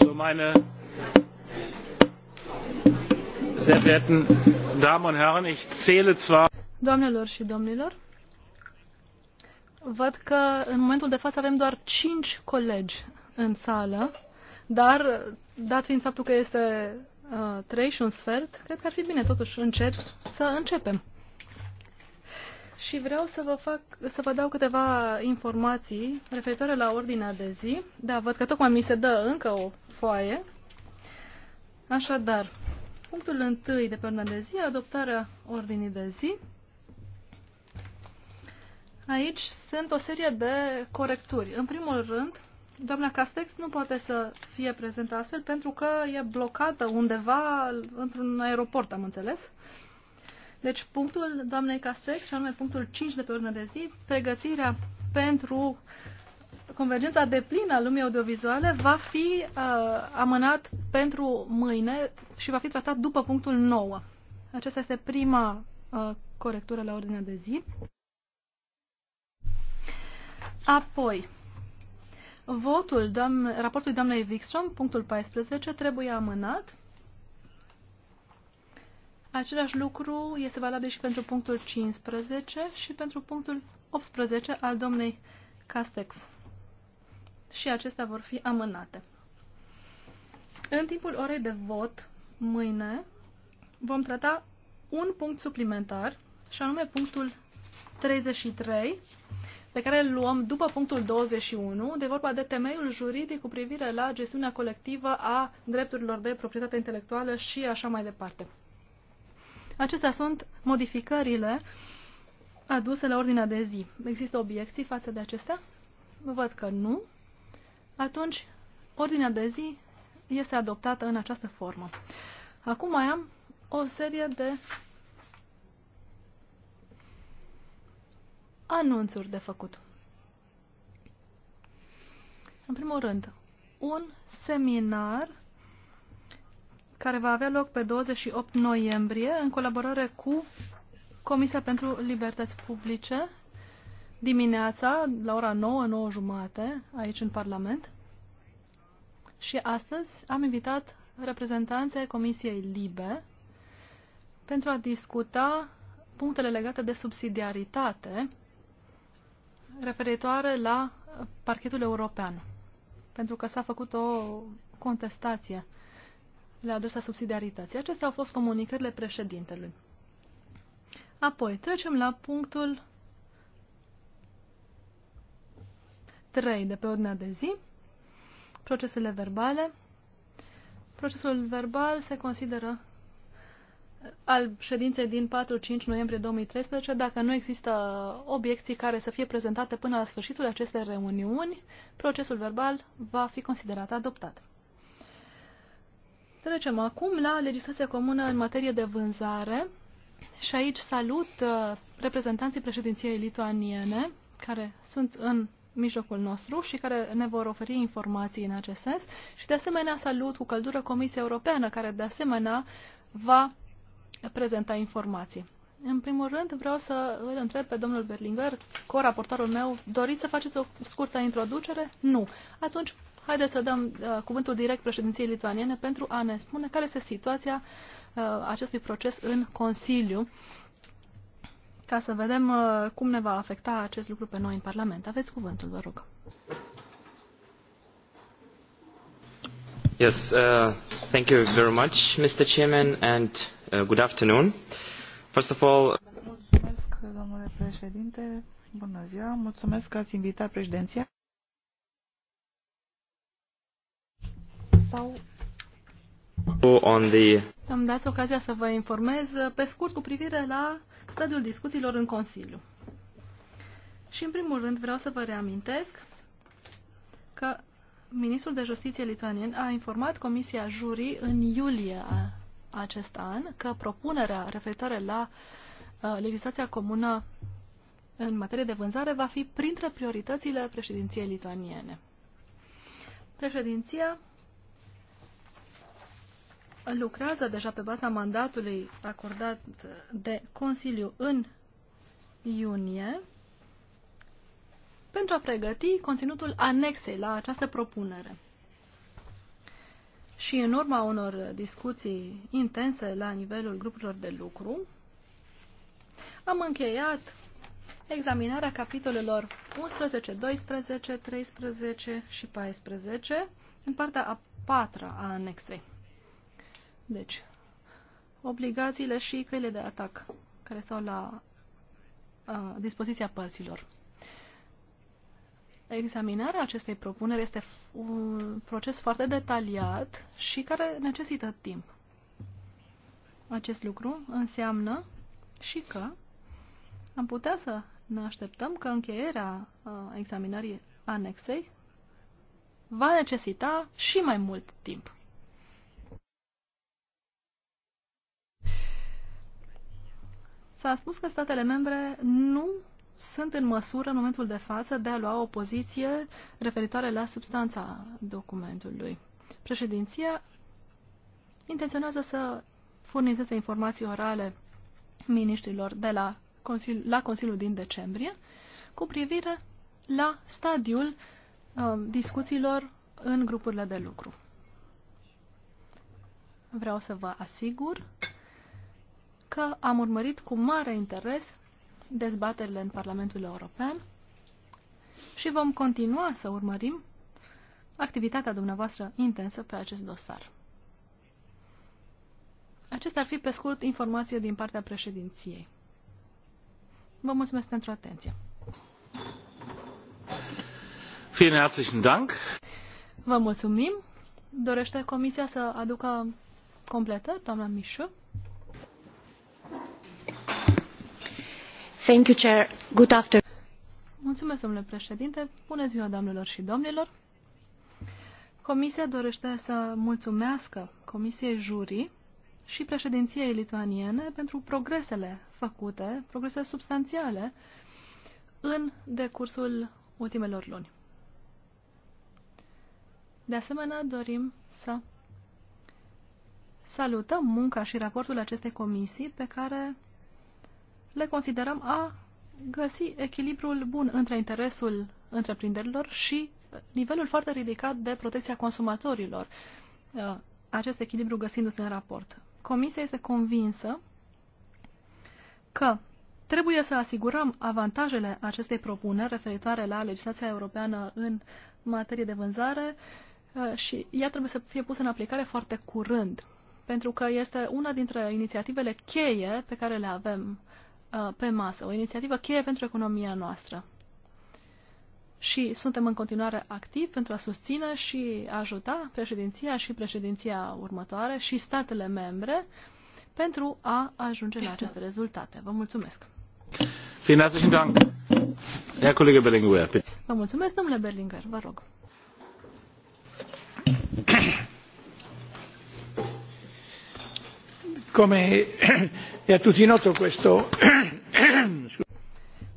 So, meine sehr verehrten Damen und Herren, ich zähle zwar. Doamnelor și domnilor, văd că în momentul de față avem doar cinci colegi în sală, dar dat fiind faptul că este uh, 3 și un sfert, cred că ar fi bine totuși încet să începem și vreau să vă, fac, să vă dau câteva informații referitoare la ordinea de zi. Da, văd că tocmai mi se dă încă o foaie. Așadar, punctul întâi de pe ordinea de zi, adoptarea ordinii de zi. Aici sunt o serie de corecturi. În primul rând, doamna Castex nu poate să fie prezentă astfel pentru că e blocată undeva într-un aeroport, am înțeles. Uh, deci punctul doamnei Castex și anume punctul 5 de pe ordine de zi, pregătirea pentru convergența de plină a lumii audiovizuale va fi uh, amânat pentru mâine și va fi tratat după punctul 9. Aceasta este prima uh, corectură la ordinea de zi. Apoi, votul doamne, raportului doamnei Wikström, punctul 14, trebuie amânat Același lucru este valabil și pentru punctul 15 și pentru punctul 18 al domnei Castex. Și acestea vor fi amânate. În timpul orei de vot, mâine, vom trata un punct suplimentar, și anume punctul 33, pe care îl luăm după punctul 21, de vorba de temeiul juridic cu privire la gestiunea colectivă a drepturilor de proprietate intelectuală și așa mai departe. Acestea sunt modificările aduse la ordinea de zi. Există obiecții față de acestea? Văd că nu. Atunci, ordinea de zi este adoptată în această formă. Acum mai am o serie de anunțuri de făcut. În primul rând, un seminar care va avea loc pe 28 noiembrie în colaborare cu Comisia pentru Libertăți Publice dimineața la ora 9, 9 jumate aici în Parlament. Și astăzi am invitat reprezentanții Comisiei Libe pentru a discuta punctele legate de subsidiaritate referitoare la parchetul european. Pentru că s-a făcut o contestație la adresa subsidiarității. Acestea au fost comunicările președintelui. Apoi trecem la punctul 3 de pe ordinea de zi, procesele verbale. Procesul verbal se consideră uh, al ședinței din 4-5 noiembrie 2013, dacă nu există obiecții care să fie prezentate până la sfârșitul acestei reuniuni, procesul verbal va fi considerat adoptat. Trecem acum la legislația comună în materie de vânzare și aici salut uh, reprezentanții președinției lituaniene care sunt în mijlocul nostru și care ne vor oferi informații în acest sens și de asemenea salut cu căldură Comisia Europeană care de asemenea va prezenta informații. În primul rând vreau să îl întreb pe domnul Berlinger, co-raportorul meu, doriți să faceți o scurtă introducere? Nu. Atunci Haideți să dăm uh, cuvântul direct președinției lituaniene pentru a ne spune care este situația uh, acestui proces în Consiliu, ca să vedem uh, cum ne va afecta acest lucru pe noi în Parlament. Aveți cuvântul, vă rog. Yes, uh, thank you very much, Mr. Chairman, and uh, good afternoon. First of all... Mulțumesc, domnule președinte. Bună ziua. Mulțumesc că ați invitat președinția sau... On the... Îmi dați ocazia să vă informez pe scurt cu privire la stadiul discuțiilor în Consiliu. Și în primul rând vreau să vă reamintesc că ministrul de justiție lituanien a informat Comisia Jurii în iulie acest an că propunerea referitoare la legislația comună în materie de vânzare va fi printre prioritățile președinției lituaniene. Președinția lucrează deja pe baza mandatului acordat de Consiliu în iunie pentru a pregăti conținutul anexei la această propunere. Și în urma unor discuții intense la nivelul grupurilor de lucru, am încheiat examinarea capitolelor 11, 12, 13 și 14 în partea a patra a anexei. Deci, obligațiile și căile de atac care stau la a, dispoziția părților. Examinarea acestei propuneri este un proces foarte detaliat și care necesită timp. Acest lucru înseamnă și că am putea să ne așteptăm că încheierea examinării anexei va necesita și mai mult timp. S-a spus că statele membre nu sunt în măsură, în momentul de față, de a lua o poziție referitoare la substanța documentului. Președinția intenționează să furnizeze informații orale miniștrilor de la, Consiliu, la Consiliul din decembrie cu privire la stadiul uh, discuțiilor în grupurile de lucru. Vreau să vă asigur că am urmărit cu mare interes dezbaterile în Parlamentul European și vom continua să urmărim activitatea dumneavoastră intensă pe acest dosar. Acestea ar fi, pe scurt, informație din partea președinției. Vă mulțumesc pentru atenție. Vielen herzlichen Dank. Vă mulțumim. Dorește Comisia să aducă completări, doamna Mișu? Mulțumesc, domnule președinte. Bună ziua, doamnelor și domnilor. Comisia dorește să mulțumească Comisiei juri și președinției lituaniene pentru progresele făcute, progrese substanțiale, în decursul ultimelor luni. De asemenea, dorim să salutăm munca și raportul acestei comisii pe care le considerăm a găsi echilibrul bun între interesul întreprinderilor și uh, nivelul foarte ridicat de protecția consumatorilor, uh, acest echilibru găsindu-se în raport. Comisia este convinsă că trebuie să asigurăm avantajele acestei propuneri referitoare la legislația europeană în materie de vânzare uh, și ea trebuie să fie pusă în aplicare foarte curând, pentru că este una dintre inițiativele cheie pe care le avem Uh, pe masă, o inițiativă cheie pentru economia noastră. Și suntem în continuare activi pentru a susține și a ajuta președinția și președinția următoare și statele membre pentru a ajunge la aceste rezultate. Vă mulțumesc! Vă mulțumesc, domnule Berlinger, vă rog. come è a tutti noto questo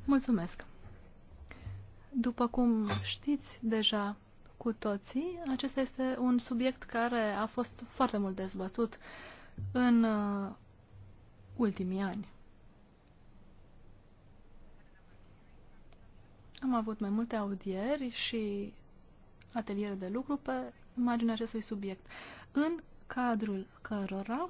Mulțumesc. După cum știți deja cu toții, acesta este un subiect care a fost foarte mult dezbătut în uh, ultimii ani. Am avut mai multe audieri și ateliere de lucru pe imaginea acestui subiect, în cadrul cărora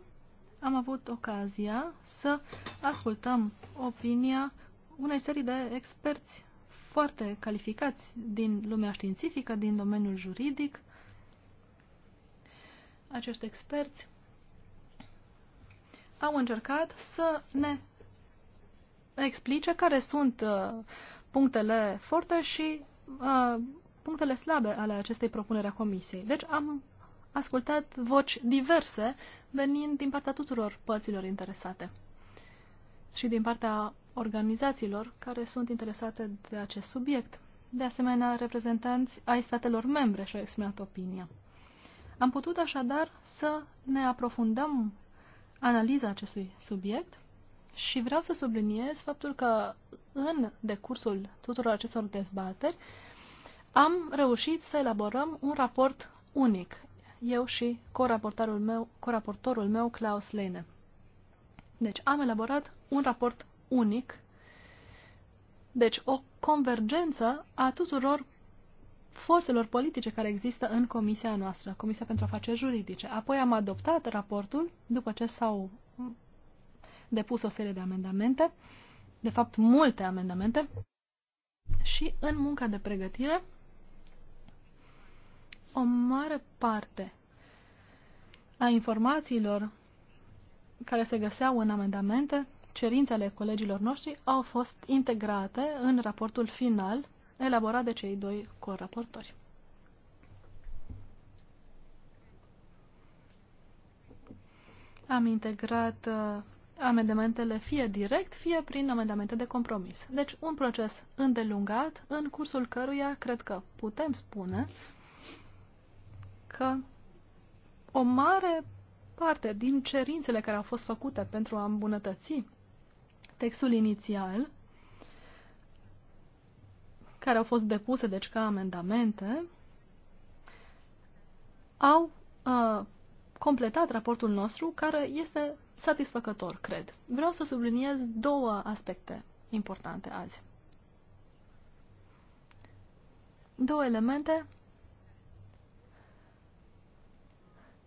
am avut ocazia să ascultăm opinia unei serii de experți foarte calificați din lumea științifică, din domeniul juridic. Acești experți au încercat să ne explice care sunt uh, punctele forte și uh, punctele slabe ale acestei propuneri a Comisiei. Deci am ascultat voci diverse venind din partea tuturor părților interesate și din partea organizațiilor care sunt interesate de acest subiect. De asemenea, reprezentanți ai statelor membre și-au exprimat opinia. Am putut așadar să ne aprofundăm analiza acestui subiect și vreau să subliniez faptul că în decursul tuturor acestor dezbateri am reușit să elaborăm un raport unic eu și coraportorul meu, coraportorul meu Klaus Lene. Deci am elaborat un raport unic, deci o convergență a tuturor forțelor politice care există în comisia noastră, Comisia pentru Afaceri Juridice. Apoi am adoptat raportul, după ce s-au depus o serie de amendamente, de fapt multe amendamente, și în munca de pregătire o mare parte a informațiilor care se găseau în amendamente, cerințele colegilor noștri au fost integrate în raportul final elaborat de cei doi coraportori. Am integrat uh, amendamentele fie direct, fie prin amendamente de compromis. Deci un proces îndelungat, în cursul căruia cred că putem spune că o mare parte din cerințele care au fost făcute pentru a îmbunătăți textul inițial, care au fost depuse, deci, ca amendamente, au uh, completat raportul nostru, care este satisfăcător, cred. Vreau să subliniez două aspecte importante azi. Două elemente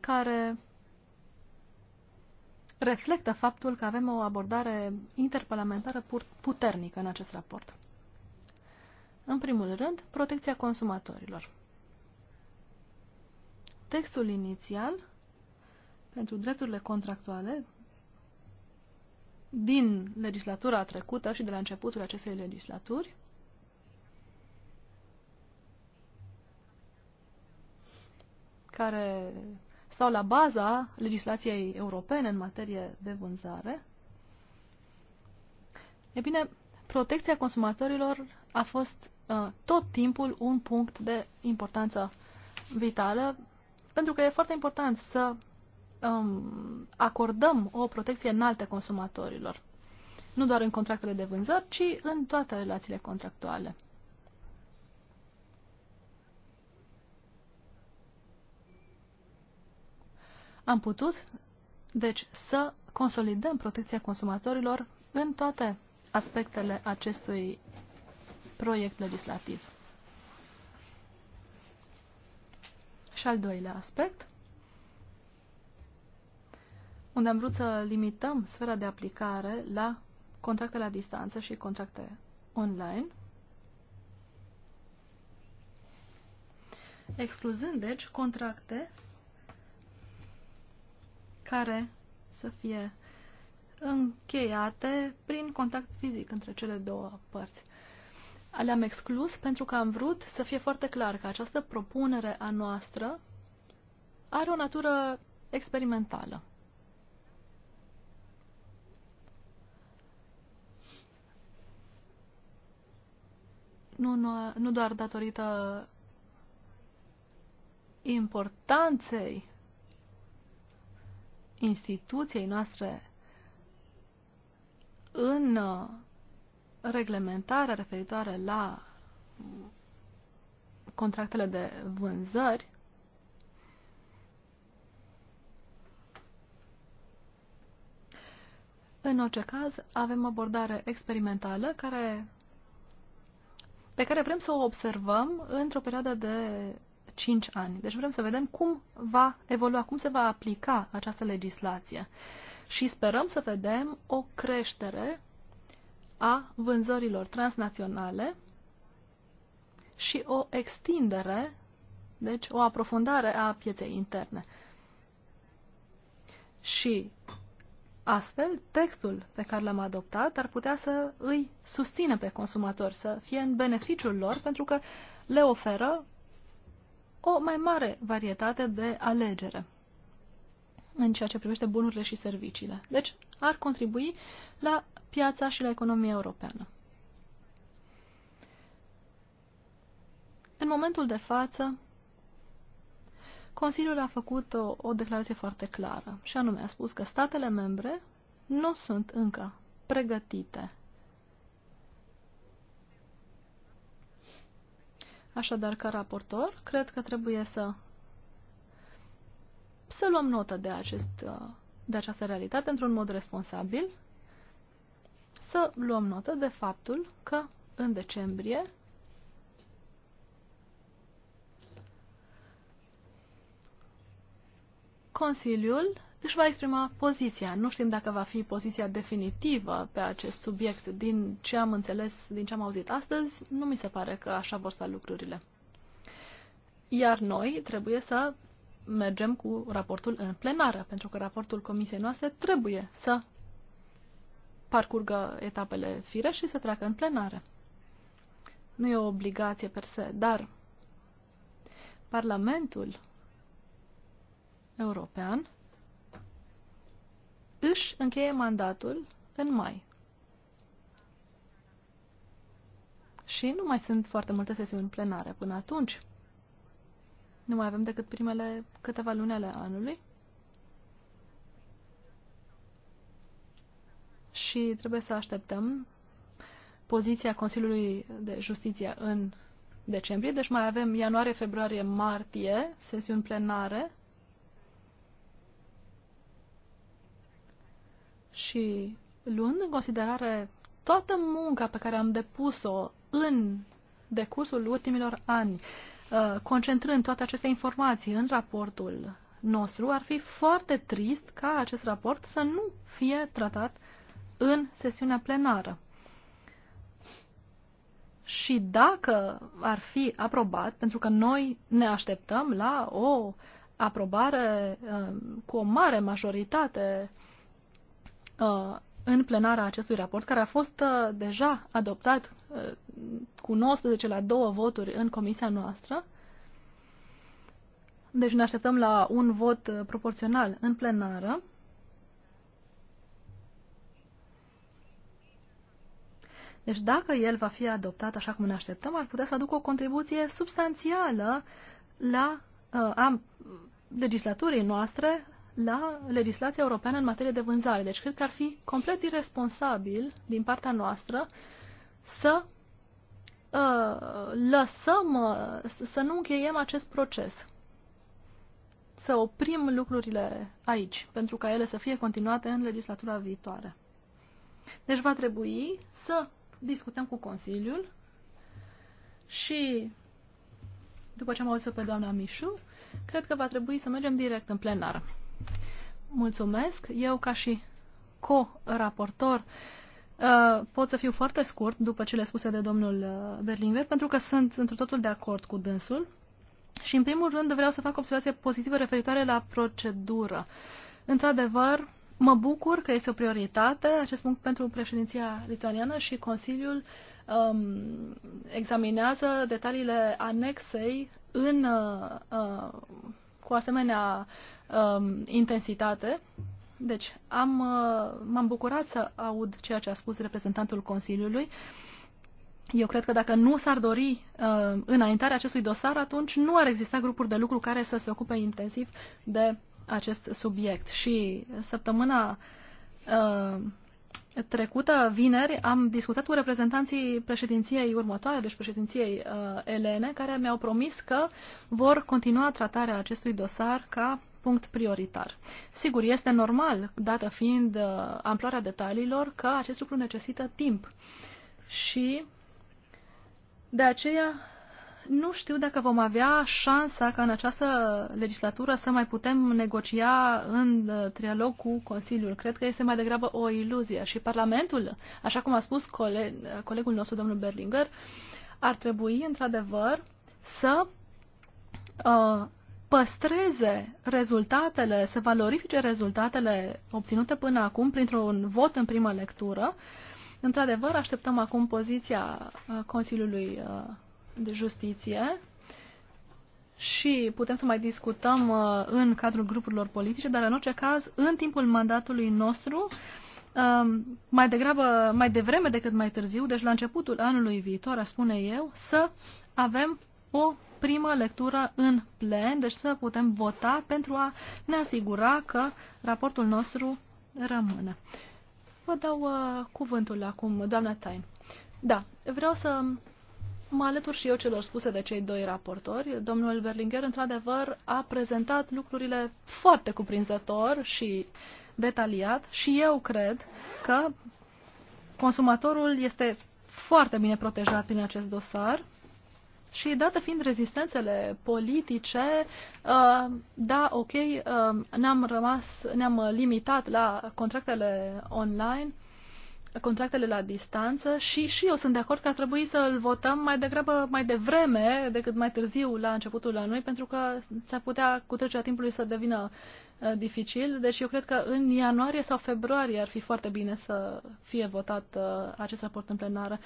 care reflectă faptul că avem o abordare interparlamentară puternică în acest raport. În primul rând, protecția consumatorilor. Textul inițial pentru drepturile contractuale din legislatura trecută și de la începutul acestei legislaturi care stau la baza legislației europene în materie de vânzare. E bine, protecția consumatorilor a fost uh, tot timpul un punct de importanță vitală, pentru că e foarte important să um, acordăm o protecție înaltă consumatorilor. Nu doar în contractele de vânzări, ci în toate relațiile contractuale. Am putut, deci, să consolidăm protecția consumatorilor în toate aspectele acestui proiect legislativ. Și al doilea aspect, unde am vrut să limităm sfera de aplicare la contracte la distanță și contracte online, excluzând, deci, contracte care să fie încheiate prin contact fizic între cele două părți. Le-am exclus pentru că am vrut să fie foarte clar că această propunere a noastră are o natură experimentală. Nu, nu, nu doar datorită importanței instituției noastre în uh, reglementarea referitoare la mm, contractele de vânzări, În orice caz, avem o abordare experimentală care, pe care vrem să o observăm într-o perioadă de 5 ani. Deci vrem să vedem cum va evolua, cum se va aplica această legislație. Și sperăm să vedem o creștere a vânzărilor transnaționale și o extindere, deci o aprofundare a pieței interne. Și astfel, textul pe care l-am adoptat ar putea să îi susțină pe consumatori, să fie în beneficiul lor, pentru că le oferă o mai mare varietate de alegere în ceea ce privește bunurile și serviciile. Deci ar contribui la piața și la economia europeană. În momentul de față, Consiliul a făcut o, o declarație foarte clară și anume a spus că statele membre nu sunt încă pregătite Așadar, ca raportor, cred că trebuie să să luăm notă de, acest, de această realitate într-un mod responsabil, să luăm notă de faptul că în decembrie Consiliul își va exprima poziția. Nu știm dacă va fi poziția definitivă pe acest subiect. Din ce am înțeles, din ce am auzit astăzi, nu mi se pare că așa vor sta lucrurile. Iar noi trebuie să mergem cu raportul în plenară, pentru că raportul comisiei noastre trebuie să parcurgă etapele fire și să treacă în plenară. Nu e o obligație per se, dar Parlamentul European își încheie mandatul în mai. Și nu mai sunt foarte multe sesiuni plenare până atunci. Nu mai avem decât primele câteva luni ale anului. Și trebuie să așteptăm poziția Consiliului de Justiție în decembrie, deci mai avem ianuarie, februarie, martie, sesiuni plenare și luând în considerare toată munca pe care am depus-o în decursul ultimilor ani, uh, concentrând toate aceste informații în raportul nostru, ar fi foarte trist ca acest raport să nu fie tratat în sesiunea plenară. Și dacă ar fi aprobat, pentru că noi ne așteptăm la o aprobare um, cu o mare majoritate uh, Uh, în plenara acestui raport, care a fost uh, deja adoptat uh, cu 19 la 2 voturi în comisia noastră. Deci ne așteptăm la un vot proporțional în plenară. Deci dacă el va fi adoptat așa cum ne așteptăm, ar putea să aducă o contribuție substanțială la a, a legislaturii noastre la legislația europeană în materie de vânzare. Deci cred că ar fi complet irresponsabil din partea noastră să uh, lăsăm, uh, să nu încheiem acest proces. Să oprim lucrurile aici, pentru ca ele să fie continuate în legislatura viitoare. Deci va trebui să discutăm cu Consiliul și după ce am auzit pe doamna Mișu, cred că va trebui să mergem direct în plenar. Mulțumesc. Eu, ca și co-raportor, uh, pot să fiu foarte scurt după cele spuse de domnul uh, Berlinger, pentru că sunt într totul de acord cu dânsul. Și, în primul rând, vreau să fac observație pozitivă referitoare la procedură. Într-adevăr, mă bucur că este o prioritate acest punct pentru președinția lituaniană și Consiliul um, examinează detaliile anexei în uh, uh, cu asemenea um, intensitate. Deci am, uh, m-am bucurat să aud ceea ce a spus reprezentantul Consiliului. Eu cred că dacă nu s-ar dori uh, înaintarea acestui dosar, atunci nu ar exista grupuri de lucru care să se ocupe intensiv de acest subiect. Și săptămâna uh, trecută, vineri, am discutat cu reprezentanții președinției următoare, deci președinției uh, elene, care mi-au promis că vor continua tratarea acestui dosar ca punct prioritar. Sigur, este normal, dată fiind uh, amploarea detaliilor, că acest lucru necesită timp. Și de aceea nu știu dacă vom avea șansa ca în această legislatură să mai putem negocia în uh, trialog cu Consiliul. Cred că este mai degrabă o iluzie și Parlamentul, așa cum a spus coleg, colegul nostru, domnul Berlinger, ar trebui, într-adevăr, să uh, păstreze rezultatele, să valorifice rezultatele obținute până acum printr-un vot în primă lectură. Într-adevăr, așteptăm acum poziția uh, Consiliului uh, de Justiție și putem să mai discutăm uh, în cadrul grupurilor politice, dar în orice caz, în timpul mandatului nostru, um, mai degrabă, mai devreme decât mai târziu, deci la începutul anului viitor, a spune eu, să avem o primă lectură în plen, deci să putem vota pentru a ne asigura că raportul nostru rămâne. Vă dau uh, cuvântul acum, doamna Tain. Da, vreau să mă alătur și eu celor spuse de cei doi raportori. Domnul Berlinger, într-adevăr, a prezentat lucrurile foarte cuprinzător și detaliat și eu cred că consumatorul este foarte bine protejat prin acest dosar și dată fiind rezistențele politice, uh, da, ok, uh, ne-am rămas, ne-am limitat la contractele online, contractele la distanță și, și eu sunt de acord că ar trebui să îl votăm mai degrabă mai devreme decât mai târziu la începutul anului, pentru că s-ar putea cu trecerea timpului să devină uh, dificil. Deci eu cred că în ianuarie sau februarie ar fi foarte bine să fie votat uh, acest raport în plenară.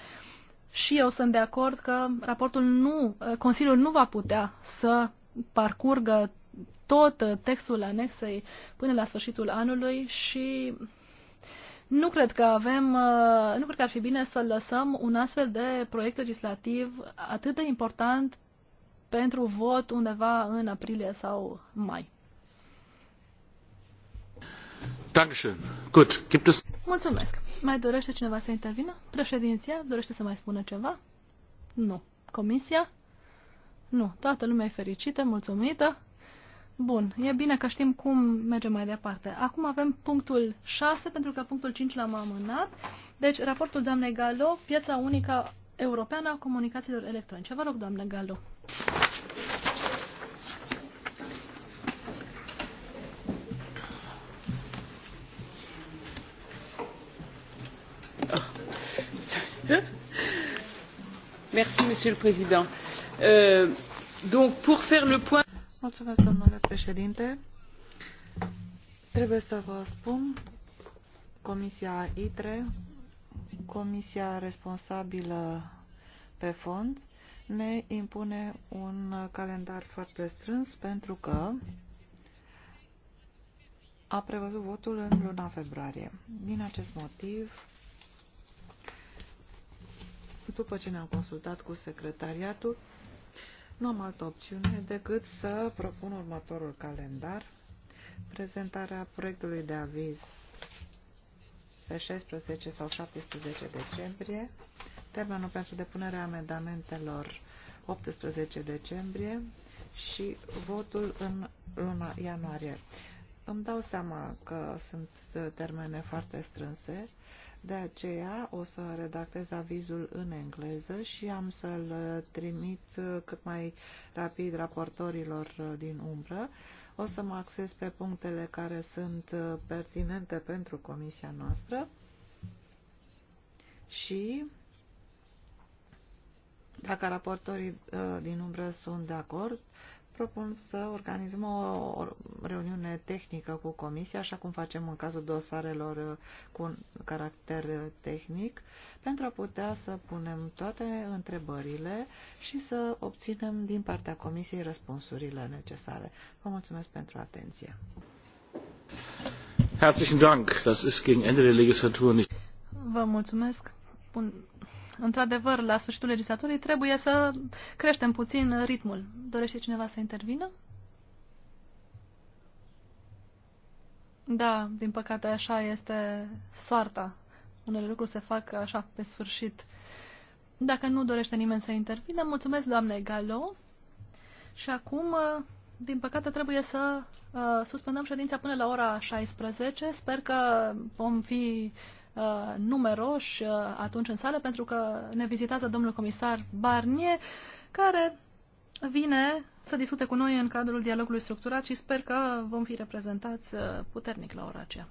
Și eu sunt de acord că raportul nu, uh, Consiliul nu va putea să parcurgă tot textul anexei până la sfârșitul anului și nu cred că avem, uh, nu cred că ar fi bine să lăsăm un astfel de proiect legislativ atât de important pentru vot undeva în aprilie sau mai. Mulțumesc. Mai dorește cineva să intervină? Președinția dorește să mai spună ceva? Nu. Comisia? Nu. Toată lumea e fericită, mulțumită. Bun, e bine că știm cum mergem mai departe. Acum avem punctul 6, pentru că punctul 5 l-am amânat. Deci, raportul doamnei Galo, piața unică europeană a comunicațiilor electronice. Vă rog, doamne Galo. Merci, Monsieur le Président. Euh, donc, pour faire le point domnule președinte. Trebuie să vă spun, Comisia ITRE, comisia responsabilă pe fond, ne impune un calendar foarte strâns pentru că a prevăzut votul în luna februarie. Din acest motiv, după ce ne-am consultat cu secretariatul, nu am altă opțiune decât să propun următorul calendar. Prezentarea proiectului de aviz pe 16 sau 17 decembrie, termenul pentru depunerea amendamentelor 18 decembrie și votul în luna ianuarie. Îmi dau seama că sunt termene foarte strânse, de aceea o să redactez avizul în engleză și am să-l trimit cât mai rapid raportorilor din umbră. O să mă acces pe punctele care sunt pertinente pentru comisia noastră și dacă raportorii uh, din umbră sunt de acord, propun să organizăm o reuniune tehnică cu Comisia, așa cum facem în cazul dosarelor uh, cu un caracter uh, tehnic, pentru a putea să punem toate întrebările și să obținem din partea Comisiei răspunsurile necesare. Vă mulțumesc pentru atenție. Herzlichen Dank. Das ist gegen Ende der Legislatur nicht. Vă mulțumesc. Bun într-adevăr, la sfârșitul legislaturii trebuie să creștem puțin ritmul. Dorește cineva să intervină? Da, din păcate așa este soarta. Unele lucruri se fac așa, pe sfârșit. Dacă nu dorește nimeni să intervină, mulțumesc doamne Galo. Și acum, din păcate, trebuie să uh, suspendăm ședința până la ora 16. Sper că vom fi uh, Uh, numeroși uh, atunci în sală, pentru că ne vizitează domnul comisar Barnier, care vine să discute cu noi în cadrul dialogului structurat și sper că vom fi reprezentați uh, puternic la ora aceea.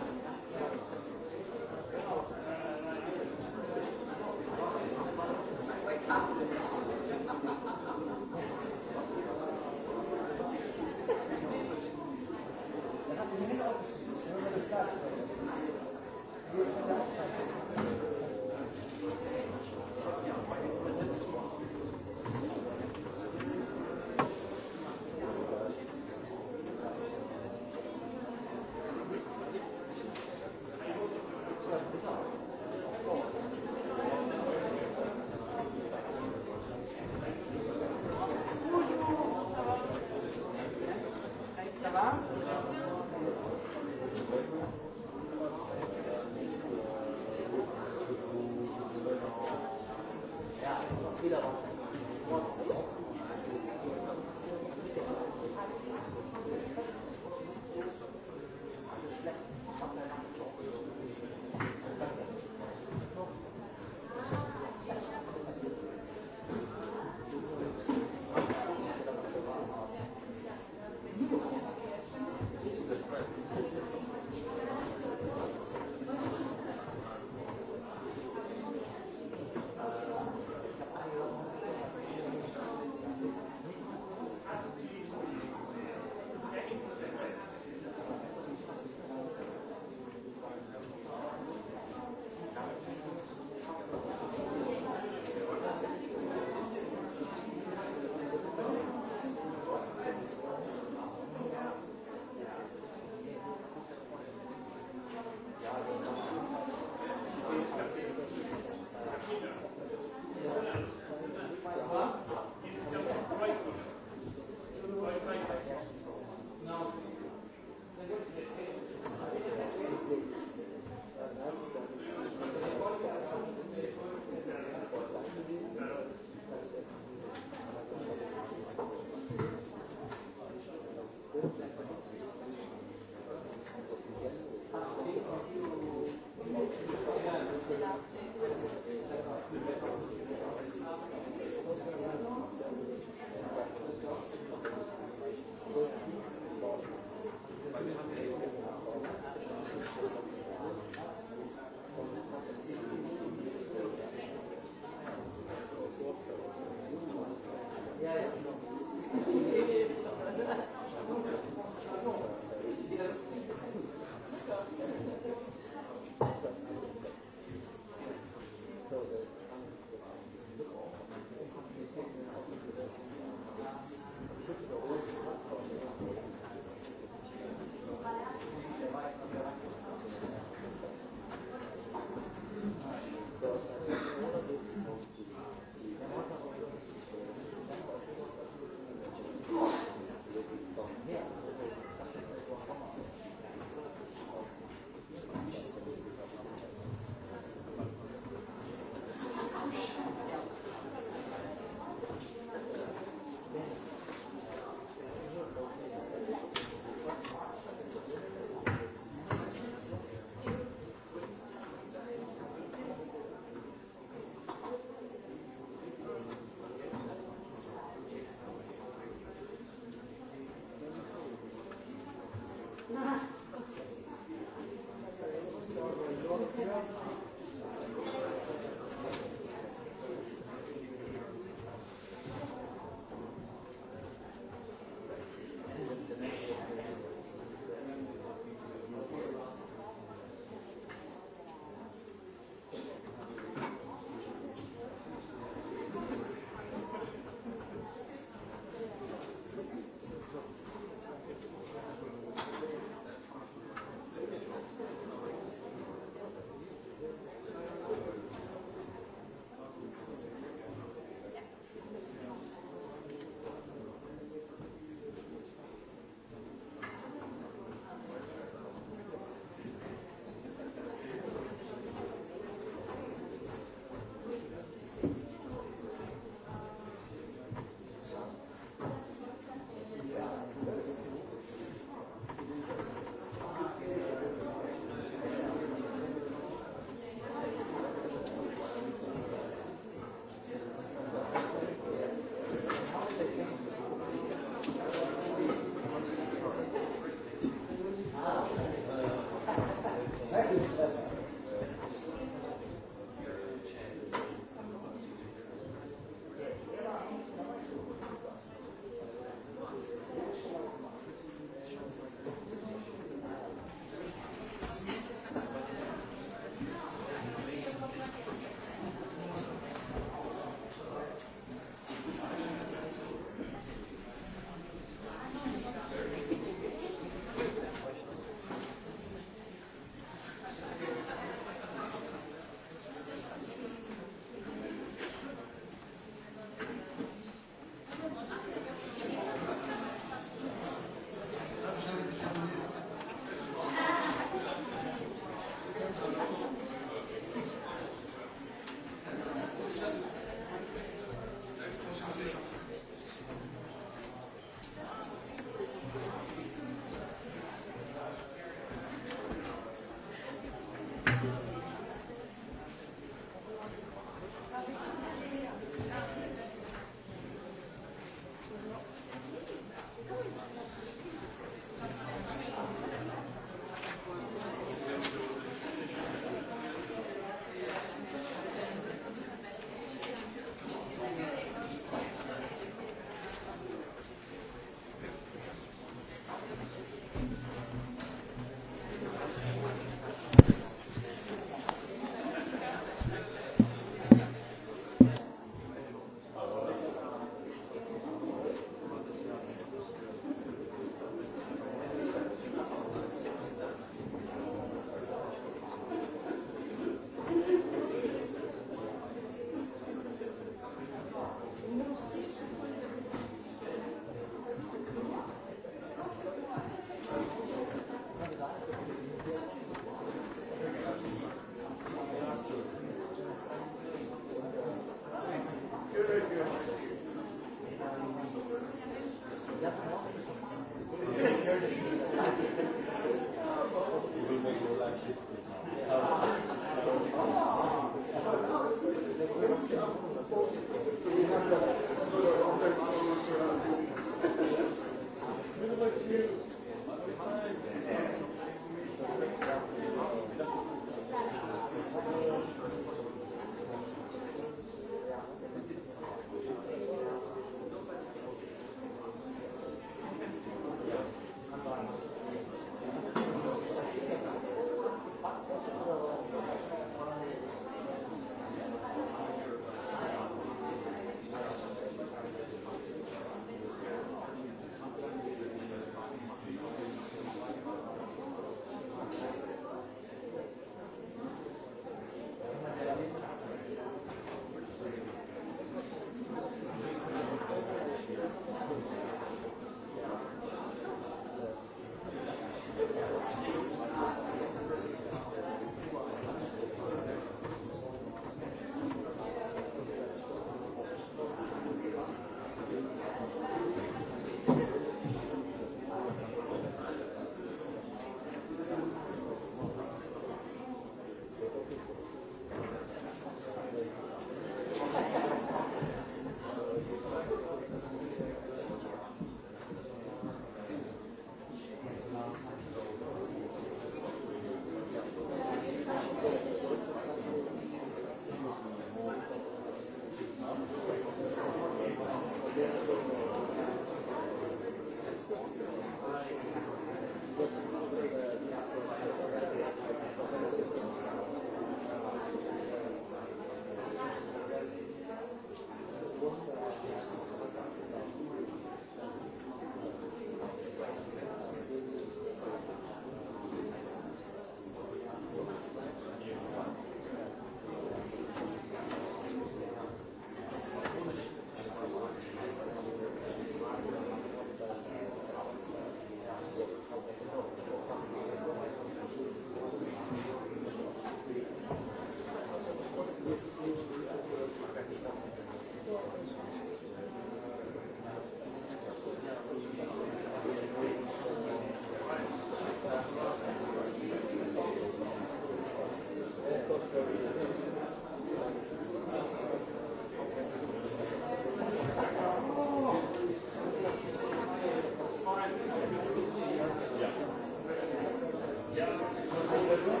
Thank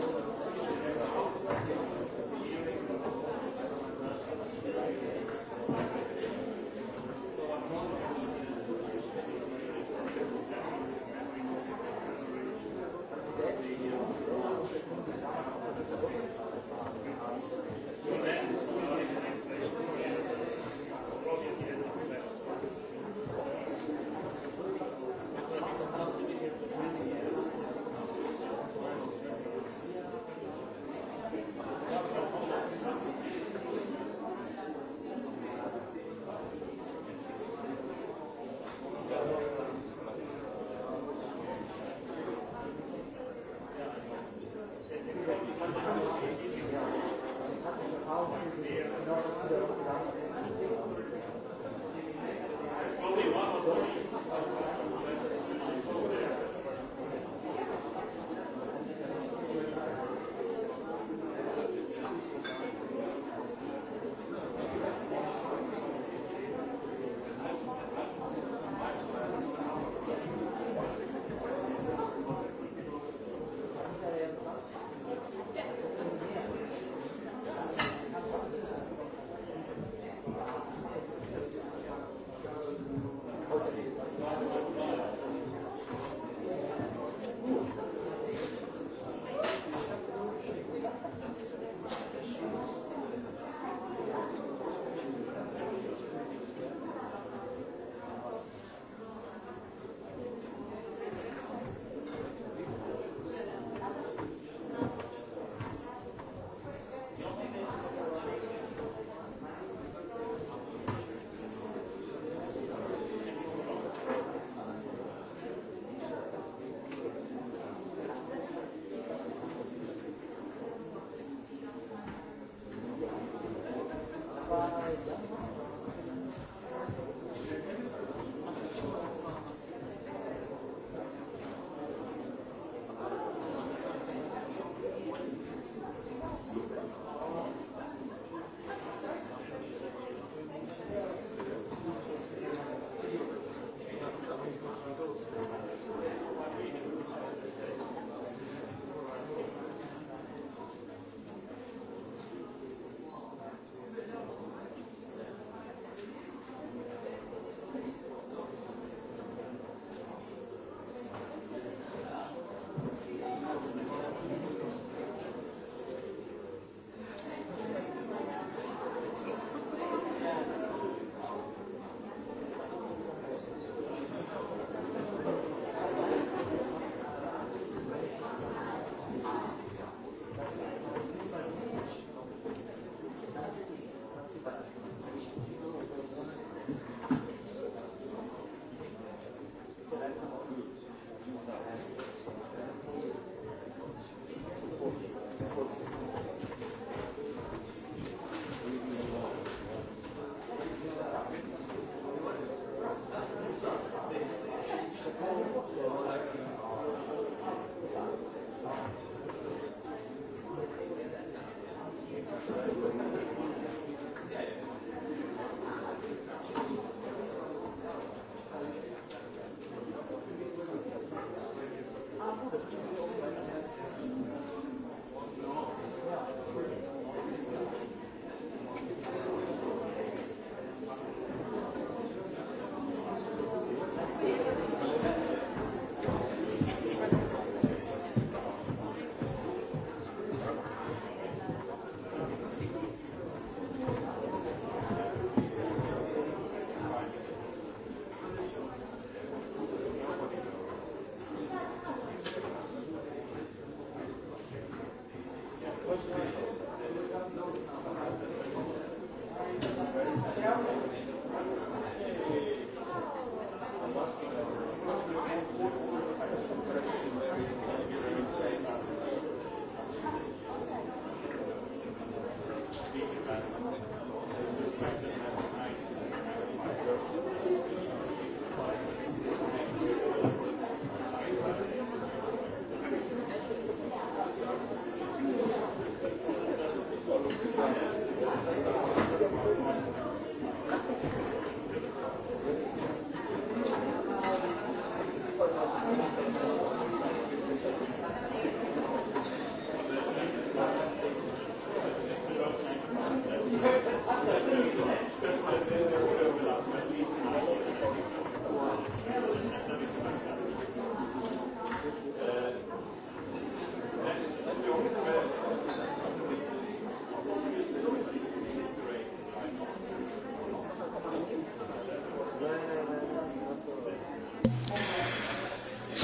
you.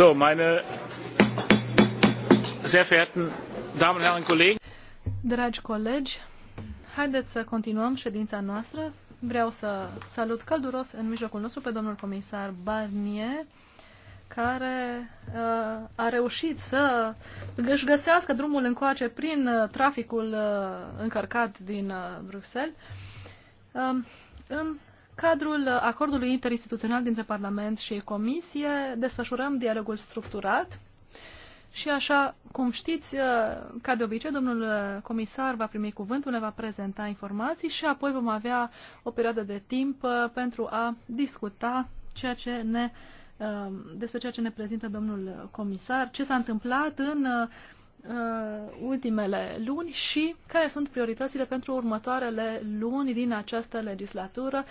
meine sehr verehrten Damen und Herren Kollegen. Dragi colegi, haideți să continuăm ședința noastră. Vreau să salut călduros în mijlocul nostru pe domnul comisar Barnier, care uh, a reușit să își găsească drumul încoace prin uh, traficul uh, încărcat din uh, Bruxelles. Uh, um, în cadrul acordului interinstituțional dintre Parlament și Comisie desfășurăm dialogul structurat și așa cum știți, ca de obicei, domnul comisar va primi cuvântul, ne va prezenta informații și apoi vom avea o perioadă de timp uh, pentru a discuta ceea ce ne, uh, despre ceea ce ne prezintă domnul comisar, ce s-a întâmplat în uh, Uh, ultimele luni și care sunt prioritățile pentru următoarele luni din această legislatură,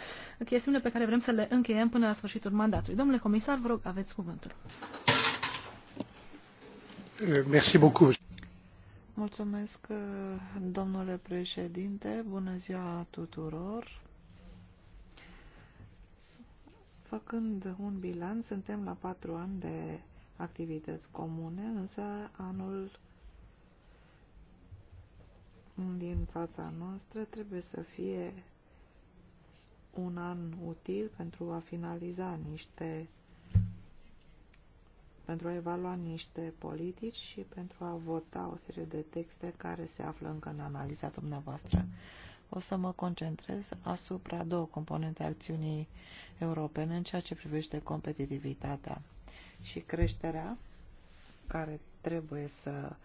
chestiunile pe care vrem să le încheiem până la sfârșitul mandatului. Domnule comisar, vă rog, aveți cuvântul. Merci beaucoup. Mulțumesc, uh, domnule președinte. Bună ziua tuturor. Făcând un bilanț, suntem la patru ani de activități comune, însă anul din fața noastră trebuie să fie un an util pentru a finaliza niște pentru a evalua niște politici și pentru a vota o serie de texte care se află încă în analiza dumneavoastră. O să mă concentrez asupra două componente acțiunii europene în ceea ce privește competitivitatea și creșterea care trebuie să uh,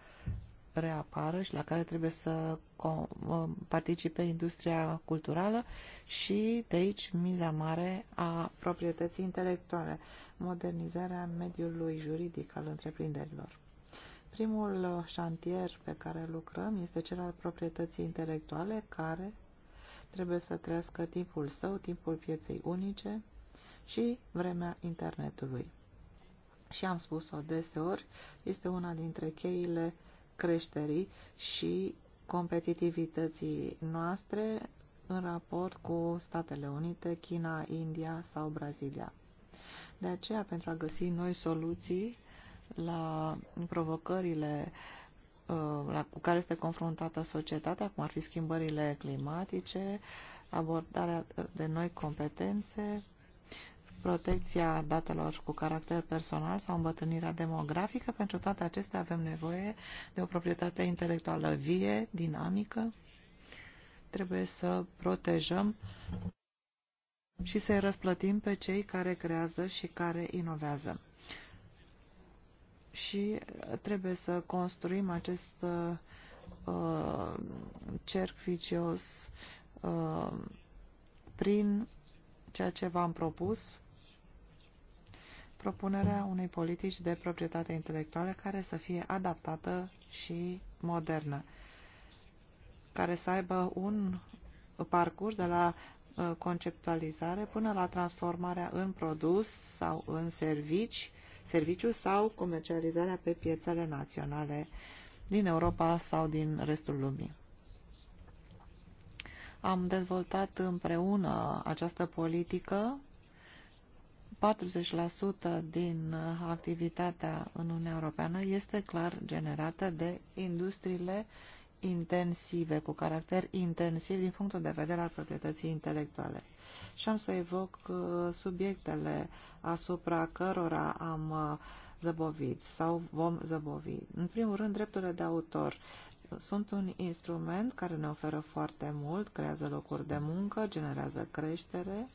reapară și la care trebuie să uh, participe industria culturală și de aici miza mare a proprietății intelectuale, modernizarea mediului juridic al întreprinderilor. Primul uh, șantier pe care lucrăm este cel al proprietății intelectuale care trebuie să trăiască timpul său, timpul pieței unice și vremea internetului. Și am spus-o deseori, este una dintre cheile creșterii și competitivității noastre în raport cu Statele Unite, China, India sau Brazilia. De aceea, pentru a găsi noi soluții la provocările uh, la, cu care este confruntată societatea, cum ar fi schimbările climatice, abordarea de noi competențe, protecția datelor cu caracter personal sau îmbătrânirea demografică. Pentru toate acestea avem nevoie de o proprietate intelectuală vie, dinamică. Trebuie să protejăm și să-i răsplătim pe cei care creează și care inovează. Și trebuie să construim acest uh, cerc vicios uh, prin ceea ce v-am propus propunerea unei politici de proprietate intelectuală care să fie adaptată și modernă, care să aibă un parcurs de la uh, conceptualizare până la transformarea în produs sau în servici, serviciu sau comercializarea pe piețele naționale din Europa sau din restul lumii. Am dezvoltat împreună această politică 40% din activitatea în Uniunea Europeană este clar generată de industriile intensive, cu caracter intensiv din punctul de vedere al proprietății intelectuale. Și am să evoc uh, subiectele asupra cărora am uh, zăbovit sau vom zăbovi. În primul rând, drepturile de autor sunt un instrument care ne oferă foarte mult, creează locuri de muncă, generează creștere,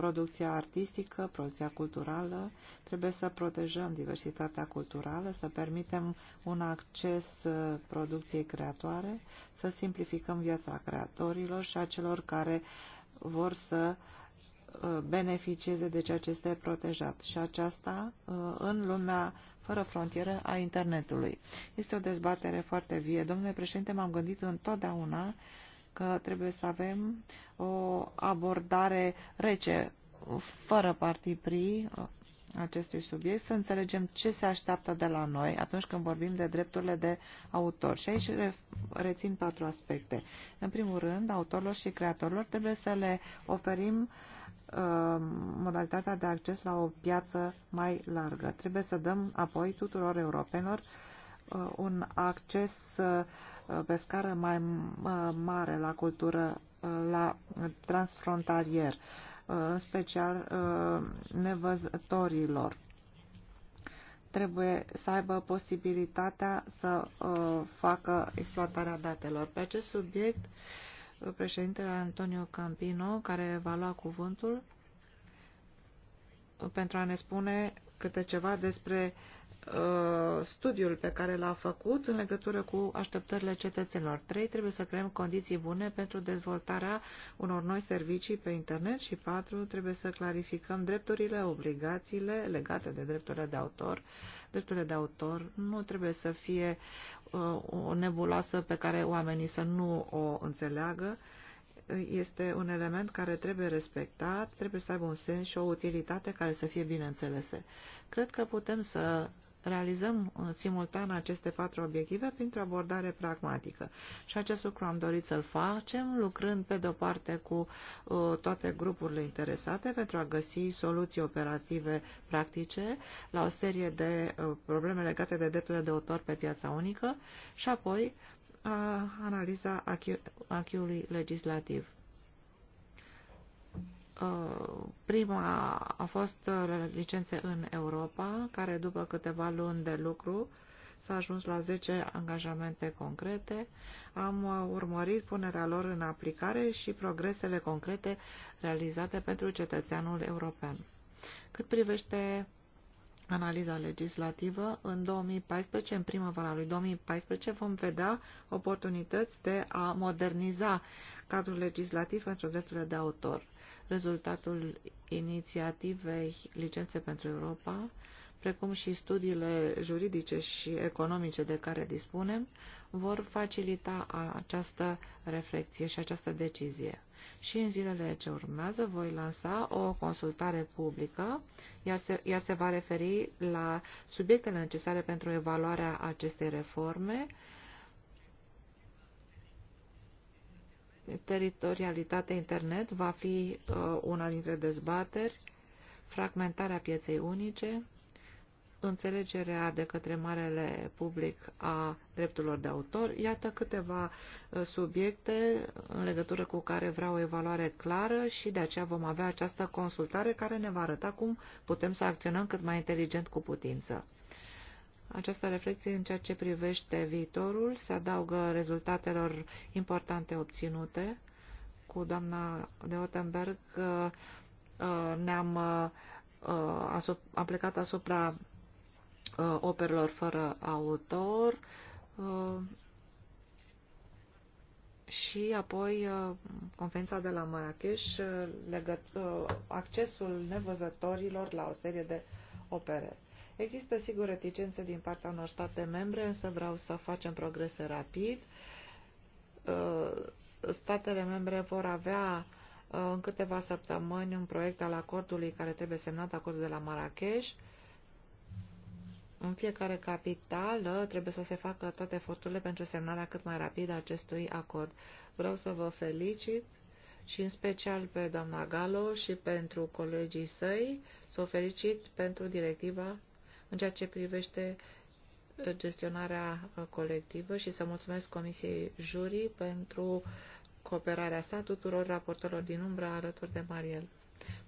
producția artistică, producția culturală. Trebuie să protejăm diversitatea culturală, să permitem un acces uh, producției creatoare, să simplificăm viața creatorilor și a celor care vor să uh, beneficieze de ceea ce este protejat. Și aceasta uh, în lumea fără frontieră a internetului. Este o dezbatere foarte vie. Domnule președinte, m-am gândit întotdeauna că trebuie să avem o abordare rece, fără partiprii acestui subiect, să înțelegem ce se așteaptă de la noi atunci când vorbim de drepturile de autor. Și aici rețin patru aspecte. În primul rând, autorilor și creatorilor trebuie să le oferim uh, modalitatea de acces la o piață mai largă. Trebuie să dăm apoi tuturor europenilor uh, un acces uh, pe scară mai mare la cultură, uh, la transfrontalier, uh, în special uh, nevăzătorilor. Trebuie să aibă posibilitatea să facă exploatarea datelor. Pe acest subiect, președintele Antonio Campino, care va lua cuvântul pentru a ne spune câte ceva despre uh, Uh, studiul pe care l-a făcut în legătură cu așteptările cetățenilor. trei Trebuie să creăm condiții bune pentru dezvoltarea unor noi servicii pe internet și patru Trebuie să clarificăm drepturile, obligațiile legate de drepturile de autor. Drepturile de autor nu trebuie să fie uh, o nebuloasă pe care oamenii să nu o înțeleagă este un element care trebuie respectat, trebuie să aibă un sens și o utilitate care să fie bine Cred că putem să realizăm uh, simultan aceste patru obiective printr-o abordare pragmatică. Și acest lucru am dorit să-l facem, lucrând pe de-o parte cu uh, toate grupurile interesate pentru a găsi soluții operative practice la o serie de uh, probleme legate de drepturile de autor pe piața unică și apoi analiza acquis legislativ. Prima a fost uh, licențe în Europa, care după câteva luni de lucru s-a ajuns la 10 angajamente concrete. Am uh, urmărit punerea lor în aplicare și progresele concrete realizate pentru cetățeanul european. Cât privește analiza legislativă, în 2014, în primăvara lui 2014, vom vedea oportunități de a moderniza cadrul legislativ pentru drepturile de autor rezultatul inițiativei Licențe pentru Europa, precum și studiile juridice și economice de care dispunem, vor facilita această reflexie și această decizie. Și în zilele ce urmează voi lansa o consultare publică, iar se, iar se va referi la subiectele necesare pentru evaluarea acestei reforme, teritorialitatea internet va fi uh, una dintre dezbateri, fragmentarea pieței unice, înțelegerea de către marele public a drepturilor de autor. Iată câteva uh, subiecte în legătură cu care vreau o evaluare clară și de aceea vom avea această consultare care ne va arăta cum putem să acționăm cât mai inteligent cu putință această reflexie în ceea ce privește viitorul se adaugă rezultatelor importante obținute. Cu doamna de Ottenberg uh, uh, ne-am uh, aplicat asupra operelor fără autor și apoi conferința de la Marrakesh, accesul nevăzătorilor la o serie de opere. Există, sigur, reticențe din partea unor state membre, însă vreau să facem progrese rapid. Uh, statele membre vor avea uh, în câteva săptămâni un proiect al acordului care trebuie semnat, acordul de la Marrakesh. În fiecare capitală trebuie să se facă toate eforturile pentru semnarea cât mai rapidă a acestui acord. Vreau să vă felicit și în special pe doamna Galo și pentru colegii săi, să o felicit pentru directiva în ceea ce privește uh, gestionarea uh, colectivă și să mulțumesc Comisiei juri pentru cooperarea sa tuturor raportorilor din umbră alături de Mariel.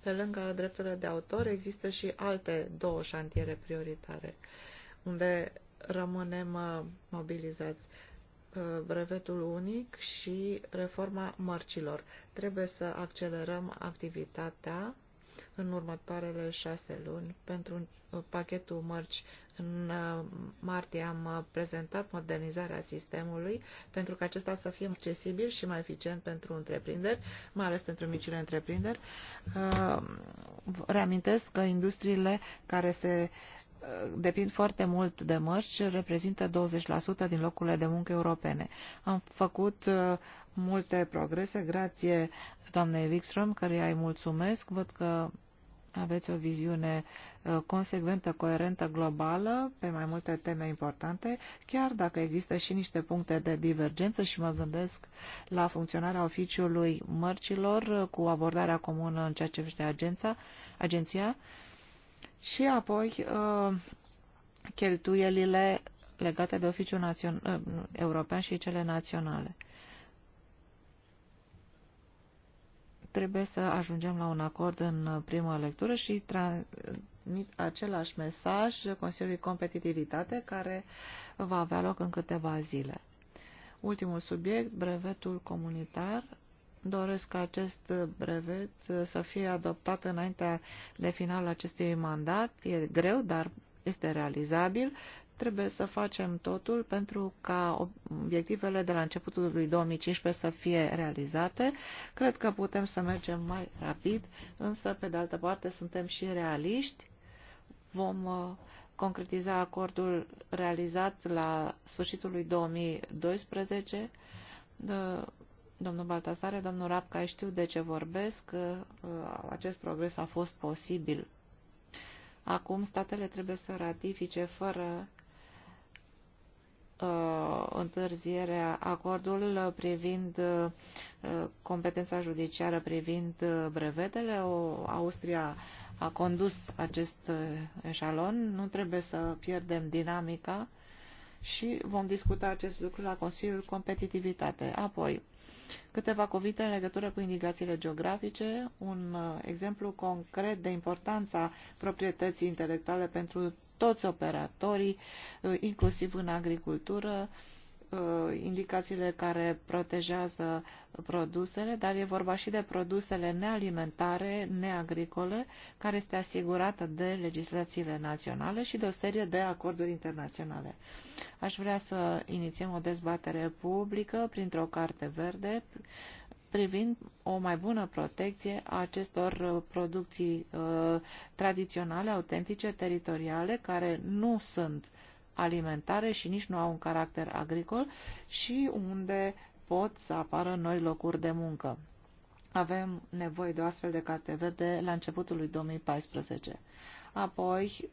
Pe lângă drepturile de autor există și alte două șantiere prioritare unde rămânem uh, mobilizați brevetul unic și reforma mărcilor. Trebuie să accelerăm activitatea în următoarele șase luni. Pentru uh, pachetul mărci în uh, martie am uh, prezentat modernizarea sistemului pentru că acesta să fie accesibil și mai eficient pentru întreprinderi, mai ales pentru micile întreprinderi. Reamintesc că industriile care se depind foarte mult de mărci, reprezintă 20% din locurile de muncă europene. Am făcut uh, multe progrese, grație doamnei Wikström, care îi mulțumesc. Văd că aveți o viziune uh, consecventă, coerentă, globală, pe mai multe teme importante, chiar dacă există și niște puncte de divergență și mă gândesc la funcționarea oficiului mărcilor uh, cu abordarea comună în ceea ce privește agenția, agenția și apoi uh, cheltuielile legate de oficiul uh, european și cele naționale. Trebuie să ajungem la un acord în prima lectură și transmit același mesaj Consiliului Competitivitate care va avea loc în câteva zile. Ultimul subiect, brevetul comunitar, doresc ca acest brevet să fie adoptat înaintea de final acestui mandat. E greu, dar este realizabil. Trebuie să facem totul pentru ca obiectivele de la începutul lui 2015 să fie realizate. Cred că putem să mergem mai rapid, însă, pe de altă parte, suntem și realiști. Vom uh, concretiza acordul realizat la sfârșitul lui 2012 domnul Baltasare, domnul Rapca, știu de ce vorbesc, că uh, acest progres a fost posibil. Acum statele trebuie să ratifice fără uh, întârzierea acordul privind uh, competența judiciară, privind uh, brevetele. O, Austria a condus acest uh, eșalon. Nu trebuie să pierdem dinamica și vom discuta acest lucru la Consiliul Competitivitate. Apoi, câteva cuvinte în legătură cu indicațiile geografice, un uh, exemplu concret de importanța proprietății intelectuale pentru toți operatorii, uh, inclusiv în agricultură, uh, Uh, indicațiile care protejează produsele, dar e vorba și de produsele nealimentare, neagricole, care este asigurată de legislațiile naționale și de o serie de acorduri internaționale. Aș vrea să inițiem o dezbatere publică printr-o carte verde privind o mai bună protecție a acestor producții uh, tradiționale, autentice, teritoriale, care nu sunt alimentare și nici nu au un caracter agricol și unde pot să apară noi locuri de muncă. Avem nevoie de o astfel de carte verde la începutul lui 2014. Apoi,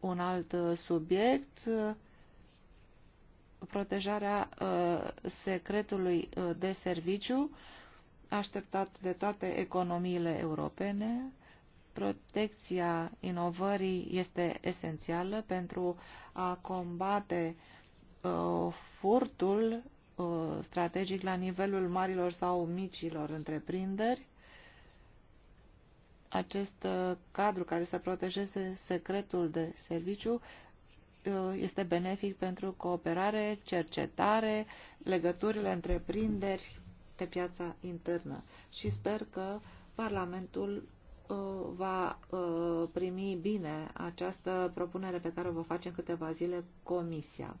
un alt uh, subiect, uh, protejarea uh, secretului de serviciu, așteptat de toate economiile europene, Protecția inovării este esențială pentru a combate uh, furtul uh, strategic la nivelul marilor sau micilor întreprinderi. Acest uh, cadru care să protejeze secretul de serviciu uh, este benefic pentru cooperare, cercetare, legăturile întreprinderi pe piața internă. Și sper că Parlamentul Uh, va uh, primi bine această propunere pe care o va face în câteva zile Comisia.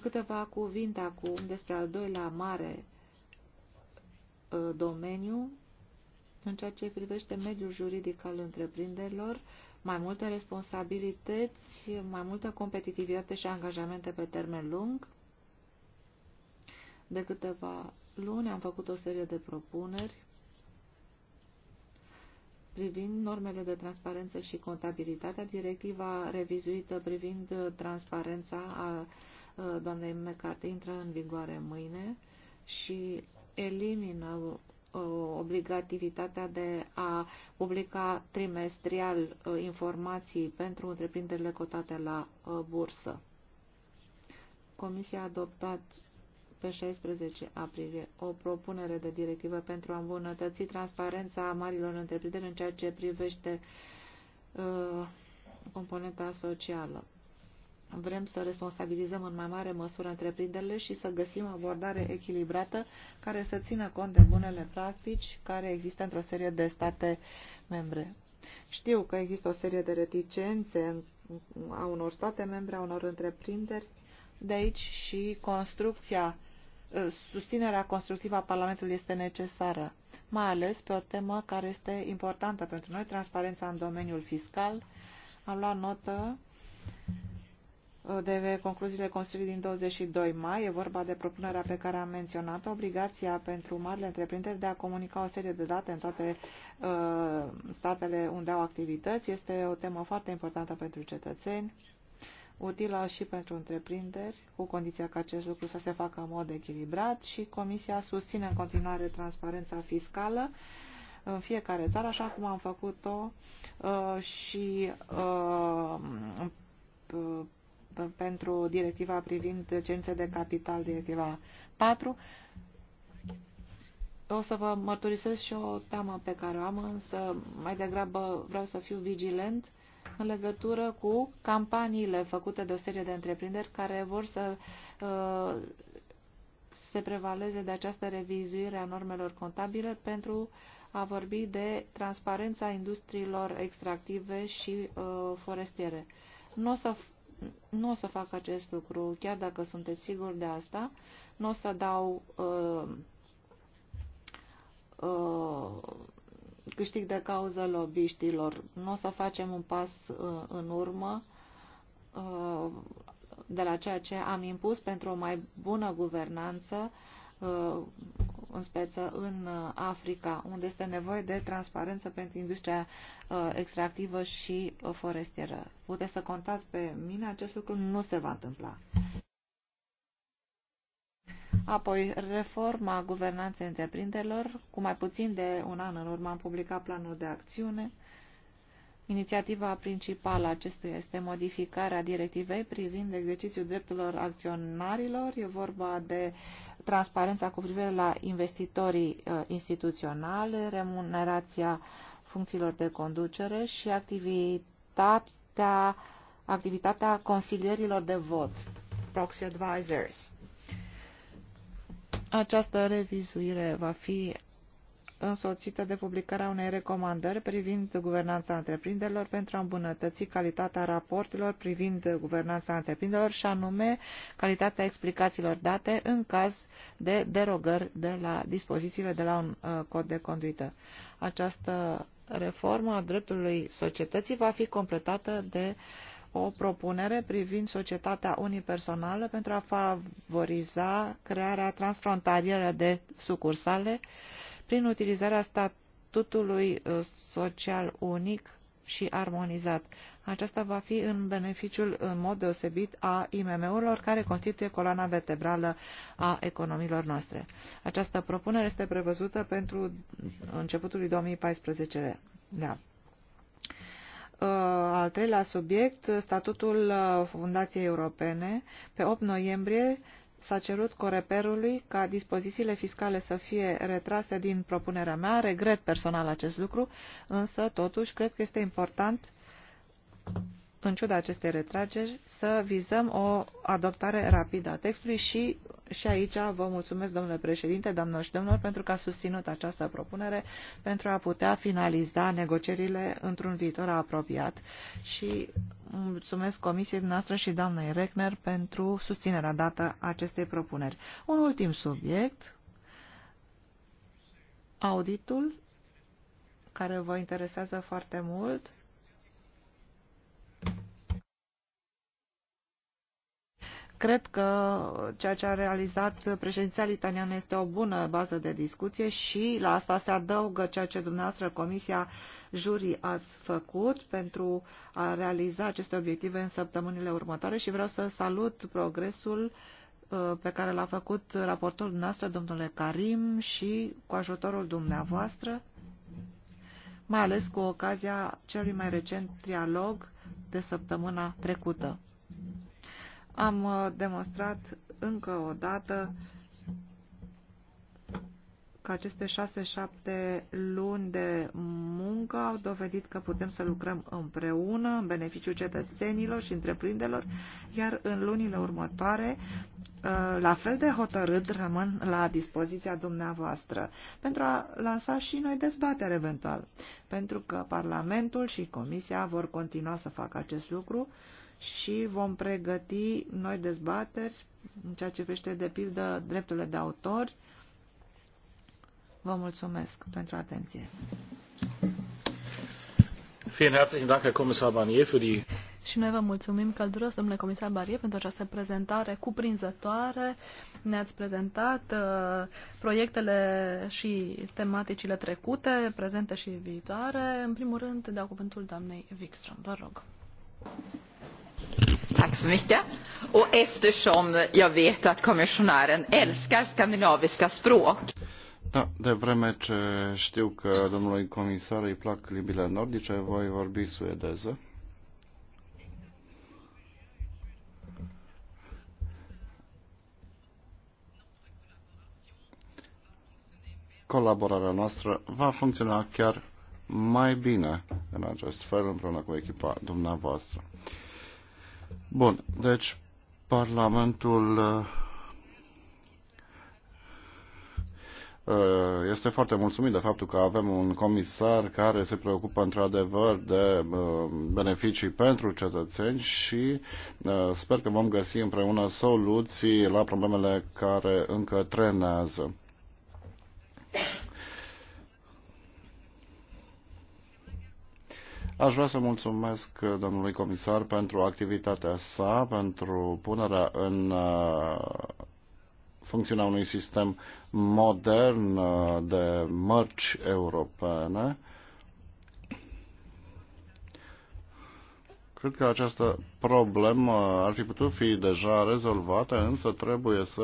Câteva cuvinte acum despre al doilea mare uh, domeniu în ceea ce privește mediul juridic al întreprinderilor, mai multe responsabilități, mai multă competitivitate și angajamente pe termen lung. De câteva luni am făcut o serie de propuneri privind normele de transparență și contabilitatea, directiva revizuită privind transparența a doamnei McCarthy intră în vigoare mâine și elimină obligativitatea de a publica trimestrial informații pentru întreprinderile cotate la bursă. Comisia a adoptat pe 16 aprilie o propunere de directivă pentru a îmbunătăți transparența marilor întreprinderi în ceea ce privește uh, componenta socială. Vrem să responsabilizăm în mai mare măsură întreprinderile și să găsim o abordare echilibrată care să țină cont de bunele practici care există într-o serie de state membre. Știu că există o serie de reticențe a unor state membre, a unor întreprinderi, de aici și construcția susținerea constructivă a Parlamentului este necesară, mai ales pe o temă care este importantă pentru noi, transparența în domeniul fiscal. Am luat notă uh, de concluziile Consiliului din 22 mai. E vorba de propunerea pe care am menționat, obligația pentru marile întreprinderi de a comunica o serie de date în toate uh, statele unde au activități. Este o temă foarte importantă pentru cetățeni utilă și pentru întreprinderi, cu condiția ca acest lucru să se facă în mod echilibrat și Comisia susține în continuare transparența fiscală în fiecare țară, așa cum am făcut-o uh, și uh, pentru directiva privind cerințe de capital, directiva 4. O să vă mărturisesc și o teamă pe care o am, însă mai degrabă vreau să fiu vigilent în legătură cu campaniile făcute de o serie de întreprinderi care vor să uh, se prevaleze de această revizuire a normelor contabile pentru a vorbi de transparența industriilor extractive și uh, forestiere. Nu o, să, nu o să fac acest lucru, chiar dacă sunteți siguri de asta. Nu o să dau uh, uh, câștig de cauză lobiștilor. Nu o să facem un pas uh, în urmă uh, de la ceea ce am impus pentru o mai bună guvernanță, uh, în speță în Africa, unde este nevoie de transparență pentru industria extractivă și forestieră. Puteți să contați pe mine, acest lucru nu se va întâmpla. Apoi, reforma guvernanței întreprinderilor. Cu mai puțin de un an în urmă am publicat planul de acțiune. Inițiativa principală acestuia este modificarea directivei privind exercițiul drepturilor acționarilor. E vorba de transparența cu privire la investitorii uh, instituționale, remunerația funcțiilor de conducere și activitatea, activitatea consilierilor de vot, proxy advisors. Această revizuire va fi însoțită de publicarea unei recomandări privind guvernanța întreprinderilor pentru a îmbunătăți calitatea raportelor privind guvernanța întreprinderilor și anume calitatea explicațiilor date în caz de derogări de la dispozițiile de la un uh, cod de conduită. Această reformă a dreptului societății va fi completată de uh, o propunere privind societatea unipersonală pentru a favoriza crearea transfrontalieră de sucursale prin utilizarea statutului uh, social unic și armonizat. Aceasta va fi în beneficiul în mod deosebit a IMM-urilor care constituie coloana vertebrală a economiilor noastre. Această propunere este prevăzută pentru începutul 2014. Da. Uh, al treilea subiect, statutul uh, Fundației Europene. Pe 8 noiembrie s-a cerut coreperului ca dispozițiile fiscale să fie retrase din propunerea mea. Regret personal acest lucru, însă totuși cred că este important în ciuda acestei retrageri, să vizăm o adoptare rapidă a textului și, și aici vă mulțumesc, domnule președinte, doamnelor și domnilor, pentru că a susținut această propunere pentru a putea finaliza negocierile într-un viitor apropiat. Și mulțumesc comisiei noastre și doamnei Reckner pentru susținerea dată acestei propuneri. Un ultim subiect, auditul, care vă interesează foarte mult, Cred că ceea ce a realizat președinția italiană este o bună bază de discuție și la asta se adaugă ceea ce dumneavoastră Comisia Jurii ați făcut pentru a realiza aceste obiective în săptămânile următoare și vreau să salut progresul uh, pe care l-a făcut raportorul dumneavoastră, domnule Karim, și cu ajutorul dumneavoastră, mai ales cu ocazia celui mai recent trialog de săptămâna trecută am uh, demonstrat încă o dată că aceste șase 7 luni de muncă au dovedit că putem să lucrăm împreună în beneficiul cetățenilor și întreprinderilor, iar în lunile următoare, uh, la fel de hotărât, rămân la dispoziția dumneavoastră pentru a lansa și noi dezbatere eventual, pentru că Parlamentul și Comisia vor continua să facă acest lucru și vom pregăti noi dezbateri în ceea ce privește de pildă drepturile de autor. Vă mulțumesc pentru atenție. Vielen herzlichen Dank, Herr Kommissar Barnier, für die și noi vă mulțumim călduros, domnule comisar Barie, pentru această prezentare cuprinzătoare. Ne-ați prezentat uh, proiectele și tematicile trecute, prezente și viitoare. În primul rând, dau cuvântul doamnei Wikström. Vă rog. Tack så mycket. Och eftersom jag vet att kommissionären älskar skandinaviska språk. Da, de vreme ce știu că domnului comisar îi plac limbile nordice, voi vorbi suedeză. Colaborarea noastră va funcționa chiar mai bine în acest fel împreună cu echipa dumneavoastră. Bun, deci Parlamentul uh, uh, este foarte mulțumit de faptul că avem un comisar care se preocupă într-adevăr de uh, beneficii pentru cetățeni și sper că vom găsi împreună soluții la problemele care încă trenează. Aș vrea să mulțumesc uh, domnului comisar pentru activitatea sa, pentru punerea în uh, funcțiunea unui sistem modern uh, de mărci europene. Cred că această problemă ar fi putut fi deja rezolvată, însă trebuie să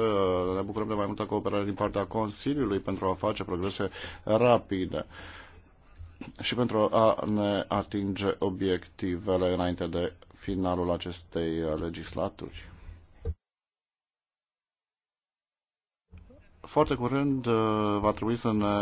ne bucurăm de mai multă cooperare din partea Consiliului pentru a face progrese rapide și pentru a ne atinge obiectivele înainte de finalul acestei uh, legislaturi. Foarte curând uh, va trebui să ne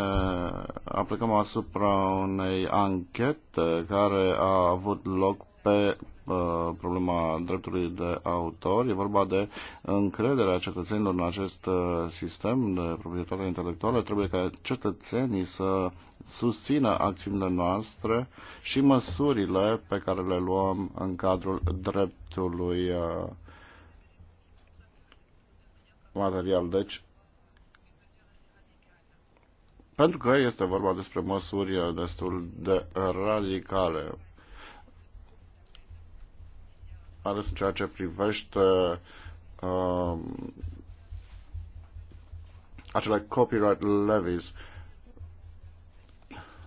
aplicăm asupra unei anchete care a avut loc pe uh, problema dreptului de autor. E vorba de încrederea cetățenilor în acest uh, sistem de proprietate intelectuală. Trebuie ca cetățenii să susțină acțiunile noastre și măsurile pe care le luăm în cadrul dreptului uh, material. Deci, pentru că este vorba despre măsuri destul de radicale ales în ceea ce privește uh, acele copyright levies.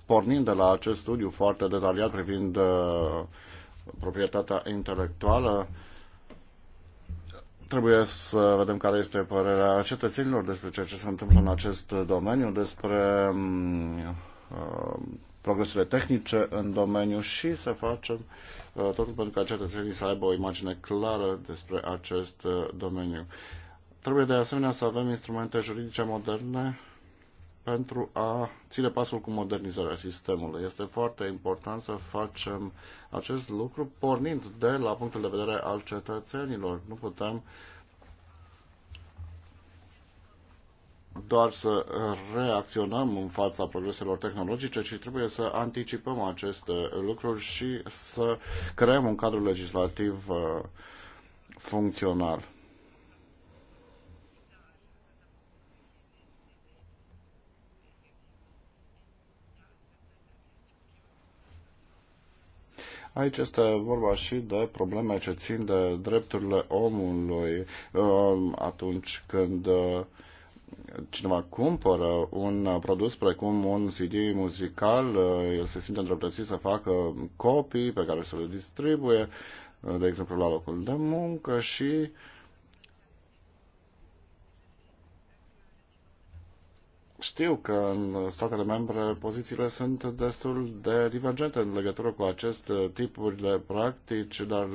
Pornind de la acest studiu foarte detaliat privind uh, proprietatea intelectuală, trebuie să vedem care este părerea cetățenilor despre ceea ce se întâmplă în acest domeniu, despre um, uh, progresele tehnice în domeniu și să facem uh, totul pentru ca cetățenii să aibă o imagine clară despre acest uh, domeniu. Trebuie de asemenea să avem instrumente juridice moderne pentru a ține pasul cu modernizarea sistemului. Este foarte important să facem acest lucru pornind de la punctul de vedere al cetățenilor. Nu putem uh, doar să reacționăm în fața progreselor tehnologice, ci trebuie să anticipăm aceste lucruri și să creăm un cadru legislativ uh, funcțional. Aici este vorba și de probleme ce țin de drepturile omului uh, atunci când uh, cineva cumpără un produs precum un CD muzical, el se simte îndreptățit să facă copii pe care să le distribuie, de exemplu, la locul de muncă și știu că în statele membre pozițiile sunt destul de divergente în legătură cu acest tipuri de practici, dar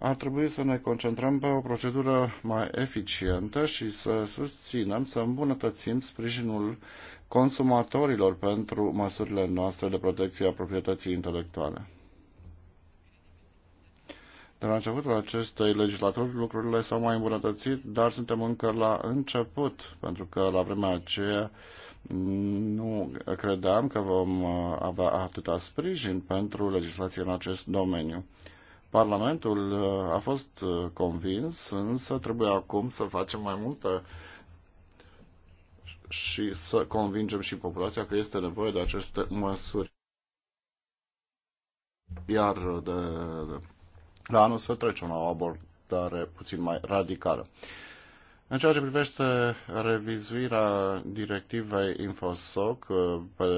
ar trebui să ne concentrăm pe o procedură mai eficientă și să susținem, să îmbunătățim sprijinul consumatorilor pentru măsurile noastre de protecție a proprietății intelectuale. De la începutul acestei legislaturi lucrurile s-au mai îmbunătățit, dar suntem încă la început, pentru că la vremea aceea nu credeam că vom uh, avea atâta sprijin pentru legislație în acest domeniu. Parlamentul uh, a fost uh, convins, însă trebuie acum să facem mai multă și să convingem și populația că este nevoie de aceste măsuri. Iar de, de la anul să trece la o abordare puțin mai radicală. În ceea ce privește revizuirea directivei InfoSoc uh, pe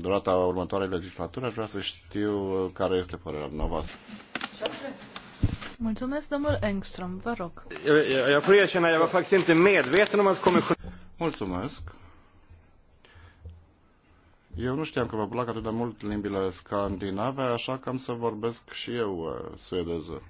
durata următoarei legislaturi. Aș vrea să știu uh, care este părerea dumneavoastră. Mulțumesc, domnul Engström, vă rog. Jag får erkänna, jag var faktiskt inte medveten om Mulțumesc. Eu nu știam că vă plac atât de mult limbile scandinave, așa că am să vorbesc și eu uh, suedeză.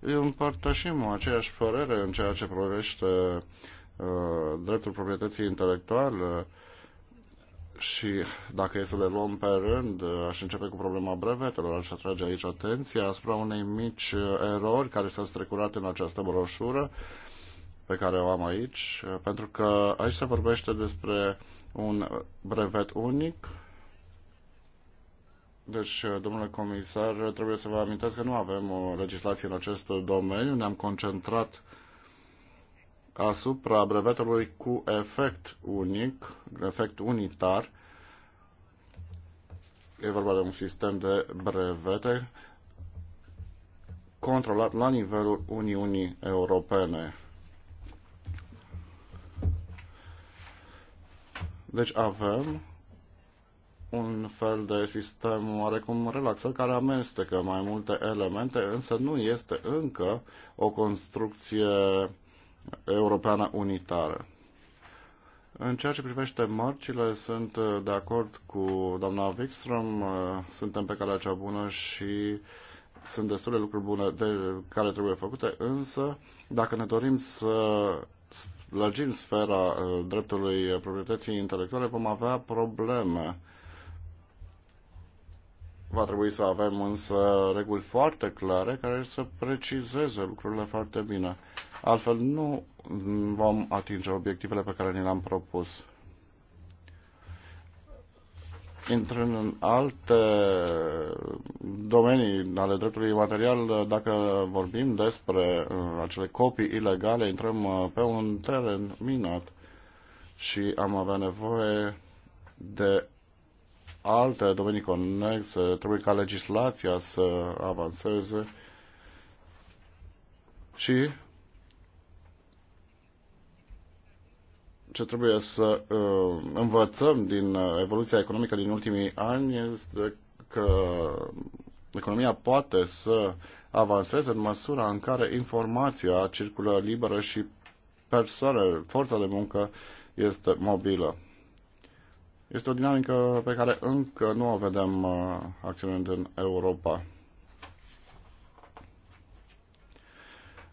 împărtășim aceeași părere în ceea ce privește uh, dreptul proprietății intelectuale și dacă e să le luăm pe rând, aș începe cu problema brevetelor, aș atrage aici atenția asupra unei mici uh, erori care s-au strecurat în această broșură pe care o am aici, pentru că aici se vorbește despre un brevet unic deci, domnule comisar, trebuie să vă amintesc că nu avem o legislație în acest domeniu. Ne-am concentrat asupra brevetului cu efect unic, efect unitar. E vorba de un sistem de brevete controlat la nivelul Uniunii Europene. Deci avem un fel de sistem oarecum relaxat care amestecă mai multe elemente, însă nu este încă o construcție europeană unitară. În ceea ce privește mărcile, sunt de acord cu doamna Wikström, suntem pe calea cea bună și sunt destule lucruri bune de care trebuie făcute, însă dacă ne dorim să lărgim sfera uh, dreptului proprietății intelectuale, vom avea probleme Va trebui să avem însă reguli foarte clare care să precizeze lucrurile foarte bine. Altfel nu vom atinge obiectivele pe care ni le-am propus. Intrând în alte domenii ale dreptului material, dacă vorbim despre uh, acele copii ilegale, intrăm uh, pe un teren minat și am avea nevoie de alte domenii conexe, trebuie ca legislația să avanseze și ce trebuie să uh, învățăm din uh, evoluția economică din ultimii ani este că economia poate să avanseze în măsura în care informația circulă liberă și persoane, forța de muncă este mobilă. Este o dinamică pe care încă nu o vedem uh, acționând în Europa.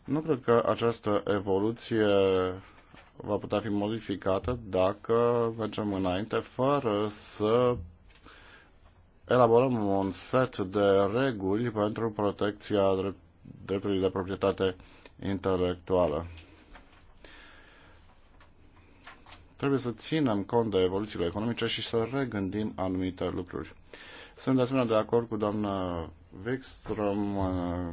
Nu cred că această evoluție va putea fi modificată dacă mergem înainte fără să elaborăm un set de reguli pentru protecția dreptului de proprietate intelectuală. Trebuie să ținem cont de evoluțiile economice și să regândim anumite lucruri. Sunt de asemenea de acord cu doamna Wikström uh,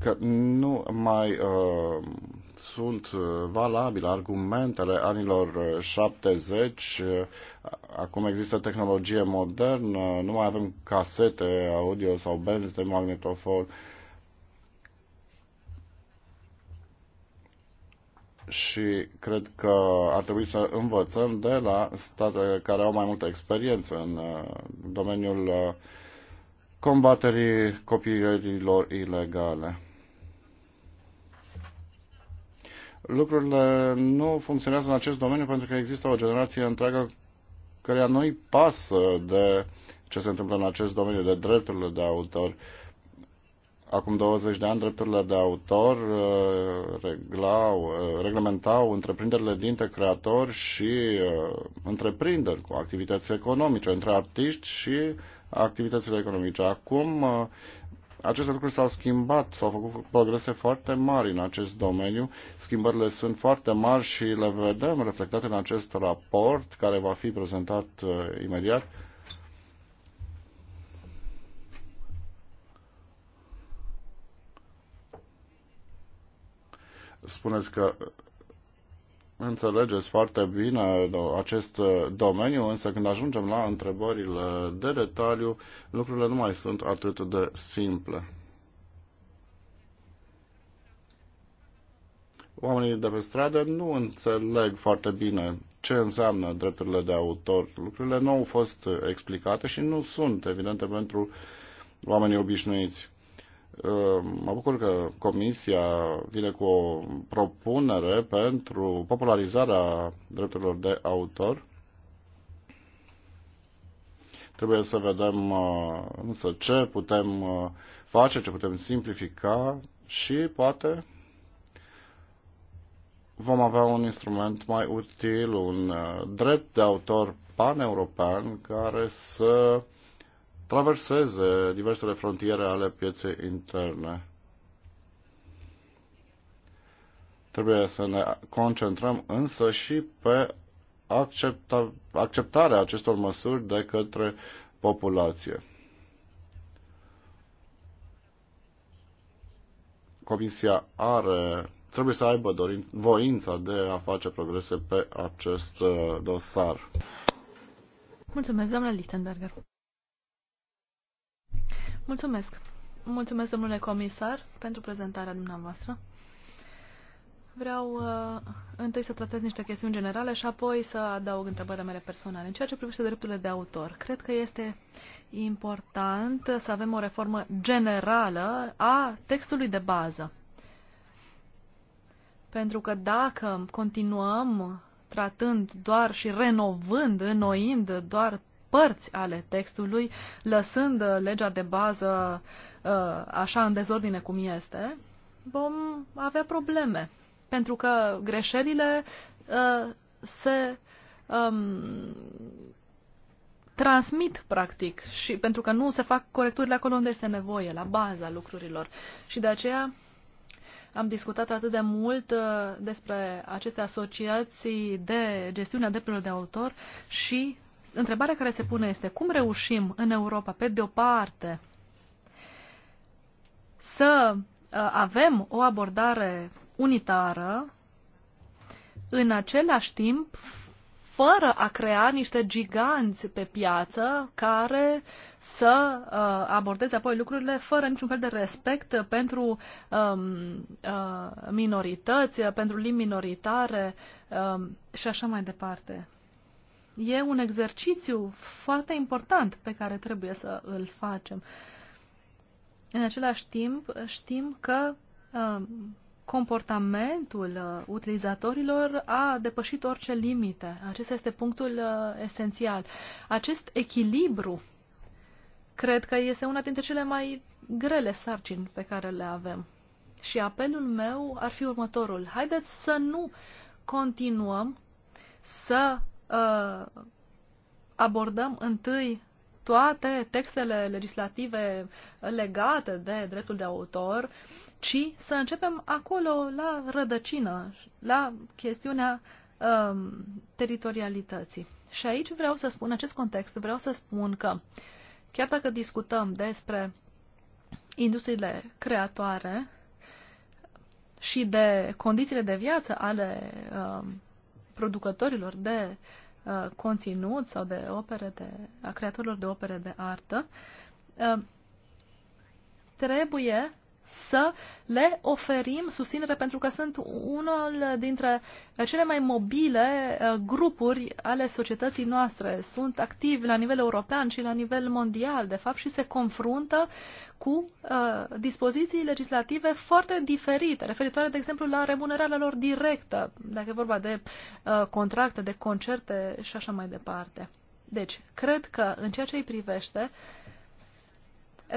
că nu mai uh, sunt valabile argumentele anilor 70. Acum există tehnologie modernă, nu mai avem casete audio sau benzi de magnetofon. Uh, și cred că ar trebui să învățăm de la state care au mai multă experiență în uh, domeniul uh, combaterii copiilor ilegale. Lucrurile nu funcționează în acest domeniu pentru că există o generație întreagă care nu-i pasă de ce se întâmplă în acest domeniu, de drepturile de autor. Uh, Acum 20 de ani, drepturile de autor uh, reglau, uh, reglementau întreprinderile dintre creatori și uh, întreprinderi cu activități economice, între artiști și activitățile economice. Acum aceste lucruri s-au schimbat, s-au făcut progrese foarte mari în acest domeniu. Schimbările sunt foarte mari și le vedem reflectate în acest raport care va fi prezentat imediat. spuneți că înțelegeți foarte bine acest uh, domeniu, însă când ajungem la întrebările de detaliu, lucrurile nu mai sunt atât de simple. Oamenii de pe stradă nu înțeleg foarte bine ce înseamnă drepturile de autor. Lucrurile nu au fost explicate și nu sunt evidente pentru oamenii obișnuiți. Ehm, mă bucur că Comisia vine cu o propunere pentru popularizarea drepturilor de autor. Trebuie să vedem uh, însă ce putem uh, face, ce putem simplifica și poate vom avea un instrument mai util, un uh, drept de autor pan-european care să traverseze diversele frontiere ale pieței interne. Trebuie să ne concentrăm însă și pe accepta, acceptarea acestor măsuri de către populație. Comisia are, trebuie să aibă dorin, voința de a face progrese pe acest uh, dosar. Mulțumesc, doamna Lichtenberger. Mulțumesc. Mulțumesc, domnule comisar, pentru prezentarea dumneavoastră. Vreau uh, întâi să tratez niște chestiuni generale și apoi să adaug întrebările mele personale. În ceea ce privește drepturile de autor, cred că este important să avem o reformă generală a textului de bază. Pentru că dacă continuăm tratând doar și renovând, înnoind doar părți ale textului, lăsând uh, legea de bază uh, așa în dezordine cum este, vom avea probleme. Pentru că greșelile uh, se um, transmit, practic, și pentru că nu se fac corecturile acolo unde este nevoie, la baza lucrurilor. Și de aceea am discutat atât de mult uh, despre aceste asociații de gestiune a drepturilor de autor și întrebarea care se pune este cum reușim în Europa, pe de o parte, să uh, avem o abordare unitară, în același timp, fără a crea niște giganți pe piață care să uh, abordeze apoi lucrurile fără niciun fel de respect pentru um, uh, minorități, pentru limbi minoritare um, și așa mai departe. E un exercițiu foarte important pe care trebuie să îl facem. În același timp, știm că um, comportamentul uh, utilizatorilor a depășit orice limite. Acesta este punctul uh, esențial. Acest echilibru cred că este una dintre cele mai grele sarcini pe care le avem. Și apelul meu ar fi următorul. Haideți să nu continuăm să uh, abordăm întâi toate textele legislative legate de dreptul de autor, ci să începem acolo la rădăcină, la chestiunea um, teritorialității. Și aici vreau să spun, în acest context, vreau să spun că chiar dacă discutăm despre industriile creatoare și de condițiile de viață ale um, producătorilor de uh, conținut sau de opere de, a creatorilor de opere de artă, uh, trebuie să le oferim susținere pentru că sunt unul dintre cele mai mobile uh, grupuri ale societății noastre. Sunt activi la nivel european și la nivel mondial, de fapt, și se confruntă cu uh, dispoziții legislative foarte diferite, referitoare, de exemplu, la remunerarea lor directă, dacă e vorba de uh, contracte, de concerte și așa mai departe. Deci, cred că în ceea ce îi privește, uh,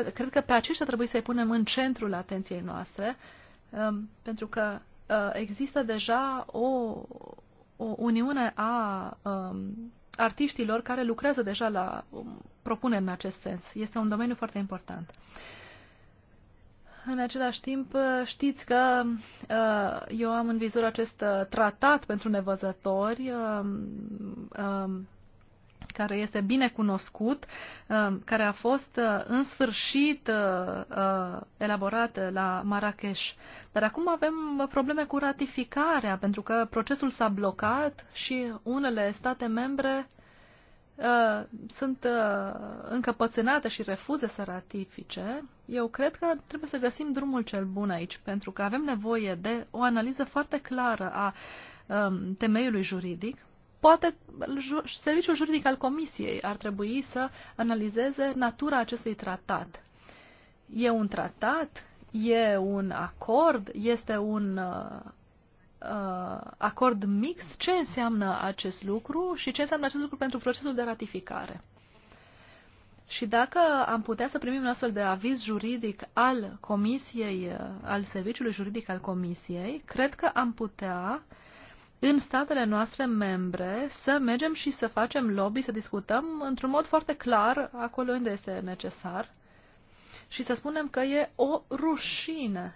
cred că pe aceștia trebuie să-i punem în centrul atenției noastre, um, pentru că uh, există deja o, o uniune a um, artiștilor care lucrează deja la um, propuneri în acest sens. Este un domeniu foarte important. În același timp, uh, știți că uh, eu am în vizor acest tratat pentru nevăzători care este bine cunoscut, uh, care a fost uh, în sfârșit uh, elaborat la Marrakesh. Dar acum avem probleme cu ratificarea, pentru că procesul s-a blocat și unele state membre sunt încăpățânate și refuză să ratifice, eu cred că trebuie să găsim drumul cel bun aici, pentru că avem nevoie de o analiză foarte clară a um, temeiului juridic Poate serviciul juridic al Comisiei ar trebui să analizeze natura acestui tratat. E un tratat? E un acord? Este un uh, uh, acord mixt? Ce înseamnă acest lucru și ce înseamnă acest lucru pentru procesul de ratificare? Și dacă am putea să primim un astfel de aviz juridic al Comisiei, uh, al Serviciului Juridic al Comisiei, cred că am putea uh, în statele noastre membre să mergem și să facem lobby, să discutăm într-un mod foarte clar acolo unde este necesar și să spunem că e o rușine.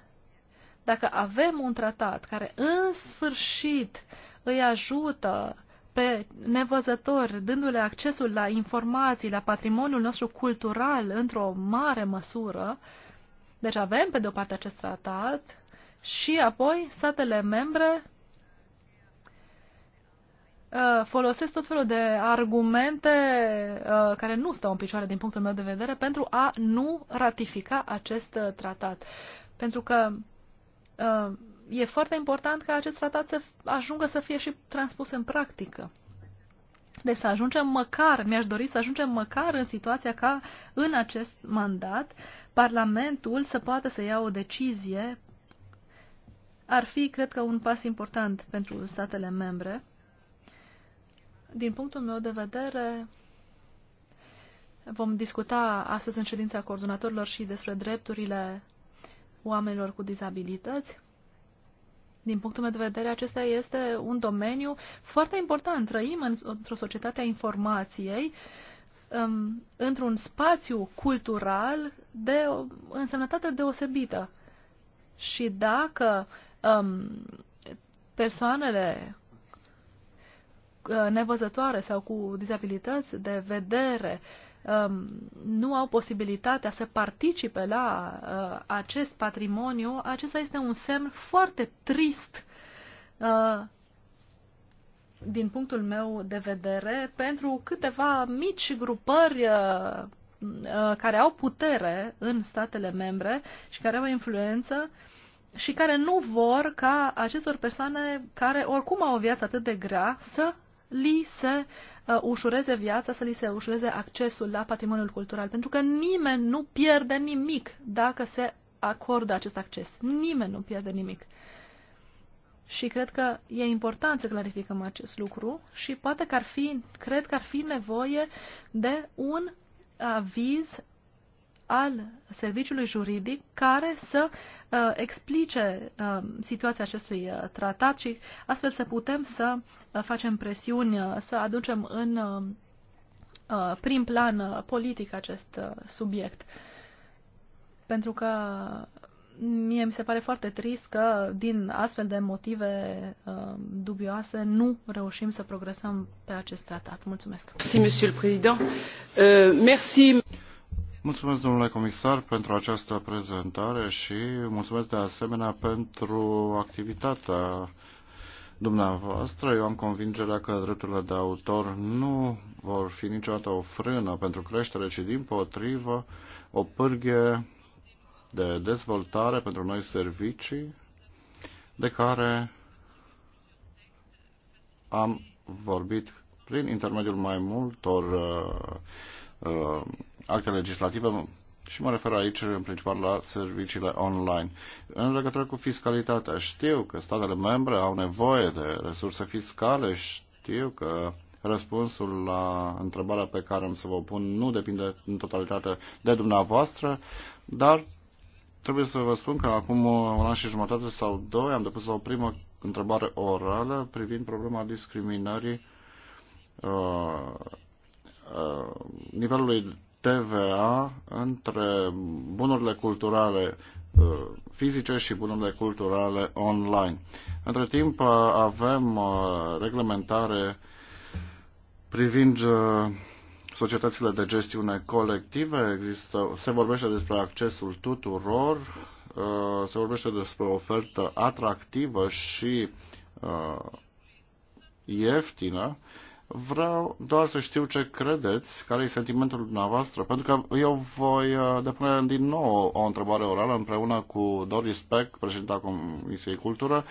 Dacă avem un tratat care în sfârșit îi ajută pe nevăzători, dându-le accesul la informații, la patrimoniul nostru cultural într-o mare măsură, deci avem pe de o parte acest tratat și apoi statele membre Uh, folosesc tot felul de argumente uh, care nu stau în picioare din punctul meu de vedere pentru a nu ratifica acest uh, tratat. Pentru că e foarte important ca acest tratat să ajungă să fie și transpus în practică. Deci să ajungem măcar, mi-aș dori să ajungem măcar în situația ca în acest mandat Parlamentul să poată să ia o decizie ar fi, cred că, un pas important pentru statele membre din punctul meu de vedere, vom discuta astăzi în ședința coordonatorilor și despre drepturile oamenilor cu dizabilități. Din punctul meu de vedere, acesta este un domeniu foarte important. Trăim într-o societate a informației, um, într-un spațiu cultural de o însemnătate deosebită. Și dacă um, persoanele Uh, nevăzătoare sau cu dizabilități de vedere um, nu au posibilitatea să participe la uh, acest patrimoniu, acesta este un semn foarte trist uh, din punctul meu de vedere, pentru câteva mici grupări care au putere în statele membre și care au influență și care nu vor ca acestor persoane care oricum au o viață atât de grea să li se uh, ușureze viața, să li se ușureze accesul la patrimoniul cultural. Pentru că nimeni nu pierde nimic dacă se acordă acest acces. Nimeni nu pierde nimic. Și cred că e important să clarificăm acest lucru și poate că ar fi, cred că ar fi nevoie de un aviz al serviciului juridic care să uh, explice uh, situația acestui uh, tratat și astfel să putem să uh, facem presiuni, uh, să aducem în uh, uh prim plan uh, politic acest uh, subiect. Pentru că uh, mie mi se pare foarte trist că din astfel de motive uh, dubioase nu reușim să progresăm pe acest tratat. Mulțumesc. Merci, monsieur le président. Uh, merci. Mulțumesc, domnule comisar, pentru această prezentare și mulțumesc de asemenea pentru activitatea dumneavoastră. Eu am convingerea că drepturile de autor nu vor fi niciodată o frână pentru creștere, ci din potrivă o pârghie de dezvoltare pentru noi servicii de care am vorbit prin intermediul mai multor uh, uh, acte legislative și mă refer aici în principal la serviciile online. În legătură cu fiscalitatea, știu că statele membre au nevoie de resurse fiscale, știu că răspunsul la întrebarea pe care am să vă pun nu depinde în totalitate de dumneavoastră, dar trebuie să vă spun că acum un an și jumătate sau doi am depus o primă întrebare orală privind problema discriminării uh, uh, nivelului TVA între bunurile culturale uh, fizice și bunurile culturale online. Între timp uh, avem uh, reglementare privind societățile de gestiune colective, există, se vorbește despre accesul tuturor, se vorbește despre o ofertă atractivă și ieftină Vreau doar să știu ce credeți, care e sentimentul dumneavoastră, pentru că eu voi uh, depune din nou o întrebare orală împreună cu Doris Peck, președinta Comisiei Cultură.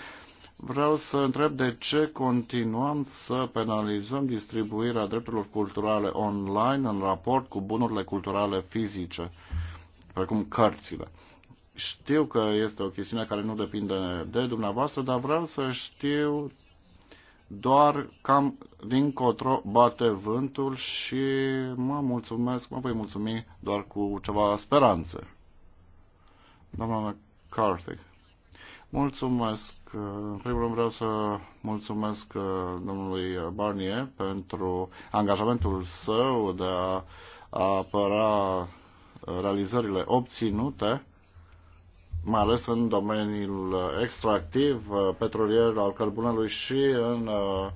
Vreau să întreb de ce continuăm să penalizăm distribuirea drepturilor culturale online în raport cu bunurile culturale fizice, precum cărțile. Știu că este o chestiune care nu depinde de dumneavoastră, dar vreau să știu doar cam din cotro bate vântul și mă mulțumesc, mă voi mulțumi doar cu ceva speranțe. Doamna McCarthy. Mulțumesc. În primul rând vreau să mulțumesc uh, domnului Barnier pentru angajamentul său de a apăra uh, realizările obținute mai ales în domeniul uh, extractiv, uh, petrolier, al cărbunelui și în uh,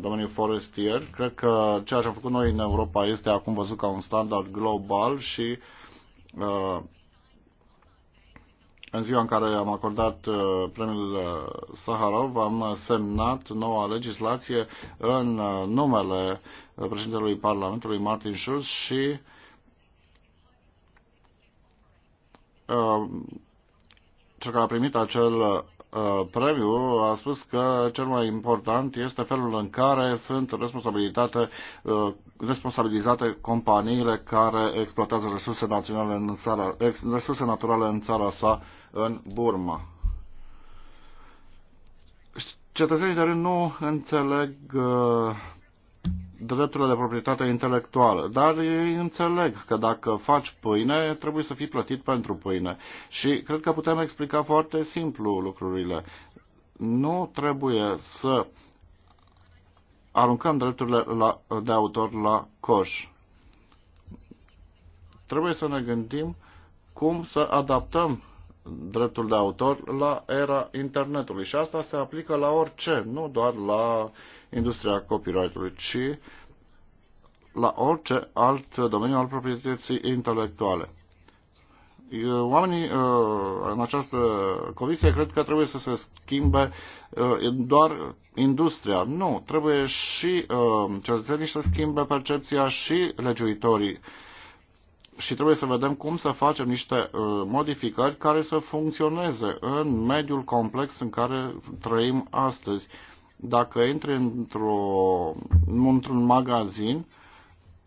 domeniul forestier. Cred că ceea ce am făcut noi în Europa este acum văzut ca un standard global și în ziua în care am acordat premiul Saharov, am semnat noua legislație în numele președintelui Parlamentului Martin Schulz și cel care a primit acel uh, premiu a spus că cel mai important este felul în care sunt responsabilitate, uh, responsabilizate companiile care exploatează resurse, naționale în țara, resurse naturale în țara sa, în Burma. Cetățenii de rând nu înțeleg uh, drepturile de proprietate intelectuală. Dar ei înțeleg că dacă faci pâine, trebuie să fii plătit pentru pâine. Și cred că putem explica foarte simplu lucrurile. Nu trebuie să aruncăm drepturile la, de autor la coș. Trebuie să ne gândim cum să adaptăm dreptul de autor la era internetului. Și asta se aplică la orice, nu doar la industria copyright-ului, ci la orice alt domeniu al proprietății intelectuale. Oamenii în această comisie cred că trebuie să se schimbe doar industria. Nu, trebuie și cetățenii să schimbe percepția și legiuitorii și trebuie să vedem cum să facem niște modificări care să funcționeze în mediul complex în care trăim astăzi. Dacă intri într-o, într-un magazin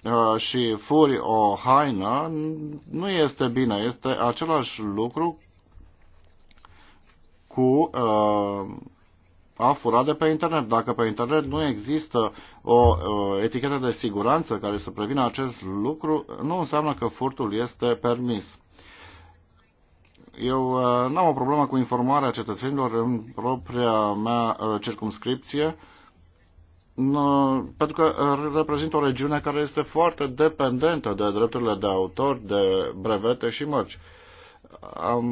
uh, și furi o haină, nu este bine. Este același lucru cu uh, a fura de pe internet. Dacă pe internet nu există o uh, etichetă de siguranță care să prevină acest lucru, nu înseamnă că furtul este permis. Eu uh, n-am o problemă cu informarea cetățenilor în propria mea uh, circumscripție, pentru că uh, reprezintă o regiune care este foarte dependentă de drepturile de autor, de brevete și mărci. Am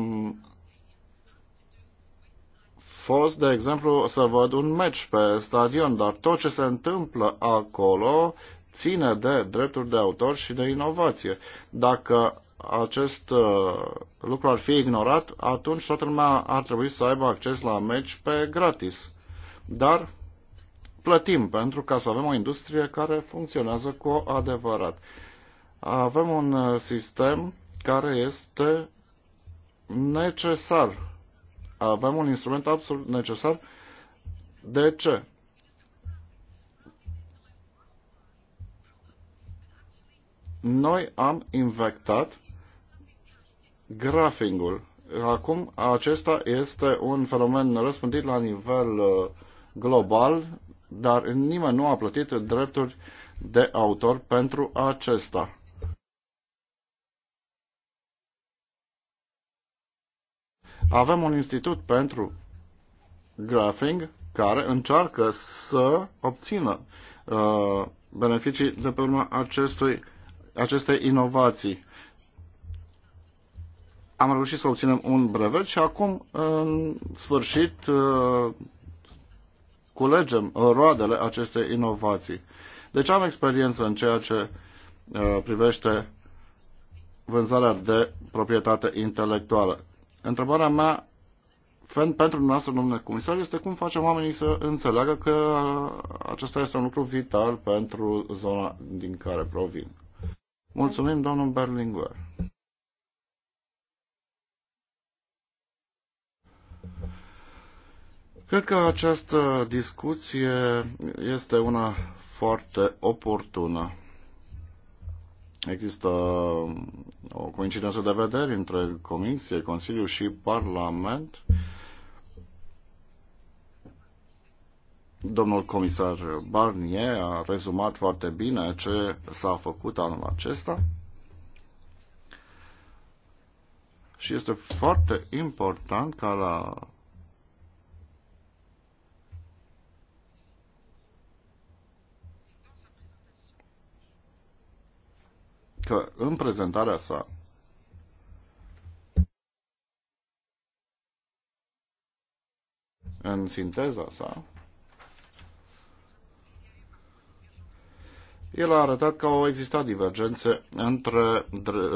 fost, de exemplu, să văd un meci pe stadion, dar tot ce se întâmplă acolo ține de drepturi de autor și de inovație. Dacă acest uh, lucru ar fi ignorat, atunci toată lumea ar trebui să aibă acces la meci pe gratis. Dar plătim pentru ca să avem o industrie care funcționează cu adevărat. Avem un uh, sistem care este necesar. Avem un instrument absolut necesar. De ce? Noi am infectat grafingul. Acum acesta este un fenomen răspândit la nivel uh, global, dar nimeni nu a plătit drepturi de autor pentru acesta. Avem un institut pentru graphing care încearcă să obțină uh, beneficii de pe urma acestui, acestei inovații am reușit să obținem un brevet și acum, în sfârșit, uh, culegem roadele acestei inovații. Deci am experiență în ceea ce uh, privește vânzarea de proprietate intelectuală. Întrebarea mea pentru dumneavoastră, domnule comisar, este cum facem oamenii să înțeleagă că uh, acesta este un lucru vital pentru zona din care provin. Mulțumim, domnul Berlinguer. Cred că această discuție este una foarte oportună. Există o coincidență de vederi între Comisie, Consiliu și Parlament. Domnul comisar Barnier a rezumat foarte bine ce s-a făcut anul acesta și este foarte important ca la că în prezentarea sa în sinteza sa, el a arătat că au existat divergențe între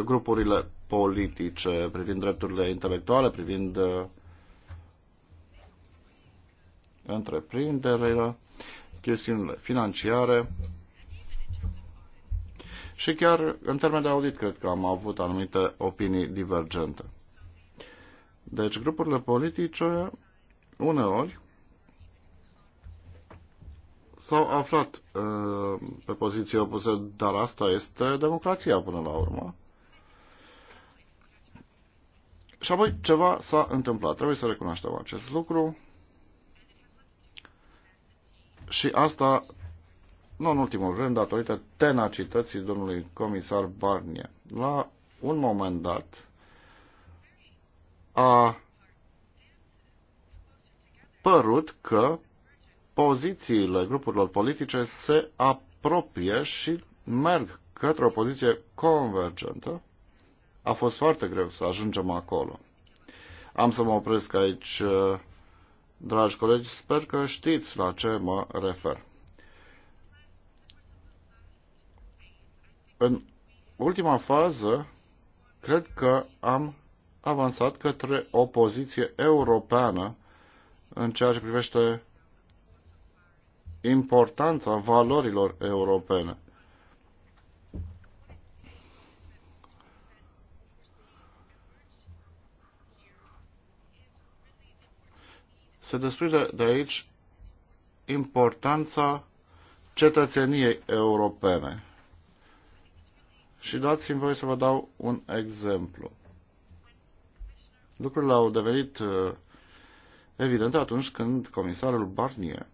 grupurile politice privind drepturile intelectuale, privind uh, întreprinderile, chestiunile financiare, și chiar în termen de audit cred că am avut anumite opinii divergente. Deci grupurile politice uneori s-au aflat uh, pe poziții opuse, dar asta este democrația până la urmă. Și apoi ceva s-a întâmplat. Trebuie să recunoaștem acest lucru. Și asta nu în ultimul rând, datorită tenacității domnului comisar Barnier. La un moment dat a părut că pozițiile grupurilor politice se apropie și merg către o poziție convergentă. A fost foarte greu să ajungem acolo. Am să mă opresc aici, dragi colegi, sper că știți la ce mă refer. În ultima fază, cred că am avansat către o poziție europeană în ceea ce privește importanța valorilor europene. Se desprinde de aici importanța cetățeniei europene. Și dați-mi voie să vă dau un exemplu. Lucrurile au devenit uh, evidente atunci când comisarul Barnier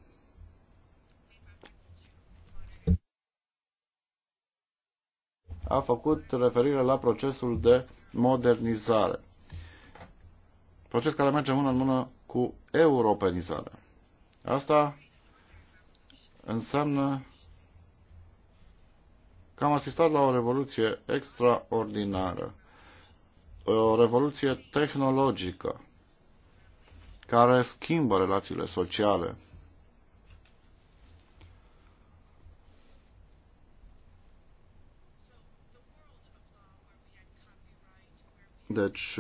a făcut referire la procesul de modernizare. Proces care merge mână în mână cu europenizarea. Asta înseamnă că am asistat la o revoluție extraordinară, o revoluție tehnologică care schimbă relațiile sociale. Deci,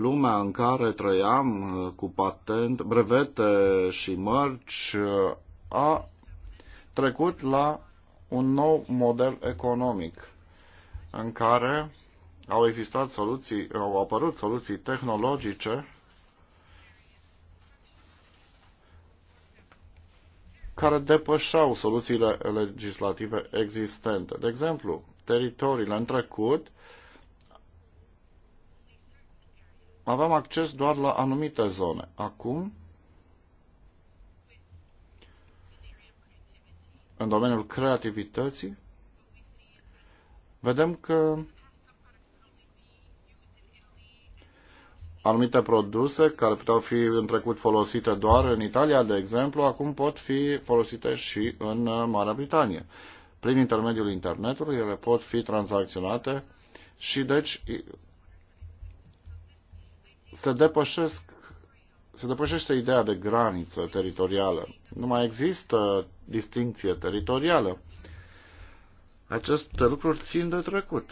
lumea în care trăiam cu patent, brevete și mărci a trecut la un nou model economic în care au existat soluții, au apărut soluții tehnologice care depășeau soluțiile legislative existente. De exemplu, teritoriile în trecut aveam acces doar la anumite zone. Acum în domeniul creativității, vedem că anumite produse care puteau fi în trecut folosite doar în Italia, de exemplu, acum pot fi folosite și în uh, Marea Britanie. Prin intermediul internetului ele pot fi tranzacționate și deci se depășesc se depășește ideea de graniță teritorială. Nu mai există distinție teritorială. Aceste lucruri țin de trecut.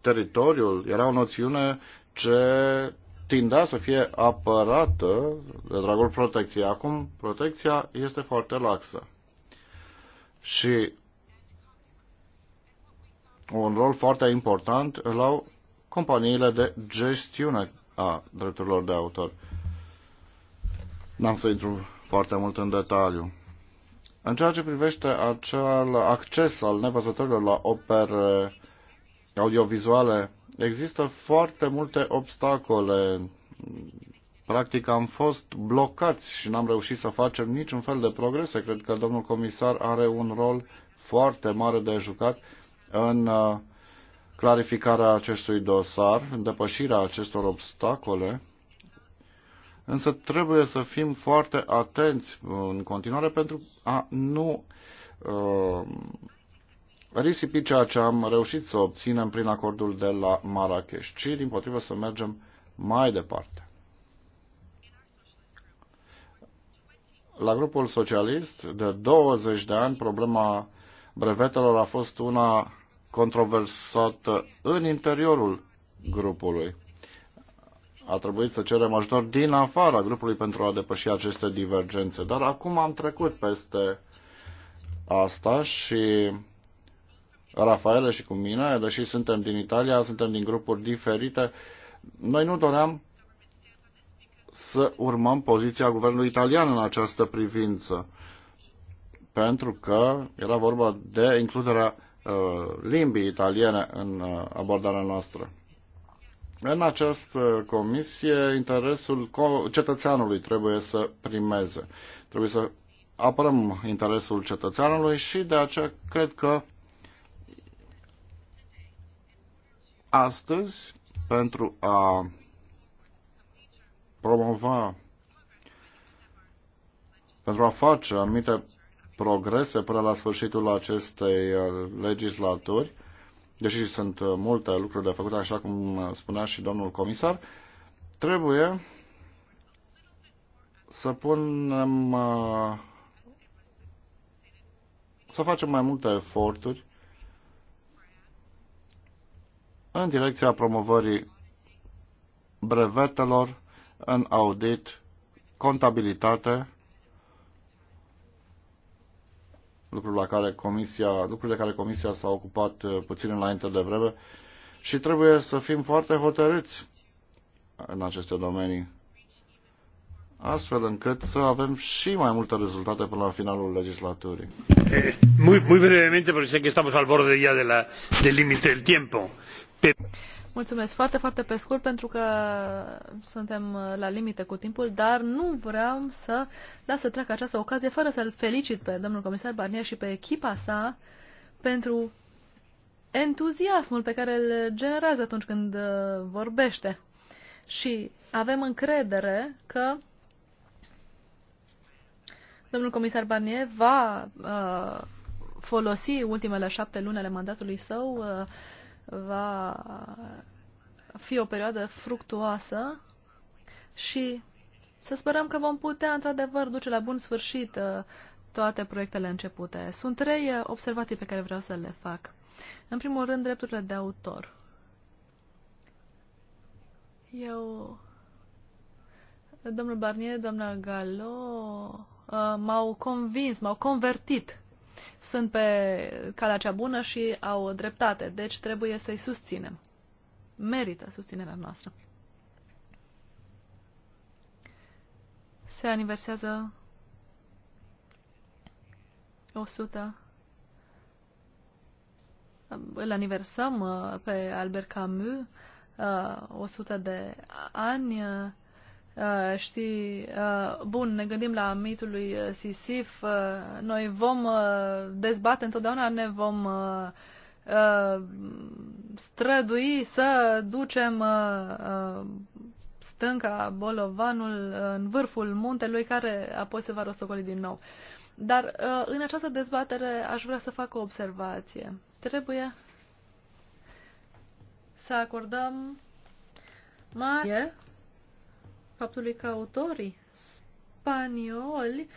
Teritoriul era o noțiune ce tindea să fie apărată de dragul protecției. Acum protecția este foarte laxă. Și un rol foarte important la companiile de gestiune a drepturilor de autor. N-am să intru foarte mult în detaliu. În ceea ce privește acel acces al nevăzătorilor la opere audiovizuale, există foarte multe obstacole. Practic am fost blocați și n-am reușit să facem niciun fel de progrese. Cred că domnul comisar are un rol foarte mare de jucat în uh, clarificarea acestui dosar, în depășirea acestor obstacole, însă trebuie să fim foarte atenți în continuare pentru a nu uh, risipi ceea ce am reușit să obținem prin acordul de la Marrakesh, ci din potrivă să mergem mai departe. La grupul socialist, de 20 de ani, problema brevetelor a fost una controversată în interiorul grupului. A trebuit să cerem ajutor din afara grupului pentru a depăși aceste divergențe. Dar acum am trecut peste asta și Rafaele și cu mine, deși suntem din Italia, suntem din grupuri diferite, noi nu doream să urmăm poziția guvernului italian în această privință, pentru că era vorba de includerea Uh, limbii italiene în uh, abordarea noastră. În această comisie, interesul cetățeanului trebuie să primeze. Trebuie să apărăm interesul cetățeanului și de aceea cred că astăzi, pentru a promova, pentru a face anumite progrese până la sfârșitul acestei uh, legislaturi, deși sunt uh, multe lucruri de făcut, așa cum uh, spunea și domnul comisar, trebuie să punem să facem mai multe eforturi în direcția promovării brevetelor în audit, contabilitate, lucrul la care comisia, lucruri de care Comisia s-a ocupat uh, puțin înainte de vreme și trebuie să fim foarte hotărâți în aceste domenii, astfel încât să avem și mai multe rezultate până la finalul legislaturii. Eh, muy, muy brevemente, porque sé que estamos al borde ya de la, del límite del tiempo. Mulțumesc foarte, foarte pe scurt pentru că suntem la limite cu timpul, dar nu vreau să las să treacă această ocazie fără să-l felicit pe domnul comisar Barnier și pe echipa sa pentru entuziasmul pe care îl generează atunci când uh, vorbește. Și avem încredere că domnul comisar Barnier va uh, folosi ultimele șapte luni ale mandatului său uh, va fi o perioadă fructuoasă și să sperăm că vom putea, într-adevăr, duce la bun sfârșit uh, toate proiectele începute. Sunt trei uh, observații pe care vreau să le fac. În primul rând, drepturile de autor. Eu, domnul Barnier, doamna Galo, uh, m-au convins, m-au convertit sunt pe calea cea bună și au dreptate, deci trebuie să-i susținem. Merită susținerea noastră. Se aniversează 100 îl aniversăm uh, pe Albert Camus 100 uh, de ani uh, Uh, știi, uh, bun, ne gândim la mitul lui uh, Sisif, uh, noi vom uh, dezbate întotdeauna, ne vom uh, strădui să ducem stânca, bolovanul în vârful muntelui, care apoi se va rostocoli din nou. Dar în această dezbatere aș vrea să fac o observație. Trebuie să acordăm mare faptului că autorii spanioli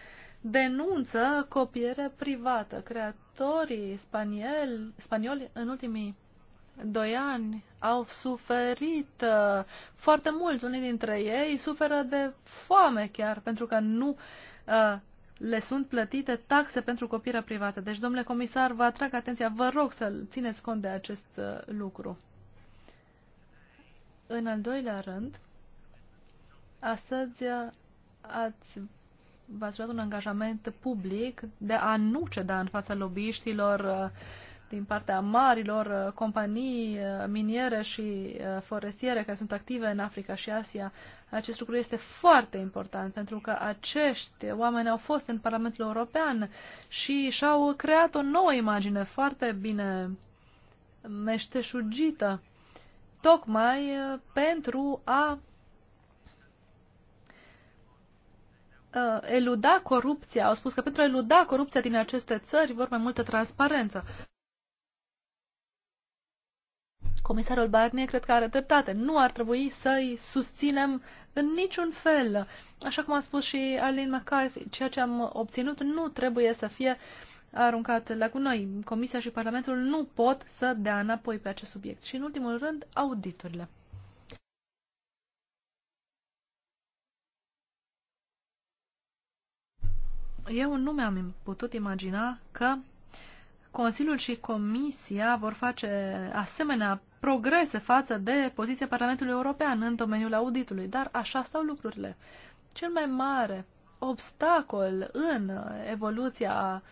denunță copiere privată. Creatorii spanieli, spanioli în ultimii doi ani au suferit uh, foarte mult. Unii dintre ei suferă de foame chiar, pentru că nu uh, le sunt plătite taxe pentru copierea privată. Deci, domnule comisar, vă atrag atenția, vă rog să țineți cont de acest uh, lucru. În al doilea rând, Astăzi uh, ați v-ați luat un angajament public de a nu ceda în fața lobbyiștilor uh, din partea marilor uh, companii miniere și forestiere care sunt active în Africa și Asia. Acest lucru este foarte important pentru că acești oameni au fost în Parlamentul European și și-au creat o nouă imagine foarte bine meșteșugită, tocmai pentru a uh, eluda corupția, au spus că pentru a eluda corupția din aceste țări vor mai multă transparență. Comisarul Barnier cred că are dreptate. Nu ar trebui să-i susținem în niciun fel. Așa cum a spus și Aline McCarthy, ceea ce am obținut nu trebuie să fie aruncat la gunoi. Comisia și Parlamentul nu pot să dea înapoi pe acest subiect. Și în ultimul rând, auditurile. eu nu mi-am putut imagina că Consiliul și Comisia vor face asemenea progrese față de poziția Parlamentului European în domeniul auditului, dar așa stau lucrurile. Cel mai mare obstacol în evoluția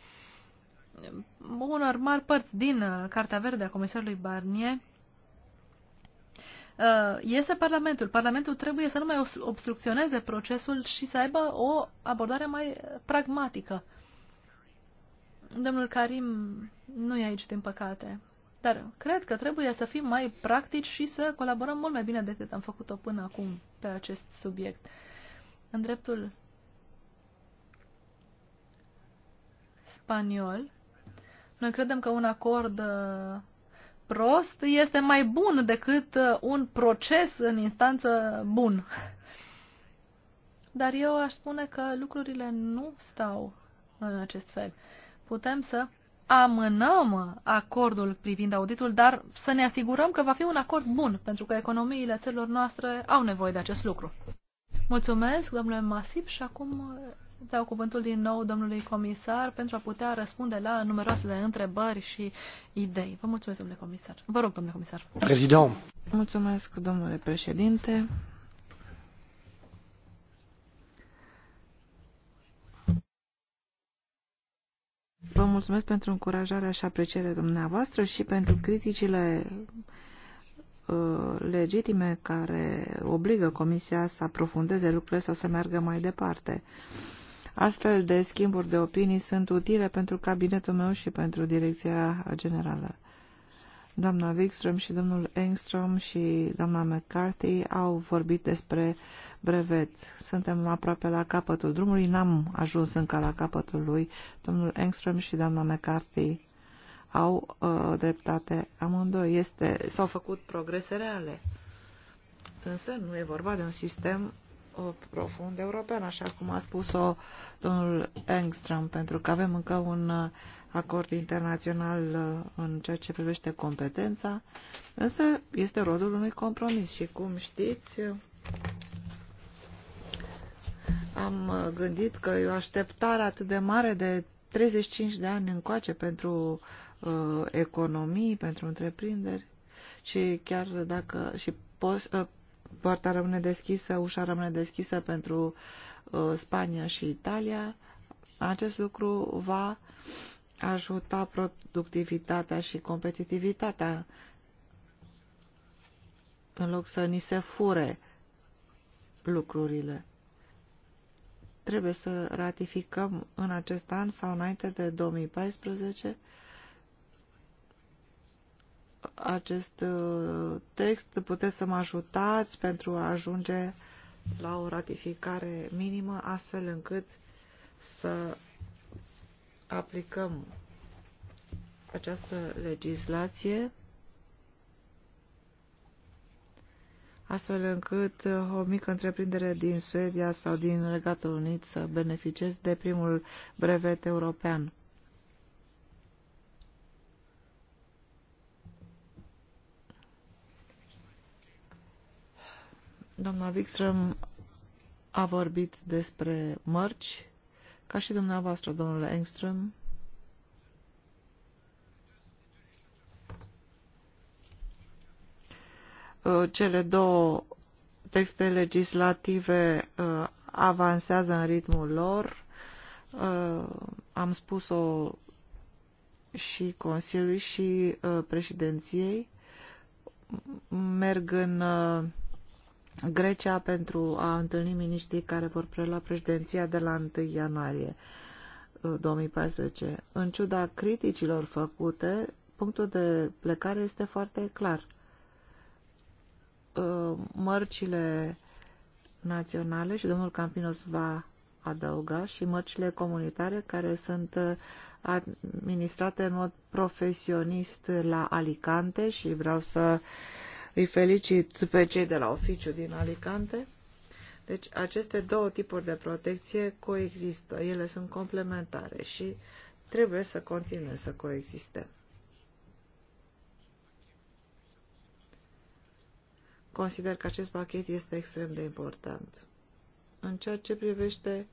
unor mari părți din Cartea Verde a Comisarului Barnier Uh, este Parlamentul. Parlamentul trebuie să nu mai obstrucționeze procesul și să aibă o abordare mai pragmatică. Domnul Karim nu e aici, din păcate. Dar cred că trebuie să fim mai practici și să colaborăm mult mai bine decât am făcut-o până acum pe acest subiect. În dreptul spaniol, noi credem că un acord uh, prost este mai bun decât uh, un proces în instanță bun. Dar eu aș spune că lucrurile nu stau în acest fel. Putem să amânăm acordul privind auditul, dar să ne asigurăm că va fi un acord bun, pentru că economiile țărilor noastre au nevoie de acest lucru. Mulțumesc, domnule Masip, și acum dau cuvântul din nou domnului comisar pentru a putea răspunde la numeroasele întrebări și idei. Vă mulțumesc, domnule comisar. Vă rog, domnule comisar. Prezident. Mulțumesc, domnule președinte. Vă mulțumesc pentru încurajarea și aprecierea dumneavoastră și pentru criticile uh, legitime care obligă Comisia să aprofundeze lucrurile sau să meargă mai departe. Astfel de schimburi de opinii sunt utile pentru cabinetul meu și pentru direcția generală. Doamna Wikström și domnul Engström și doamna McCarthy au vorbit despre brevet. Suntem aproape la capătul drumului, n-am ajuns încă la capătul lui. Domnul Engström și doamna McCarthy au uh, dreptate amândoi. s-au făcut progrese reale. Însă nu e vorba de un sistem Uh, profund european, așa cum a spus-o domnul Engström, pentru că avem încă un uh, acord internațional uh, în ceea ce privește competența, însă este rodul unui compromis și, cum știți, am gândit că e o așteptare atât de mare de 35 de ani încoace pentru uh, economii, pentru întreprinderi și chiar dacă și pos, uh, Poarta rămâne deschisă, ușa rămâne deschisă pentru uh, Spania și Italia. Acest lucru va ajuta productivitatea și competitivitatea în loc să ni se fure lucrurile. Trebuie să ratificăm în acest an sau înainte de 2014 acest uh, text, puteți să mă ajutați pentru a ajunge la o ratificare minimă, astfel încât să aplicăm această legislație astfel încât uh, o mică întreprindere din Suedia sau din Regatul Unit să beneficieze de primul brevet european. Doamna Wikström a vorbit despre mărci, ca și dumneavoastră, domnule Engström. Uh, cele două texte legislative uh, avansează în ritmul lor. Uh, am spus-o și Consiliului și președinției. Merg în Grecia pentru a întâlni miniștrii care vor prelua președinția de la 1 ianuarie 2014. Uh, în ciuda criticilor făcute, punctul de plecare este foarte clar. Uh, mărcile naționale și domnul Campinos va adăuga și mărcile comunitare care sunt uh, administrate în mod profesionist la Alicante și vreau să uh, îi felicit pe cei de la oficiu din Alicante. Deci aceste două tipuri de protecție coexistă, ele sunt complementare și trebuie să continue să coexiste. Consider că acest pachet este extrem de important. În ceea ce privește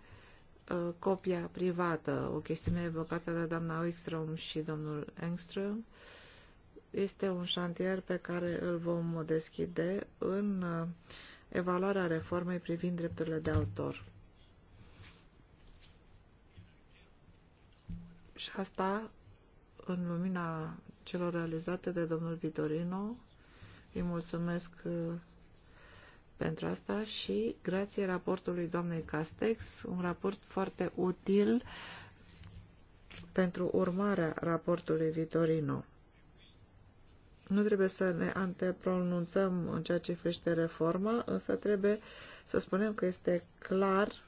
uh, copia privată, o chestiune evocată de doamna Oikstrom și domnul Engström, uh, este un șantier pe care îl vom deschide în uh, evaluarea reformei privind drepturile de autor. Și asta în lumina celor realizate de domnul Vitorino. Îi mulțumesc uh, pentru asta și grație raportului doamnei Castex, un raport foarte util pentru urmarea raportului Vitorino nu trebuie să ne antepronunțăm în ceea ce privește reforma, însă trebuie să spunem că este clar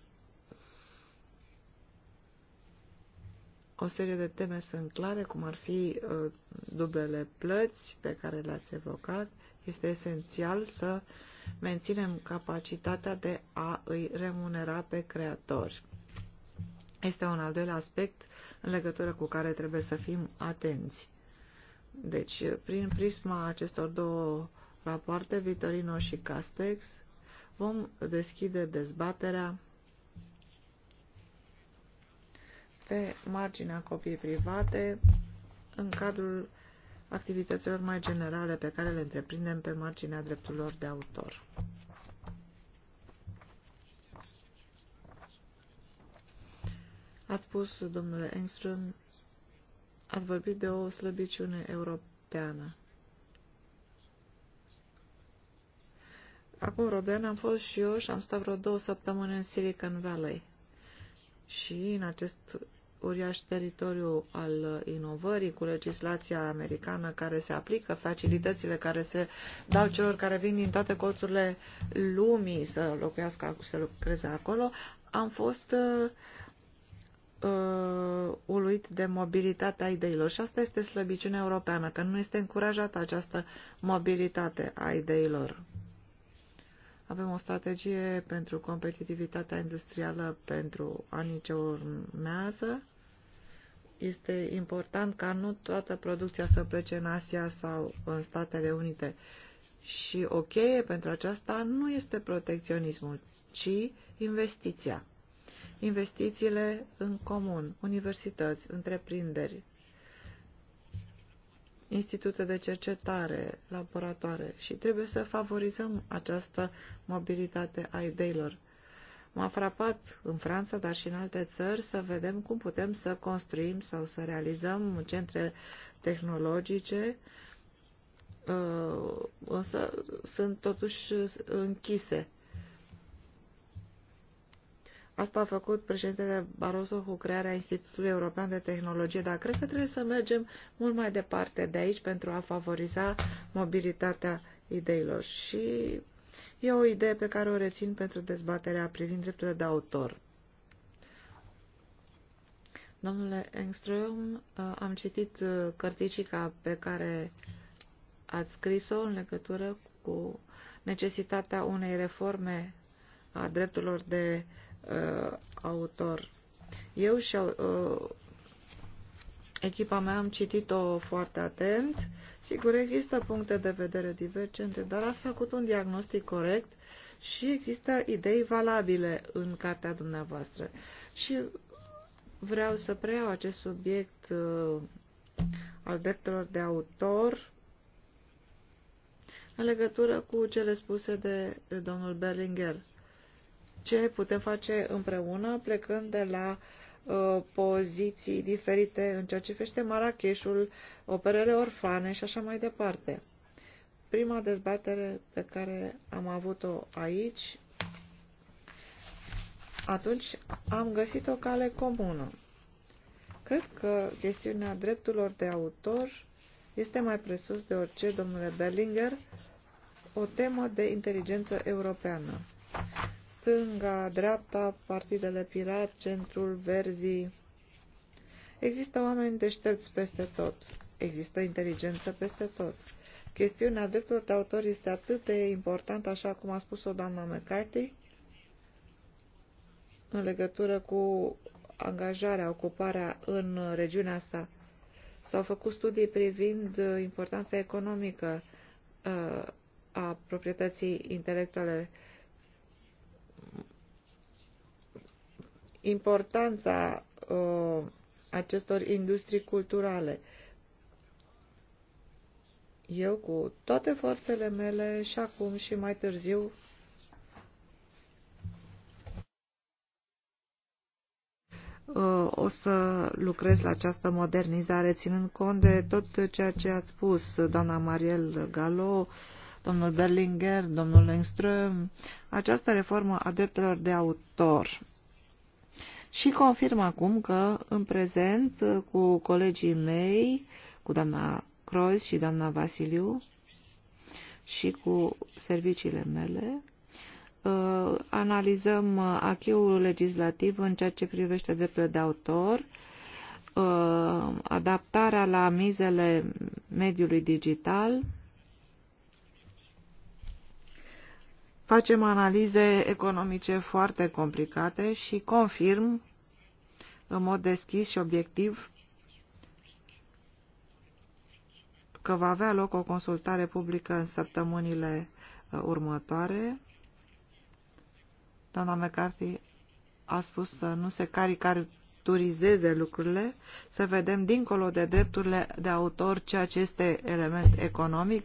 o serie de teme sunt clare, cum ar fi uh, dublele plăți pe care le-ați evocat. Este esențial să menținem capacitatea de a îi remunera pe creatori. Este un al doilea aspect în legătură cu care trebuie să fim atenți. Deci, prin prisma acestor două rapoarte, Vitorino și Castex, vom deschide dezbaterea pe marginea copiii private în cadrul activităților mai generale pe care le întreprindem pe marginea drepturilor de autor. Ați spus, domnule Engström, Ați vorbit de o slăbiciune europeană. Acum vreo am fost și eu și am stat vreo două săptămâni în Silicon Valley. Și în acest uriaș teritoriu al inovării, cu legislația americană care se aplică, facilitățile care se dau celor care vin din toate colțurile lumii să locuiască, să lucreze acolo, am fost uh, uh, uluit de mobilitatea ideilor și asta este slăbiciunea europeană, că nu este încurajată această mobilitate a ideilor. Avem o strategie pentru competitivitatea industrială pentru anii ce urmează. Este important ca nu toată producția să plece în Asia sau în Statele Unite. Și o cheie pentru aceasta nu este protecționismul, ci investiția investițiile în comun, universități, întreprinderi, institute de cercetare, laboratoare și trebuie să favorizăm această mobilitate a ideilor. M-a frapat în Franța, dar și în alte țări, să vedem cum putem să construim sau să realizăm centre tehnologice, uh, însă sunt totuși închise. Asta a făcut președintele Barroso cu crearea Institutului European de Tehnologie, dar cred că trebuie să mergem mult mai departe de aici pentru a favoriza mobilitatea ideilor. Și e o idee pe care o rețin pentru dezbaterea privind drepturile de autor. Domnule Engström, uh, am citit uh, cărticica pe care ați scris-o în legătură cu necesitatea unei reforme a drepturilor de uh, autor. Eu și uh, echipa mea am citit-o foarte atent. Sigur, există puncte de vedere divergente, dar ați făcut un diagnostic corect și există idei valabile în cartea dumneavoastră. Și vreau să preiau acest subiect uh, al drepturilor de autor în legătură cu cele spuse de domnul Berlinger ce putem face împreună plecând de la uh, poziții diferite în ceea ce fește Marrakeșul, operele orfane și așa mai departe. Prima dezbatere pe care am avut-o aici, atunci am găsit o cale comună. Cred că chestiunea drepturilor de autor este mai presus de orice, domnule Berlinger, o temă de inteligență europeană stânga, dreapta, partidele pirat, centrul, verzii. Există oameni deștepți peste tot. Există inteligență peste tot. Chestiunea drepturilor de autor este atât de importantă, așa cum a spus-o doamna McCarthy, în legătură cu angajarea, ocuparea în regiunea asta. S-au făcut studii privind uh, importanța economică uh, a proprietății intelectuale importanța uh, acestor industrii culturale. Eu cu toate forțele mele și acum și mai târziu uh, o să lucrez la această modernizare, ținând cont de tot ceea ce ați spus, doamna Mariel Galo, domnul Berlinger, domnul Engström, această reformă a drepturilor de autor. Și confirm acum că, în prezent, cu colegii mei, cu doamna Croiz și doamna Vasiliu și cu serviciile mele, uh, analizăm acheul legislativ în ceea ce privește de de autor, uh, adaptarea la mizele mediului digital, Facem analize economice foarte complicate și confirm în mod deschis și obiectiv că va avea loc o consultare publică în săptămânile uh, următoare. Doamna McCarthy a spus să nu se caricaturizeze lucrurile, să vedem dincolo de drepturile de autor ceea ce este element economic,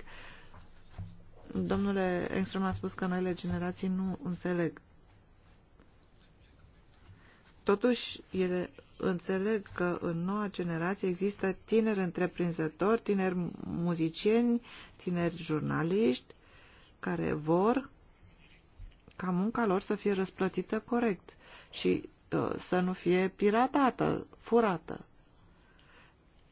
Domnule Engström a spus că noile generații nu înțeleg. Totuși, ele înțeleg că în noua generație există tineri întreprinzători, tineri muzicieni, tineri jurnaliști care vor ca munca lor să fie răsplătită corect și uh, să nu fie piratată, furată.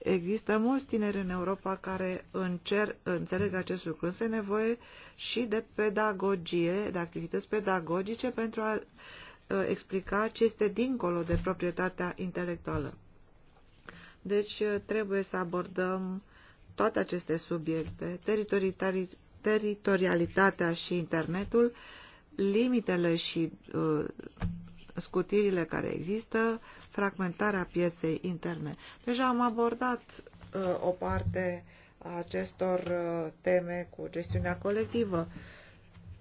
Există mulți tineri în Europa care încer, înțeleg acest lucru, însă e nevoie și de pedagogie, de activități pedagogice pentru a ă, explica ce este dincolo de proprietatea intelectuală. Deci ă, trebuie să abordăm toate aceste subiecte, teritorialitatea și internetul, limitele și uh, scutirile care există, fragmentarea pieței interne. Deja am abordat uh, o parte a acestor uh, teme cu gestiunea colectivă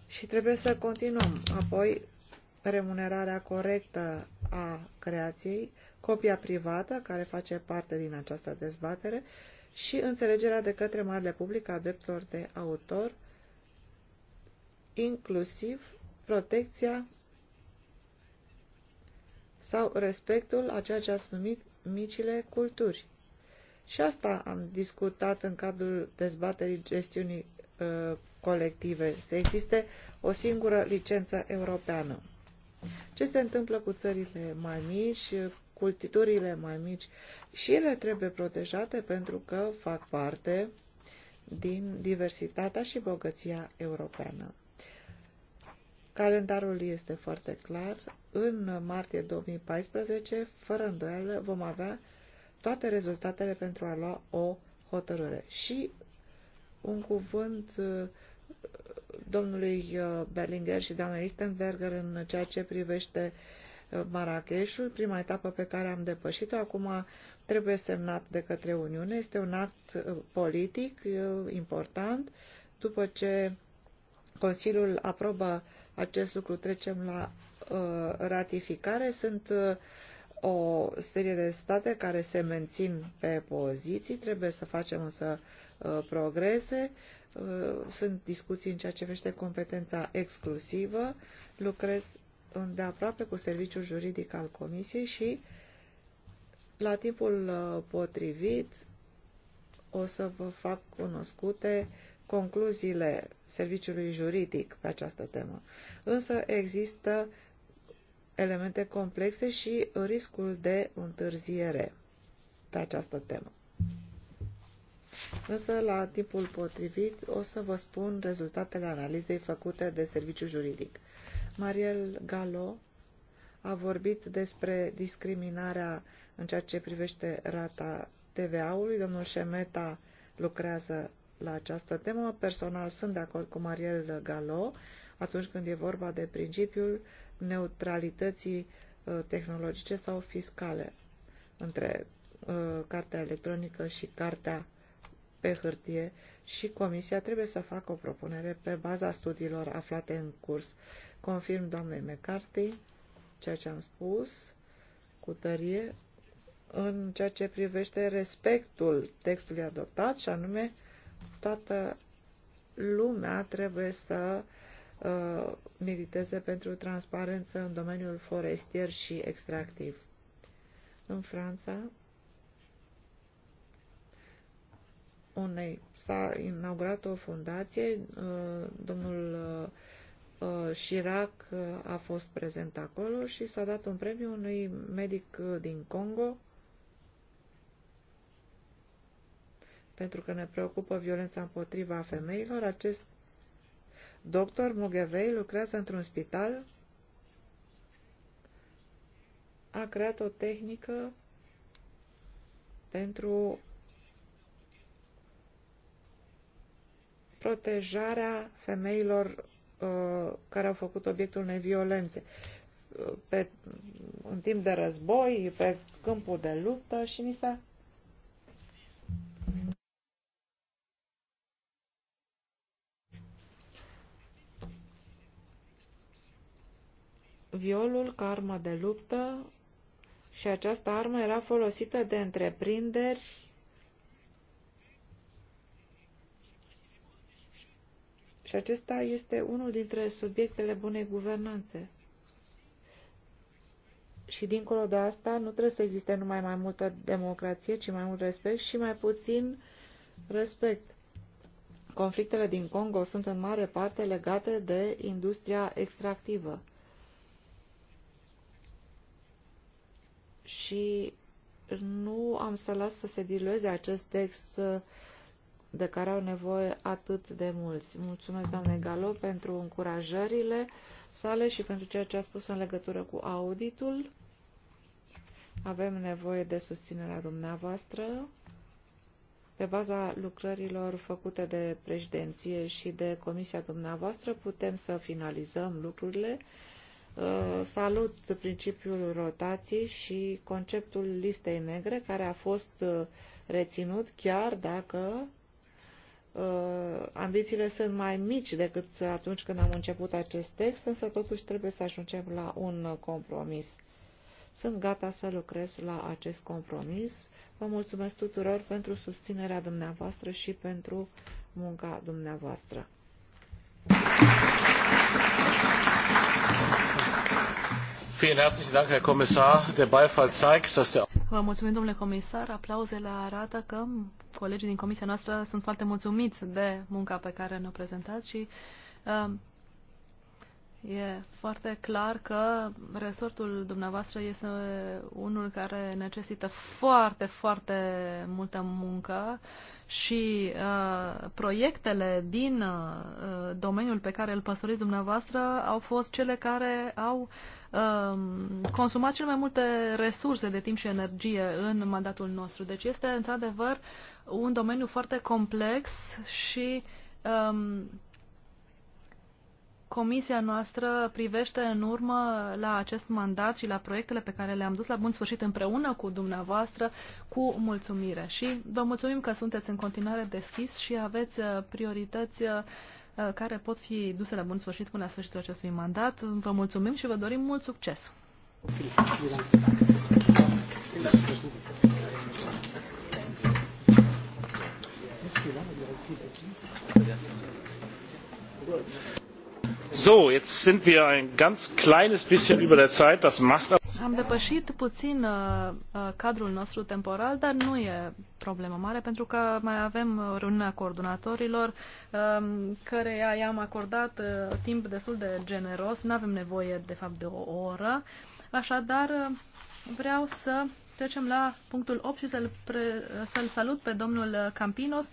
și trebuie să continuăm. Apoi, remunerarea corectă a creației, copia privată, care face parte din această dezbatere, și înțelegerea de către marile public a drepturilor de autor, inclusiv protecția sau respectul a ceea ce ați numit micile culturi. Și asta am discutat în cadrul dezbaterii gestiunii uh, colective, să existe o singură licență europeană. Ce se întâmplă cu țările mai mici, cultiturile mai mici? Și ele trebuie protejate pentru că fac parte din diversitatea și bogăția europeană. Calendarul este foarte clar. În martie 2014, fără îndoială, vom avea toate rezultatele pentru a lua o hotărâre. Și un cuvânt uh, domnului uh, Berlinger și doamnei Lichtenberger în ceea ce privește uh, Marrakeșul, prima etapă pe care am depășit-o, acum trebuie semnat de către Uniune. Este un act politic important. După ce Consiliul aprobă acest lucru. Trecem la uh, ratificare. Sunt uh, o serie de state care se mențin pe poziții. Trebuie să facem însă uh, progrese. Uh, sunt discuții în ceea ce vește competența exclusivă. Lucrez îndeaproape cu serviciul juridic al Comisiei și la timpul uh, potrivit o să vă fac cunoscute uh, concluziile serviciului juridic pe această temă. Însă există elemente complexe și riscul de întârziere pe această temă. Însă, la timpul potrivit, o să vă spun rezultatele analizei făcute de serviciu juridic. Mariel Galo a vorbit despre discriminarea în ceea ce privește rata TVA-ului. Domnul Șemeta lucrează la această temă. Personal sunt de acord cu Mariel Galo atunci când e vorba de principiul neutralității uh, tehnologice sau fiscale între uh, cartea electronică și cartea pe hârtie și Comisia trebuie să facă o propunere pe baza studiilor aflate în curs. Confirm doamnei McCarthy ceea ce am spus cu tărie în ceea ce privește respectul textului adoptat și anume Toată lumea trebuie să uh, mediteze pentru transparență în domeniul forestier și extractiv. În Franța, unei s-a inaugurat o fundație, uh, domnul uh, Chirac a fost prezent acolo și s-a dat un premiu unui medic din Congo pentru că ne preocupă violența împotriva femeilor, acest doctor Mugevei lucrează într-un spital, a creat o tehnică pentru protejarea femeilor uh, care au făcut obiectul unei violențe uh, pe, în timp de război, pe câmpul de luptă și ni s-a violul ca armă de luptă și această armă era folosită de întreprinderi Și acesta este unul dintre subiectele bunei guvernanțe. Și dincolo de asta, nu trebuie să existe numai mai multă democrație, ci mai mult respect și mai puțin respect. Conflictele din Congo sunt în mare parte legate de industria extractivă. și nu am să las să se dilueze acest text uh, de care au nevoie atât de mulți. Mulțumesc, doamne Galo, pentru încurajările sale și pentru ceea ce a spus în legătură cu auditul. Avem nevoie de susținerea dumneavoastră pe baza lucrărilor făcute de președinție și de comisia dumneavoastră putem să finalizăm lucrurile Uh, salut principiul rotației și conceptul listei negre care a fost uh, reținut chiar dacă uh, ambițiile sunt mai mici decât atunci când am început acest text, însă totuși trebuie să ajungem la un compromis. Sunt gata să lucrez la acest compromis. Vă mulțumesc tuturor pentru susținerea dumneavoastră și pentru munca dumneavoastră. Thank you. Vă mulțumim, domnule comisar. Aplauzele arată că colegii din comisia noastră sunt foarte mulțumiți de munca pe care ne-o prezentați și uh, E foarte clar că resortul dumneavoastră este unul care necesită foarte, foarte multă muncă și uh, proiectele din uh, domeniul pe care îl păstoriți dumneavoastră au fost cele care au uh, consumat cel mai multe resurse de timp și energie în mandatul nostru. Deci este într-adevăr un domeniu foarte complex și um, Comisia noastră privește în urmă la acest mandat și la proiectele pe care le-am dus la bun sfârșit împreună cu dumneavoastră cu mulțumire. Și vă mulțumim că sunteți în continuare deschis și aveți uh, priorități uh, uh, care pot fi duse la bun sfârșit până la sfârșitul acestui mandat. Vă mulțumim și vă dorim mult succes! Good jetzt sind wir ein ganz kleines bisschen über der Zeit, das macht am depășit puțin uh, uh, cadrul nostru temporal, dar nu e problemă mare, pentru că mai avem uh, reuniunea coordonatorilor, um, care i-am acordat uh, timp destul de generos, nu avem nevoie, de fapt, de o oră. Așadar, uh, vreau să trecem la punctul 8 și să-l, să, pre... să salut pe domnul Campinos.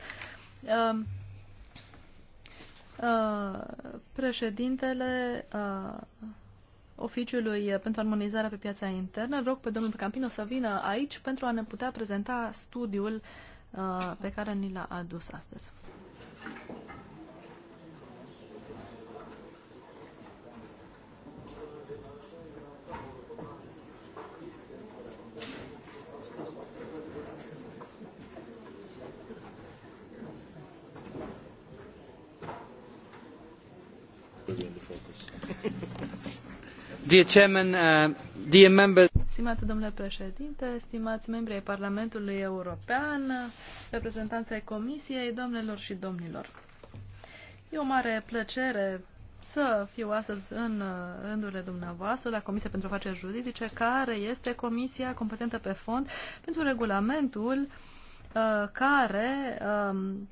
Uh, Uh, președintele uh, Oficiului pentru Armonizarea pe Piața Internă. Rog pe domnul Campino să vină aici pentru a ne putea prezenta studiul uh, pe care ni l-a adus astăzi. Uh, Stimate domnule președinte, stimați membri ai Parlamentului European, reprezentanți ai Comisiei, doamnelor și domnilor. E o mare plăcere să fiu astăzi în uh, rândurile dumneavoastră la Comisia pentru Afaceri Juridice, care este comisia competentă pe fond pentru regulamentul uh, care um,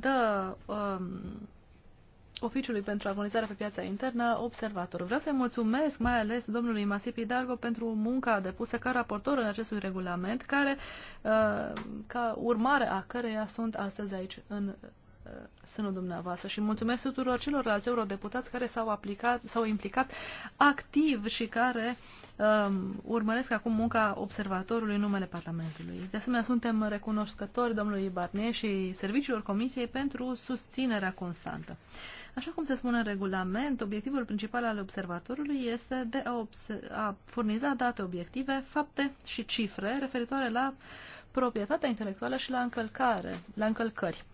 dă um, Oficiului pentru Armonizarea pe Piața Internă, observator. Vreau să-i mulțumesc mai ales domnului Masip Hidalgo pentru munca depusă ca raportor în acestui regulament, care, uh, ca urmare a căreia sunt astăzi aici în uh, sânul dumneavoastră și mulțumesc tuturor celorlalți eurodeputați care s-au aplicat, s-au implicat activ și care um, urmăresc acum munca observatorului în numele Parlamentului. De asemenea, suntem recunoscători domnului Barnier și serviciilor Comisiei pentru susținerea constantă. Așa cum se spune în regulament, obiectivul principal al observatorului este de a, a furniza date obiective, fapte și cifre referitoare la proprietatea intelectuală și la, încălcare, la încălcări.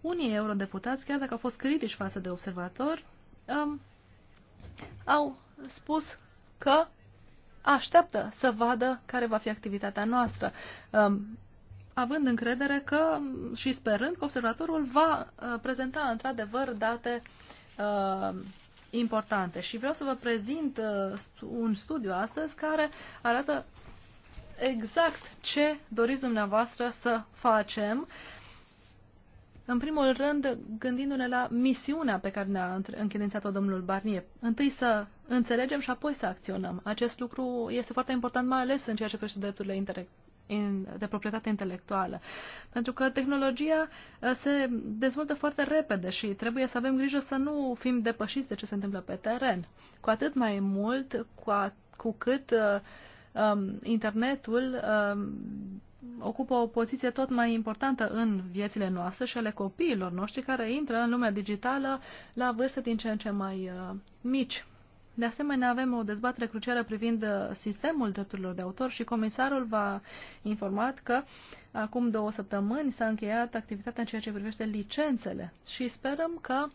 Unii eurodeputați, chiar dacă au fost critici față de observator, um, au spus că așteaptă să vadă care va fi activitatea noastră. Um, având încredere că și sperând că observatorul va uh, prezenta într-adevăr date uh, importante. Și vreau să vă prezint uh, un studiu astăzi care arată exact ce doriți dumneavoastră să facem. În primul rând, gândindu-ne la misiunea pe care ne-a încredințat-o domnul Barnier. Întâi să înțelegem și apoi să acționăm. Acest lucru este foarte important, mai ales în ceea ce privește drepturile de proprietate intelectuală. Pentru că tehnologia uh, se dezvoltă foarte repede și trebuie să avem grijă să nu fim depășiți de ce se întâmplă pe teren. Cu atât mai mult cu, a, cu cât uh, um, internetul uh, ocupă o poziție tot mai importantă în viețile noastre și ale copiilor noștri care intră în lumea digitală la vârste din ce în ce mai uh, mici. De asemenea, avem o dezbatere crucială privind uh, sistemul drepturilor de autor și comisarul v-a informat că acum două săptămâni s-a încheiat activitatea în ceea ce privește licențele și sperăm că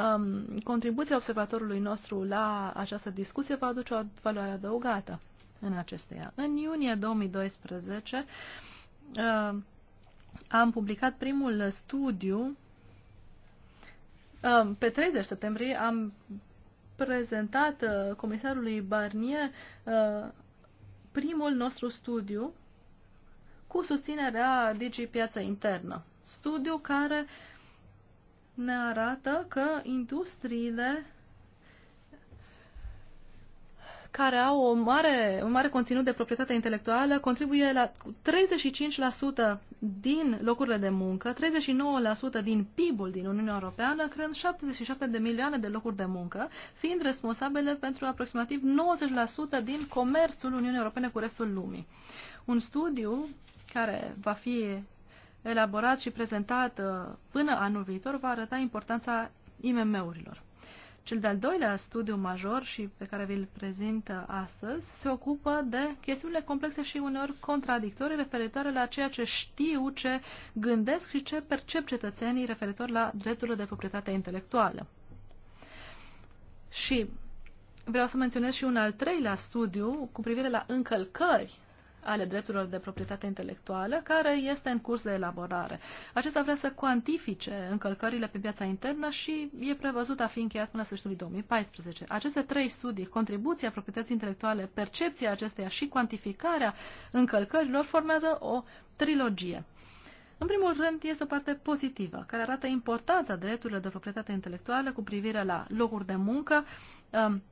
um, contribuția observatorului nostru la această discuție va aduce o valoare adăugată în acesteia. În iunie 2012 uh, am publicat primul studiu uh, pe 30 septembrie am prezentat uh, comisarului Barnier uh, primul nostru studiu cu susținerea Digi Piața Internă. Studiu care ne arată că industriile care au o mare, un mare conținut de proprietate intelectuală contribuie la 35% din locurile de muncă, 39% din PIB-ul din Uniunea Europeană, creând 77 de milioane de locuri de muncă, fiind responsabile pentru aproximativ 90% din comerțul Uniunii Europene cu restul lumii. Un studiu care va fi elaborat și prezentat uh, până anul viitor va arăta importanța IMM-urilor. Cel de-al doilea studiu major și pe care vi-l prezint astăzi se ocupă de chestiunile complexe și uneori contradictorii referitoare la ceea ce știu, ce gândesc și ce percep cetățenii referitor la drepturile de proprietate intelectuală. Și vreau să menționez și un al treilea studiu cu privire la încălcări ale drepturilor de proprietate intelectuală, care este în curs de elaborare. Acesta vrea să cuantifice încălcările pe piața internă și e prevăzut a fi încheiat până la sfârșitul 2014. Aceste trei studii, contribuția proprietății intelectuale, percepția acesteia și cuantificarea încălcărilor, formează o trilogie. În primul rând, este o parte pozitivă, care arată importanța drepturilor de proprietate intelectuală cu privire la locuri de muncă, um,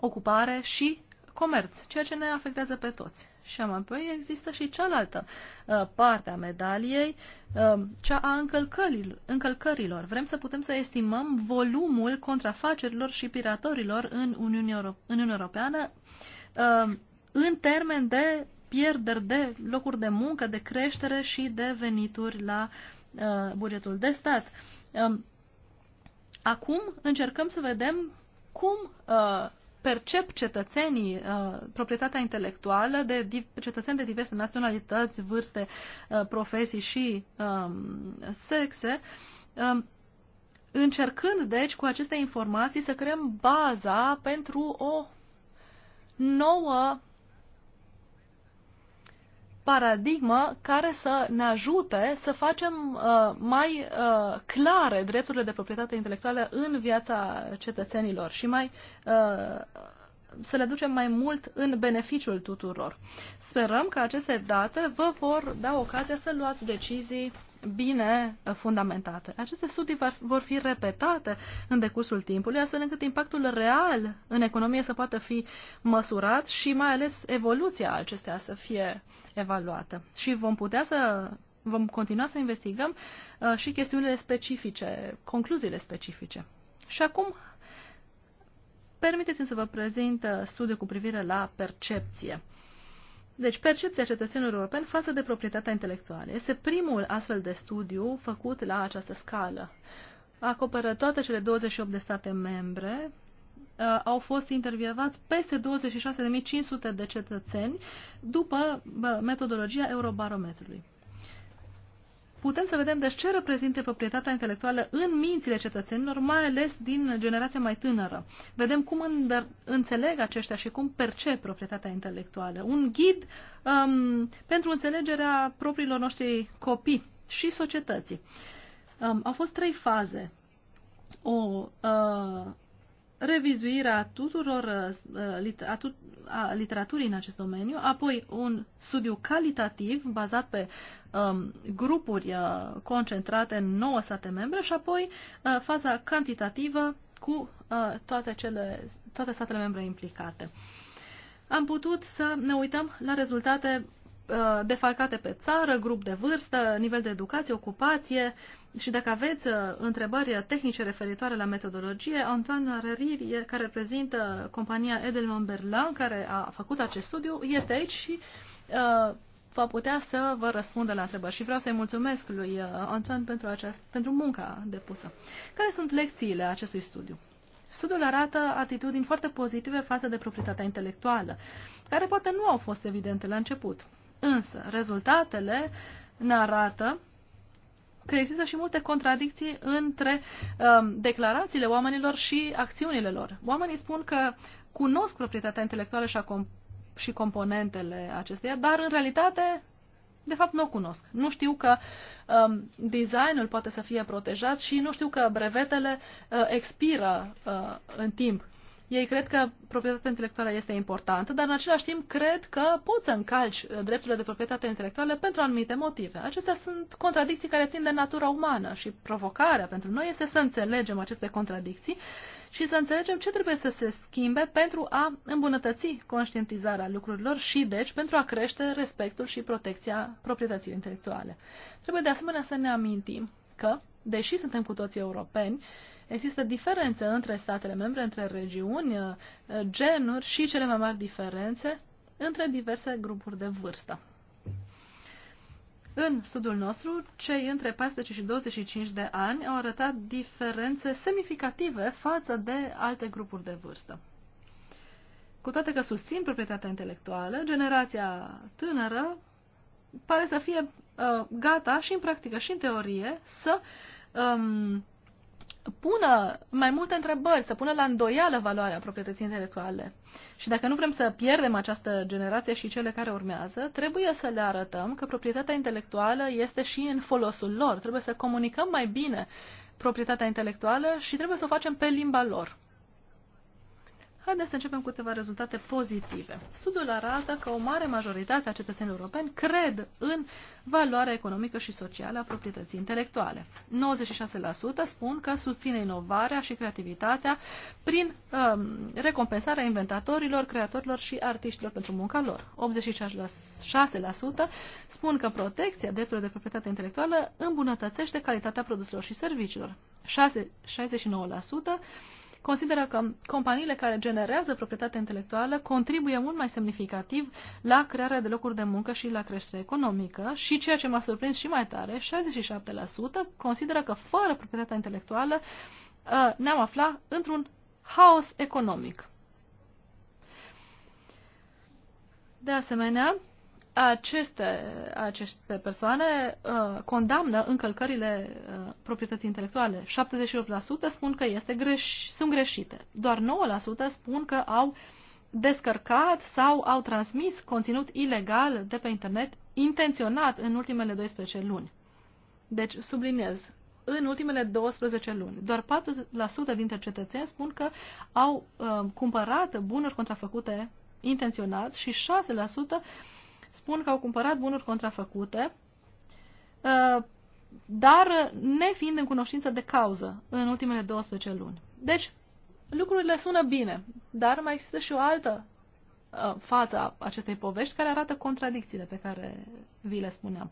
ocupare și comerț, ceea ce ne afectează pe toți. Și apoi există și cealaltă uh, parte a medaliei, uh, cea a încălcărilor, Vrem să putem să estimăm volumul contrafacerilor și piratorilor în Uniunea, Europeană uh, în termen de pierderi de locuri de muncă, de creștere și de venituri la bugetul de stat. Um, acum încercăm să vedem cum percep cetățenii uh, proprietatea intelectuală de cetățeni de diverse naționalități, vârste, uh, profesii și um, sexe, um, încercând, deci, cu aceste informații să creăm baza pentru o nouă paradigmă care să ne ajute să facem uh, mai uh, clare drepturile de proprietate intelectuală în viața cetățenilor și mai uh, să le ducem mai mult în beneficiul tuturor. Sperăm că aceste date vă vor da ocazia să luați decizii bine fundamentate. Aceste studii vor fi repetate în decursul timpului, astfel încât impactul real în economie să poată fi măsurat și mai ales evoluția acestea să fie evaluată. Și vom putea să vom continua să investigăm uh, și chestiunile specifice, concluziile specifice. Și acum permiteți-mi să vă prezint uh, studiul cu privire la percepție. Deci, percepția cetățenilor europeni față de proprietatea intelectuală este primul astfel de studiu făcut la această scală. Acoperă toate cele 28 de state membre, uh, au fost intervievați peste 26.500 de cetățeni după uh, metodologia Eurobarometrului putem să vedem deci ce reprezintă proprietatea intelectuală în mințile cetățenilor, mai ales din generația mai tânără. Vedem cum înțeleg aceștia și cum percep proprietatea intelectuală. Un ghid um, pentru înțelegerea propriilor noștri copii și societății. Um, au fost trei faze. O uh, revizuirea tuturor uh, a literaturii în acest domeniu, apoi un studiu calitativ bazat pe um, grupuri uh, concentrate în 9 state membre și apoi uh, faza cantitativă cu uh, toate, cele, toate statele membre implicate. Am putut să ne uităm la rezultate Uh, defalcate pe țară, grup de vârstă, nivel de educație, ocupație și dacă aveți uh, întrebări tehnice referitoare la metodologie, Antoine Reriri, care reprezintă compania Edelman Berlin, care a făcut acest studiu, este aici și uh, va putea să vă răspundă la întrebări. Și vreau să-i mulțumesc lui uh, Antoine pentru, aceast, pentru munca depusă. Care sunt lecțiile acestui studiu? Studiul arată atitudini foarte pozitive față de proprietatea intelectuală, care poate nu au fost evidente la început. Însă, rezultatele ne arată că există și multe contradicții între um, declarațiile oamenilor și acțiunile lor. Oamenii spun că cunosc proprietatea intelectuală și, a com- și componentele acesteia, dar în realitate, de fapt, nu o cunosc. Nu știu că um, designul poate să fie protejat și nu știu că brevetele uh, expiră uh, în timp. Ei cred că proprietatea intelectuală este importantă, dar în același timp cred că poți să încalci uh, drepturile de proprietate intelectuală pentru anumite motive. Acestea sunt contradicții care țin de natura umană și provocarea pentru noi este să înțelegem aceste contradicții și să înțelegem ce trebuie să se schimbe pentru a îmbunătăți conștientizarea lucrurilor și, deci, pentru a crește respectul și protecția proprietății intelectuale. Trebuie de asemenea să ne amintim că, deși suntem cu toții europeni, Există diferențe între statele membre, între regiuni, eh, genuri și cele mai mari diferențe între diverse grupuri de vârstă. În studiul nostru, cei între 14 și 25 de ani au arătat diferențe semnificative față de alte grupuri de vârstă. Cu toate că susțin proprietatea intelectuală, generația tânără pare să fie uh, gata și în practică și în teorie să um, pună mai multe întrebări, să pună la îndoială valoarea proprietății intelectuale. Și dacă nu vrem să pierdem această generație și cele care urmează, trebuie să le arătăm că proprietatea intelectuală este și în folosul lor. Trebuie să comunicăm mai bine proprietatea intelectuală și trebuie să o facem pe limba lor. Haideți să începem cu câteva rezultate pozitive. Studiul arată că o mare majoritate a cetățenilor europeni cred în valoarea economică și socială a proprietății intelectuale. 96% spun că susține inovarea și creativitatea prin um, recompensarea inventatorilor, creatorilor și artiștilor pentru munca lor. 86% spun că protecția drepturilor de proprietate intelectuală îmbunătățește calitatea produselor și serviciilor. 6, 69% consideră că companiile care generează proprietate intelectuală contribuie mult mai semnificativ la crearea de locuri de muncă și la creșterea economică și ceea ce m-a surprins și mai tare, 67% consideră că fără proprietatea intelectuală ă, ne-am afla într-un haos economic. De asemenea, aceste, aceste persoane uh, condamnă încălcările uh, proprietății intelectuale. 78% spun că este greș, sunt greșite. Doar 9% spun că au descărcat sau au transmis conținut ilegal de pe internet intenționat în ultimele 12 luni. Deci, subliniez, în ultimele 12 luni. Doar 4% dintre cetățeni spun că au uh, cumpărat bunuri contrafăcute intenționat și 6% spun că au cumpărat bunuri contrafăcute, uh, dar nefiind în cunoștință de cauză în ultimele 12 luni. Deci, lucrurile sună bine, dar mai există și o altă uh, față a acestei povești care arată contradicțiile pe care vi le spuneam.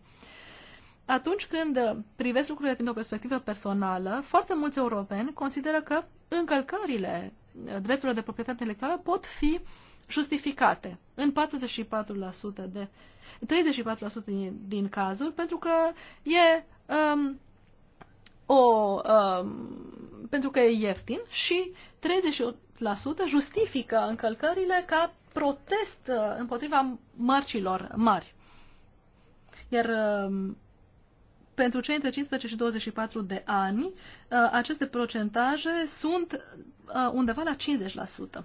Atunci când privesc lucrurile din o perspectivă personală, foarte mulți europeni consideră că încălcările drepturilor de proprietate intelectuală pot fi uh, justificate în 44% de 34% din, din cazuri pentru că e um, o, um, pentru că e ieftin și 30% justifică încălcările ca protest uh, împotriva mărcilor mari. Iar um, pentru cei între 15 și 24 de ani, uh, aceste procentaje sunt uh, undeva la 50%.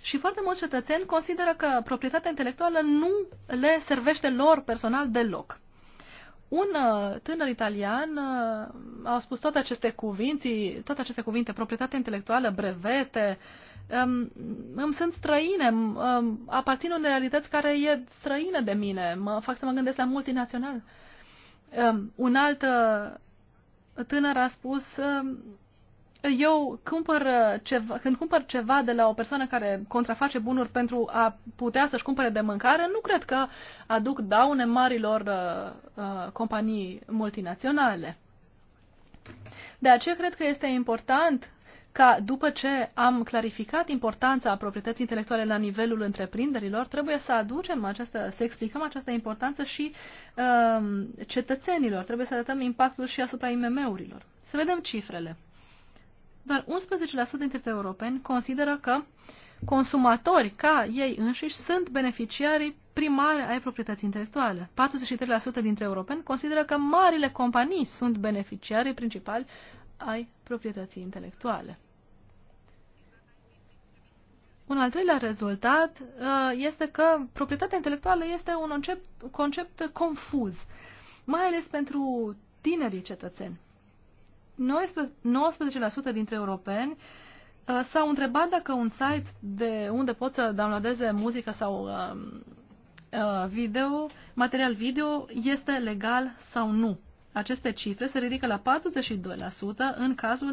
Și foarte mulți cetățeni consideră că proprietatea intelectuală nu le servește lor personal deloc. Un uh, tânăr italian uh, a spus toate aceste cuvinte, toate aceste cuvinte, proprietate intelectuală, brevete, um, îmi sunt străine, um, aparțin unei realități care e străină de mine, mă fac să mă gândesc la multinațional. Um, un alt uh, tânăr a spus eu cumpăr uh, ceva, când cumpăr ceva de la o persoană care contraface bunuri pentru a putea să-și cumpere de mâncare, nu cred că aduc daune marilor uh, uh, companii multinaționale. De aceea cred că este important ca după ce am clarificat importanța proprietății intelectuale la nivelul întreprinderilor, trebuie să aducem această, să explicăm această importanță și uh, cetățenilor. Trebuie să arătăm impactul și asupra IMM-urilor. Să vedem cifrele doar 11% dintre europeni consideră că consumatori ca ei înșiși sunt beneficiarii primari ai proprietății intelectuale. 43% dintre europeni consideră că marile companii sunt beneficiarii principali ai proprietății intelectuale. Un al treilea rezultat uh, este că proprietatea intelectuală este un concept, concept confuz, mai ales pentru tinerii cetățeni. 19% dintre europeni uh, s-au întrebat dacă un site de unde pot să downloadeze muzică sau um, uh, video, material video, este legal sau nu. Aceste cifre se ridică la 42% în cazul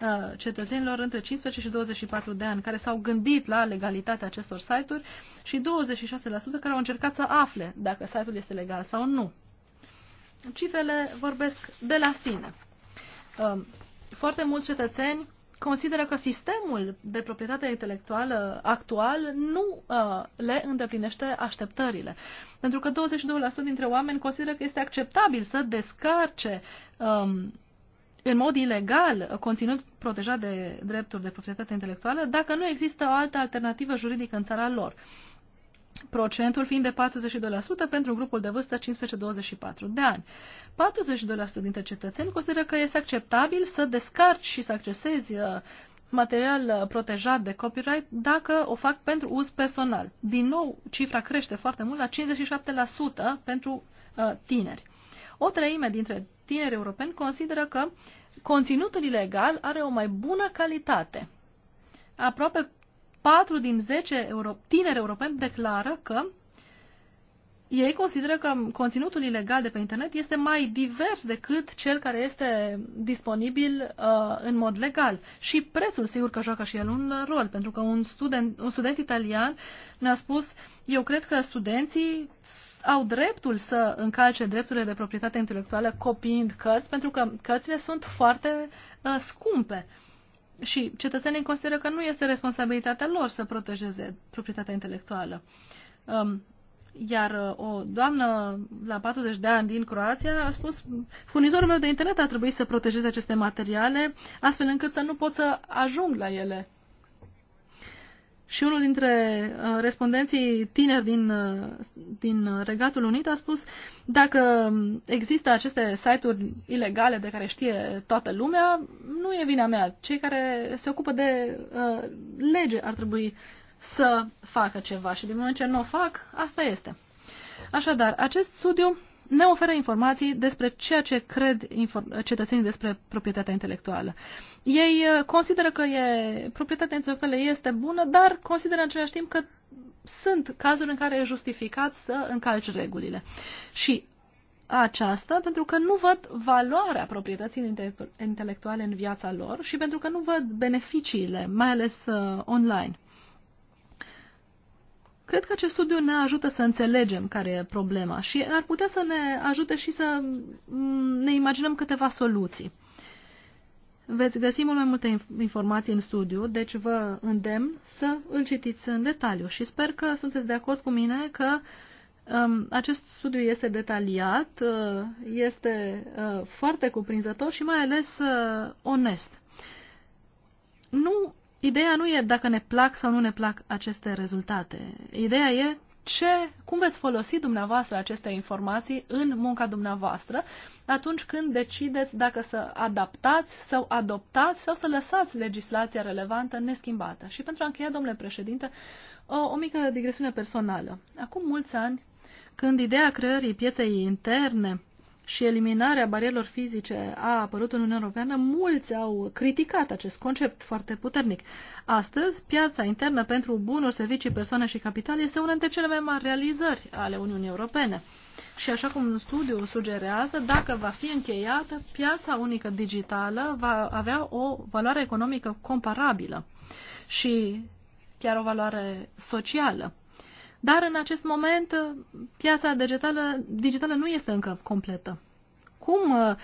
uh, cetățenilor între 15 și 24 de ani care s-au gândit la legalitatea acestor site-uri și 26% care au încercat să afle dacă site-ul este legal sau nu. Cifrele vorbesc de la sine. Um, foarte mulți cetățeni consideră că sistemul de proprietate intelectuală actual nu uh, le îndeplinește așteptările. Pentru că 22% dintre oameni consideră că este acceptabil să descarce um, în mod ilegal conținut protejat de drepturi de proprietate intelectuală dacă nu există o altă alternativă juridică în țara lor. Uh, procentul fiind de 42% pentru grupul de vârstă 15-24 de ani. 42% dintre cetățeni consideră că este acceptabil să descarci și să accesezi uh, material uh, protejat de copyright dacă o fac pentru uz personal. Din nou, cifra crește foarte mult la 57% pentru uh, tineri. O treime dintre tineri europeni consideră că conținutul ilegal are o mai bună calitate. Aproape 4 din 10 euro, tineri europeni declară că ei consideră că conținutul ilegal de pe internet este mai divers decât cel care este disponibil uh, în mod legal. Și prețul, sigur că joacă și el un rol, pentru că un student, un student italian ne-a spus, eu cred că studenții au dreptul să încalce drepturile de proprietate intelectuală copiind cărți, pentru că cărțile sunt foarte uh, scumpe. Uh, și cetățenii consideră că nu este responsabilitatea lor să protejeze proprietatea intelectuală. Um, iar uh, o doamnă la 40 de ani din Croația a spus furnizorul meu de internet a trebuit să protejeze aceste materiale astfel încât să nu pot să ajung la ele. Și unul dintre uh, respondenții tineri din, uh, din Regatul Unit a spus dacă există aceste site-uri ilegale de care știe toată lumea, nu e vina mea. Cei care se ocupă de uh, lege ar trebui să facă ceva și din moment ce nu o fac, asta este. Așadar, acest studiu ne oferă informații despre ceea ce cred cetățenii despre proprietatea intelectuală. Ei uh, consideră că e, proprietatea intelectuală este bună, dar consideră în același timp că sunt cazuri în care e justificat să încalci regulile. Și aceasta pentru că nu văd valoarea proprietății intelectuale în viața lor și pentru că nu văd beneficiile, mai ales uh, online. Cred că acest studiu ne ajută să înțelegem care e problema și ar putea să ne ajute și să mm, ne imaginăm câteva soluții. Veți găsi mult mai multe informații în studiu, deci vă îndemn să îl citiți în detaliu și sper că sunteți de acord cu mine că um, acest studiu este detaliat, uh, este uh, foarte cuprinzător și mai ales uh, onest. Nu ideea nu e dacă ne plac sau nu ne plac aceste rezultate. Ideea e ce, cum veți folosi dumneavoastră aceste informații în munca dumneavoastră atunci când decideți dacă să adaptați sau adoptați sau să lăsați legislația relevantă neschimbată. Și pentru a încheia, domnule președinte, o, o mică digresiune personală. Acum mulți ani, când ideea creării pieței interne și eliminarea barierilor fizice a apărut în Uniunea Europeană, mulți au criticat acest concept foarte puternic. Astăzi, piața internă pentru bunuri, servicii, persoane și capital este una dintre cele mai mari realizări ale Uniunii Europene. Și așa cum un studiu sugerează, dacă va fi încheiată, piața unică digitală va avea o valoare economică comparabilă și chiar o valoare socială. Dar în acest moment uh, piața digitală, digitală nu este încă completă. Cum uh,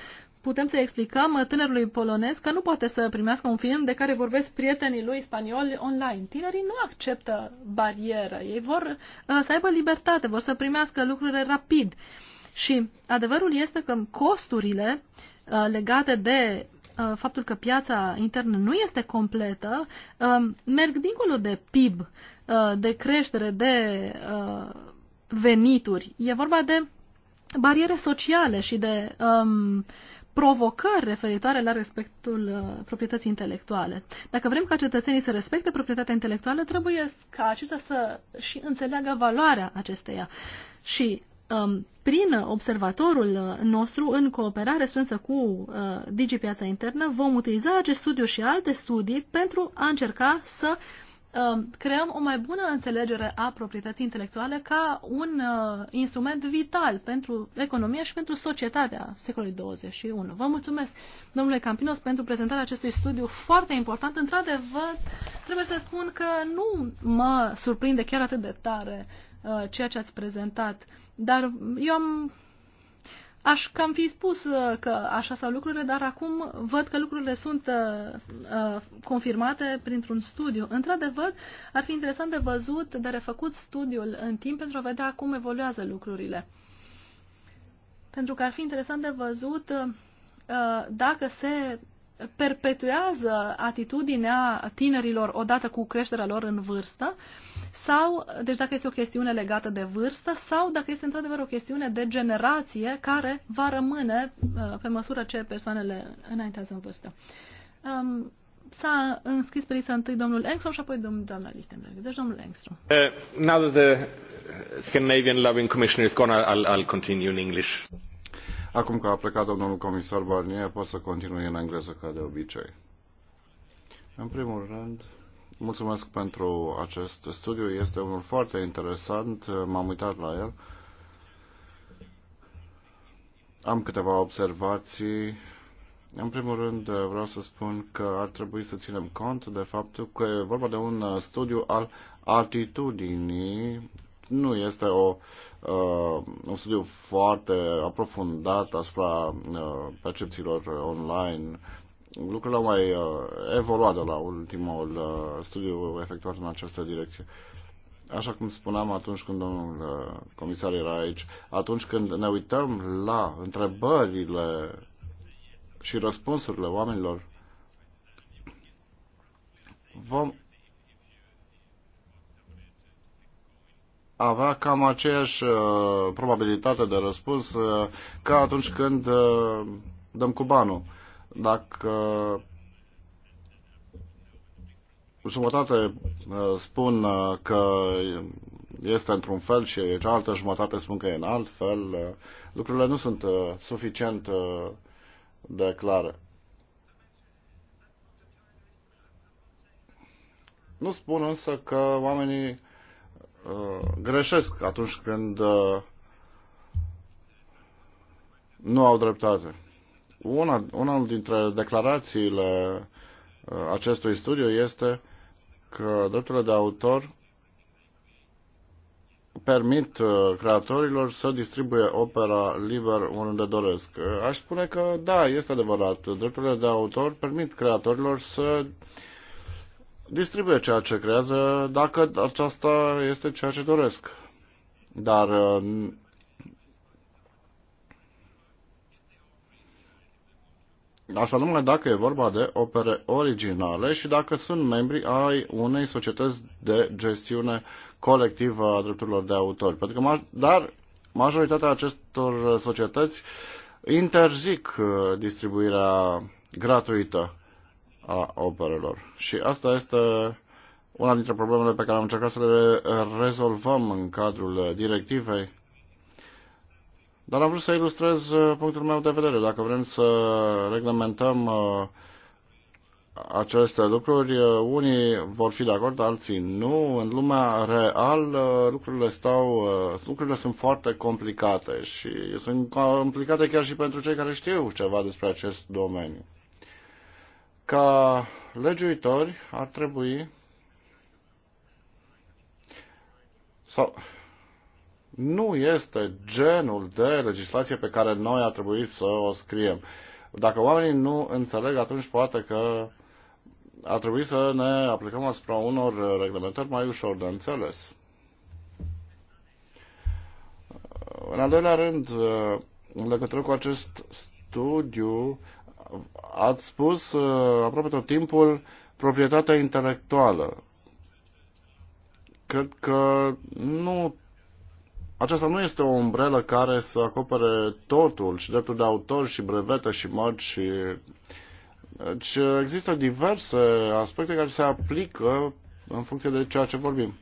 putem să explicăm uh, tânărului polonez că nu poate să primească un film de care vorbesc prietenii lui spanioli online. Tinerii nu acceptă barieră. Ei vor să aibă libertate, vor să primească lucrurile rapid. Și adevărul este că costurile legate de faptul că piața internă nu este completă um, merg dincolo de PIB. Uh, de creștere, de uh, venituri. E vorba de bariere sociale și de um, provocări referitoare la respectul uh, proprietății intelectuale. Dacă vrem ca cetățenii să respecte proprietatea intelectuală, trebuie ca aceștia să și înțeleagă valoarea acesteia. Și um, prin observatorul uh, nostru, în cooperare strânsă cu uh, Digi Piața Internă, vom utiliza acest studiu și alte studii pentru a încerca să uh, Um, creăm o mai bună înțelegere a proprietății intelectuale ca un uh, instrument vital pentru economia și pentru societatea secolului 21. Vă mulțumesc, domnule Campinos, pentru prezentarea acestui studiu foarte important. Într-adevăr, trebuie să spun că nu mă surprinde chiar atât de tare uh, ceea ce ați prezentat, dar eu am Aș cam fi spus uh, că așa stau lucrurile, dar acum văd că lucrurile sunt uh, uh, confirmate printr-un studiu. Într-adevăr, ar fi interesant de văzut, de refăcut studiul în timp pentru a vedea cum evoluează lucrurile. Pentru că ar fi interesant de văzut uh, dacă se perpetuează atitudinea tinerilor odată cu creșterea lor în vârstă, sau, deci dacă este o chestiune legată de vârstă, sau dacă este într-adevăr o chestiune de generație care va rămâne uh, pe măsură ce persoanele înaintează în vârstă. Um, s-a înscris pe lista întâi domnul Engstrom și apoi domnul, doamna Lichtenberg. Deci domnul Engstrom. Uh, now that the Scandinavian Loving Commissioner is gone, I'll, I'll continue in English. Acum că a plecat domnul comisar Barnier, pot să continui în engleză ca de obicei. În primul rând, mulțumesc pentru acest studiu. Este unul foarte interesant. M-am uitat la el. Am câteva observații. În primul rând, vreau să spun că ar trebui să ținem cont de faptul că e vorba de un studiu al atitudinii. Nu este o Uh, un studiu foarte aprofundat asupra uh, percepțiilor online. Lucrurile au mai uh, evoluat de la ultimul uh, studiu efectuat în această direcție. Așa cum spuneam atunci când domnul uh, comisar era aici, atunci când ne uităm la întrebările și răspunsurile oamenilor, vom avea cam aceeași uh, probabilitate de răspuns uh, ca atunci când uh, dăm cu banul. Dacă jumătate spun că este într-un fel și cealaltă jumătate spun că e în alt fel, lucrurile nu sunt suficient de clare. Nu spun însă că oamenii Uh, greșesc atunci când uh, nu au dreptate. Una, una dintre declarațiile uh, acestui studiu este că drepturile de autor permit creatorilor să distribuie opera liber unde doresc. Aș spune că da, este adevărat. Drepturile de autor permit creatorilor să uh, distribuie ceea ce creează dacă aceasta este ceea ce doresc. Dar uh, Asta numai dacă e vorba de opere originale și dacă sunt membri ai unei societăți de gestiune colectivă a drepturilor de autor. Pentru că, dar majoritatea acestor societăți interzic uh, distribuirea gratuită a operelor. Și asta este una dintre problemele pe care am încercat să le rezolvăm în cadrul directivei. Dar am vrut să ilustrez uh, punctul meu de vedere. Dacă vrem să reglementăm uh, aceste lucruri, uh, unii vor fi de acord, alții nu. În lumea real lucrurile, stau, lucrurile sunt foarte complicate și sunt complicate chiar și pentru cei care știu ceva despre acest domeniu. Ca legiuitori ar trebui sau nu este genul de legislație pe care noi ar trebui să o scriem. Dacă oamenii nu înțeleg, atunci poate că ar trebui să ne aplicăm asupra unor reglementări mai ușor de înțeles. În al doilea rând, în legătură cu acest studiu, ați spus uh, aproape tot timpul proprietatea intelectuală. Cred că nu aceasta nu este o umbrelă care să acopere totul, și dreptul de autor, și brevete, și mărci, și... Deci există diverse aspecte care se aplică în funcție de ceea ce vorbim.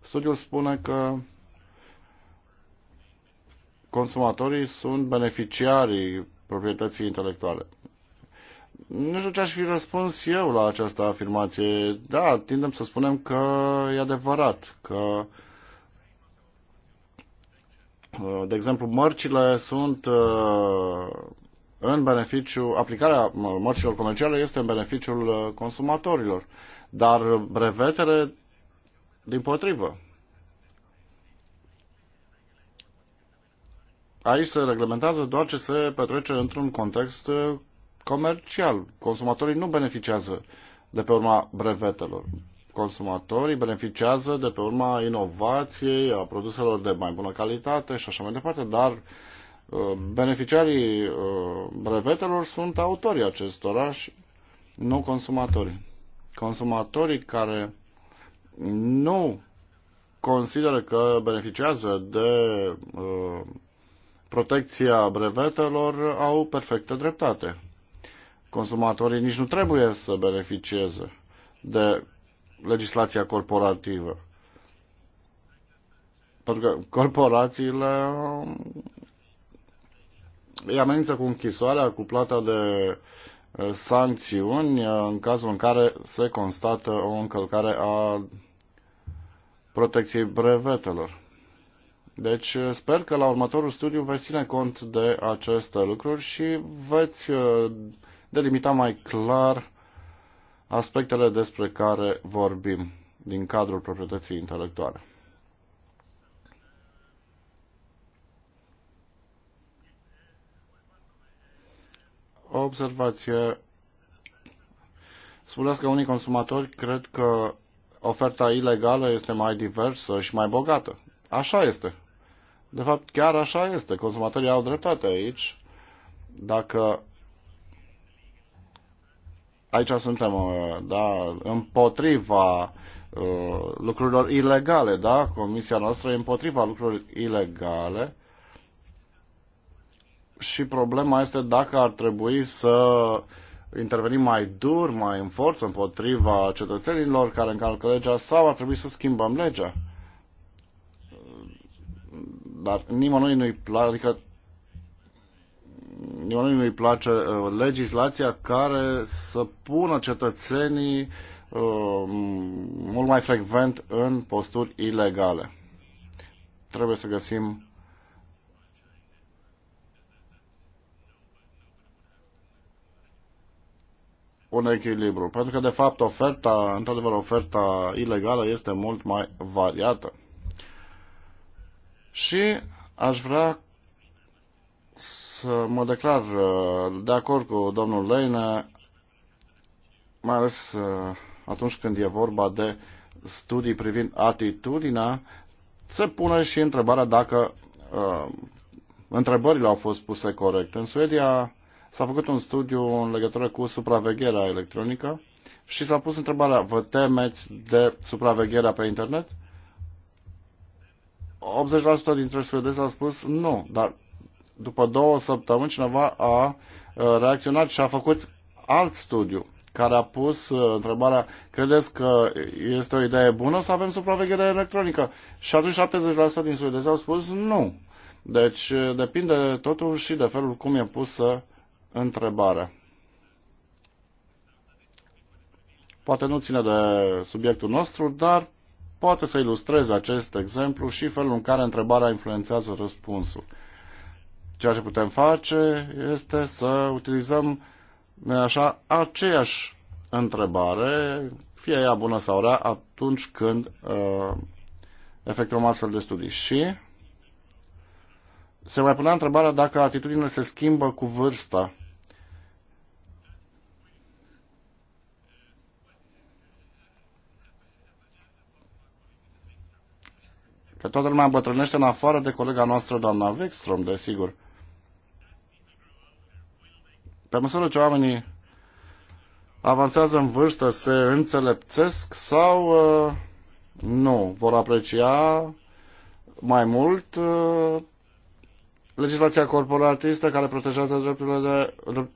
Studiul spune că consumatorii sunt beneficiarii proprietății intelectuale. Nu știu ce aș fi răspuns eu la această afirmație. Da, tindem să spunem că e adevărat, că uh, de exemplu, mărcile sunt uh, în beneficiu, aplicarea mărcilor comerciale este în beneficiul uh, consumatorilor, dar brevetele din potrivă. aici se reglementează doar ce se petrece într-un context uh, comercial. Consumatorii nu beneficiază de pe urma brevetelor. Consumatorii beneficiază de pe urma inovației, a produselor de mai bună calitate și așa mai departe, dar uh, beneficiarii uh, brevetelor sunt autorii acestora și nu consumatorii. Consumatorii care nu consideră că beneficiază de uh, protecția brevetelor au perfectă dreptate. Consumatorii nici nu trebuie să beneficieze de legislația corporativă. Pentru că corporațiile um, îi amenință cu închisoarea, cu plata de uh, sancțiuni uh, în cazul în care se constată o încălcare a protecției brevetelor. Deci uh, sper că la următorul studiu veți ține cont de aceste lucruri și veți uh, delimita mai clar aspectele despre care vorbim din cadrul proprietății intelectuale. O observație. Spuneți că unii consumatori cred că oferta ilegală este mai diversă și mai bogată. Așa este. De fapt, chiar așa este. Consumatorii au dreptate aici. Dacă aici suntem uh, da, împotriva uh, lucrurilor ilegale, da? Comisia noastră e împotriva lucrurilor ilegale și problema este dacă ar trebui să intervenim mai dur, mai în forță împotriva cetățenilor care încalcă legea sau ar trebui să schimbăm legea dar nimănui nu-i place, adică nimănui nu-i place uh, legislația care să pună cetățenii uh, mult mai frecvent în posturi ilegale. Trebuie să găsim un echilibru, pentru că de fapt oferta, într-adevăr oferta ilegală este mult mai variată. Și aș vrea să mă declar uh, de acord cu domnul Leine, mai ales uh, atunci când e vorba de studii privind atitudinea, se pune și întrebarea dacă uh, întrebările au fost puse corect. În Suedia s-a făcut un studiu în legătură cu supravegherea electronică și s-a pus întrebarea, vă temeți de supravegherea pe internet? 80% dintre suedezi au spus nu, dar după două săptămâni cineva a uh, reacționat și a făcut alt studiu care a pus uh, întrebarea, credeți că este o idee bună să avem supraveghere electronică? Și atunci 70% din suedezi au spus nu. Deci uh, depinde totul și de felul cum e pusă întrebarea. Poate nu ține de subiectul nostru, dar Poate să ilustreze acest exemplu și felul în care întrebarea influențează răspunsul. Ceea ce putem face este să utilizăm așa aceeași întrebare, fie ea bună sau rea, atunci când uh, efectuăm astfel de studii. Și se mai punea întrebarea dacă atitudinile se schimbă cu vârsta. că toată lumea îmbătrânește în afară de colega noastră, doamna Wexstrom, desigur. Pe măsură ce oamenii avansează în vârstă, se înțelepțesc sau uh, nu, vor aprecia mai mult uh, legislația corporatistă care protejează drepturile de, de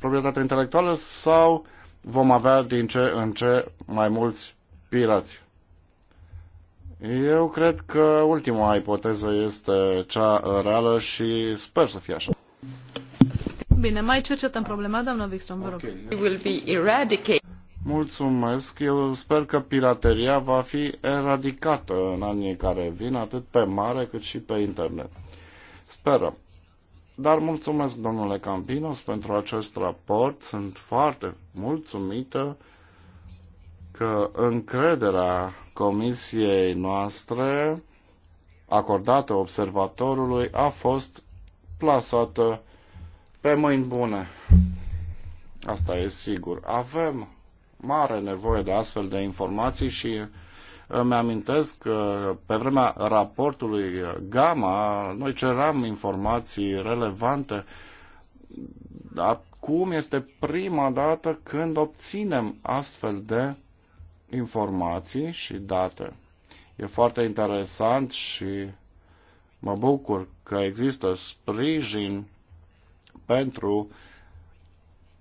proprietate intelectuală sau vom avea din ce în ce mai mulți pirați. Eu cred că ultima ipoteză este cea uh, reală și sper să fie așa. Bine, mai cercetăm problema, doamna Wikström, vă rog. Okay. Mulțumesc. Eu sper că pirateria va fi eradicată în anii care vin, atât pe mare cât și pe internet. Sperăm. Dar mulțumesc, domnule Campinos, pentru acest raport. Sunt foarte mulțumită că încrederea comisiei noastre acordată observatorului a fost plasată pe mâini bune. Asta e sigur. Avem mare nevoie de astfel de informații și îmi amintesc că pe vremea raportului Gama noi ceram informații relevante. Acum este prima dată când obținem astfel de informații și date. E foarte interesant și mă bucur că există sprijin pentru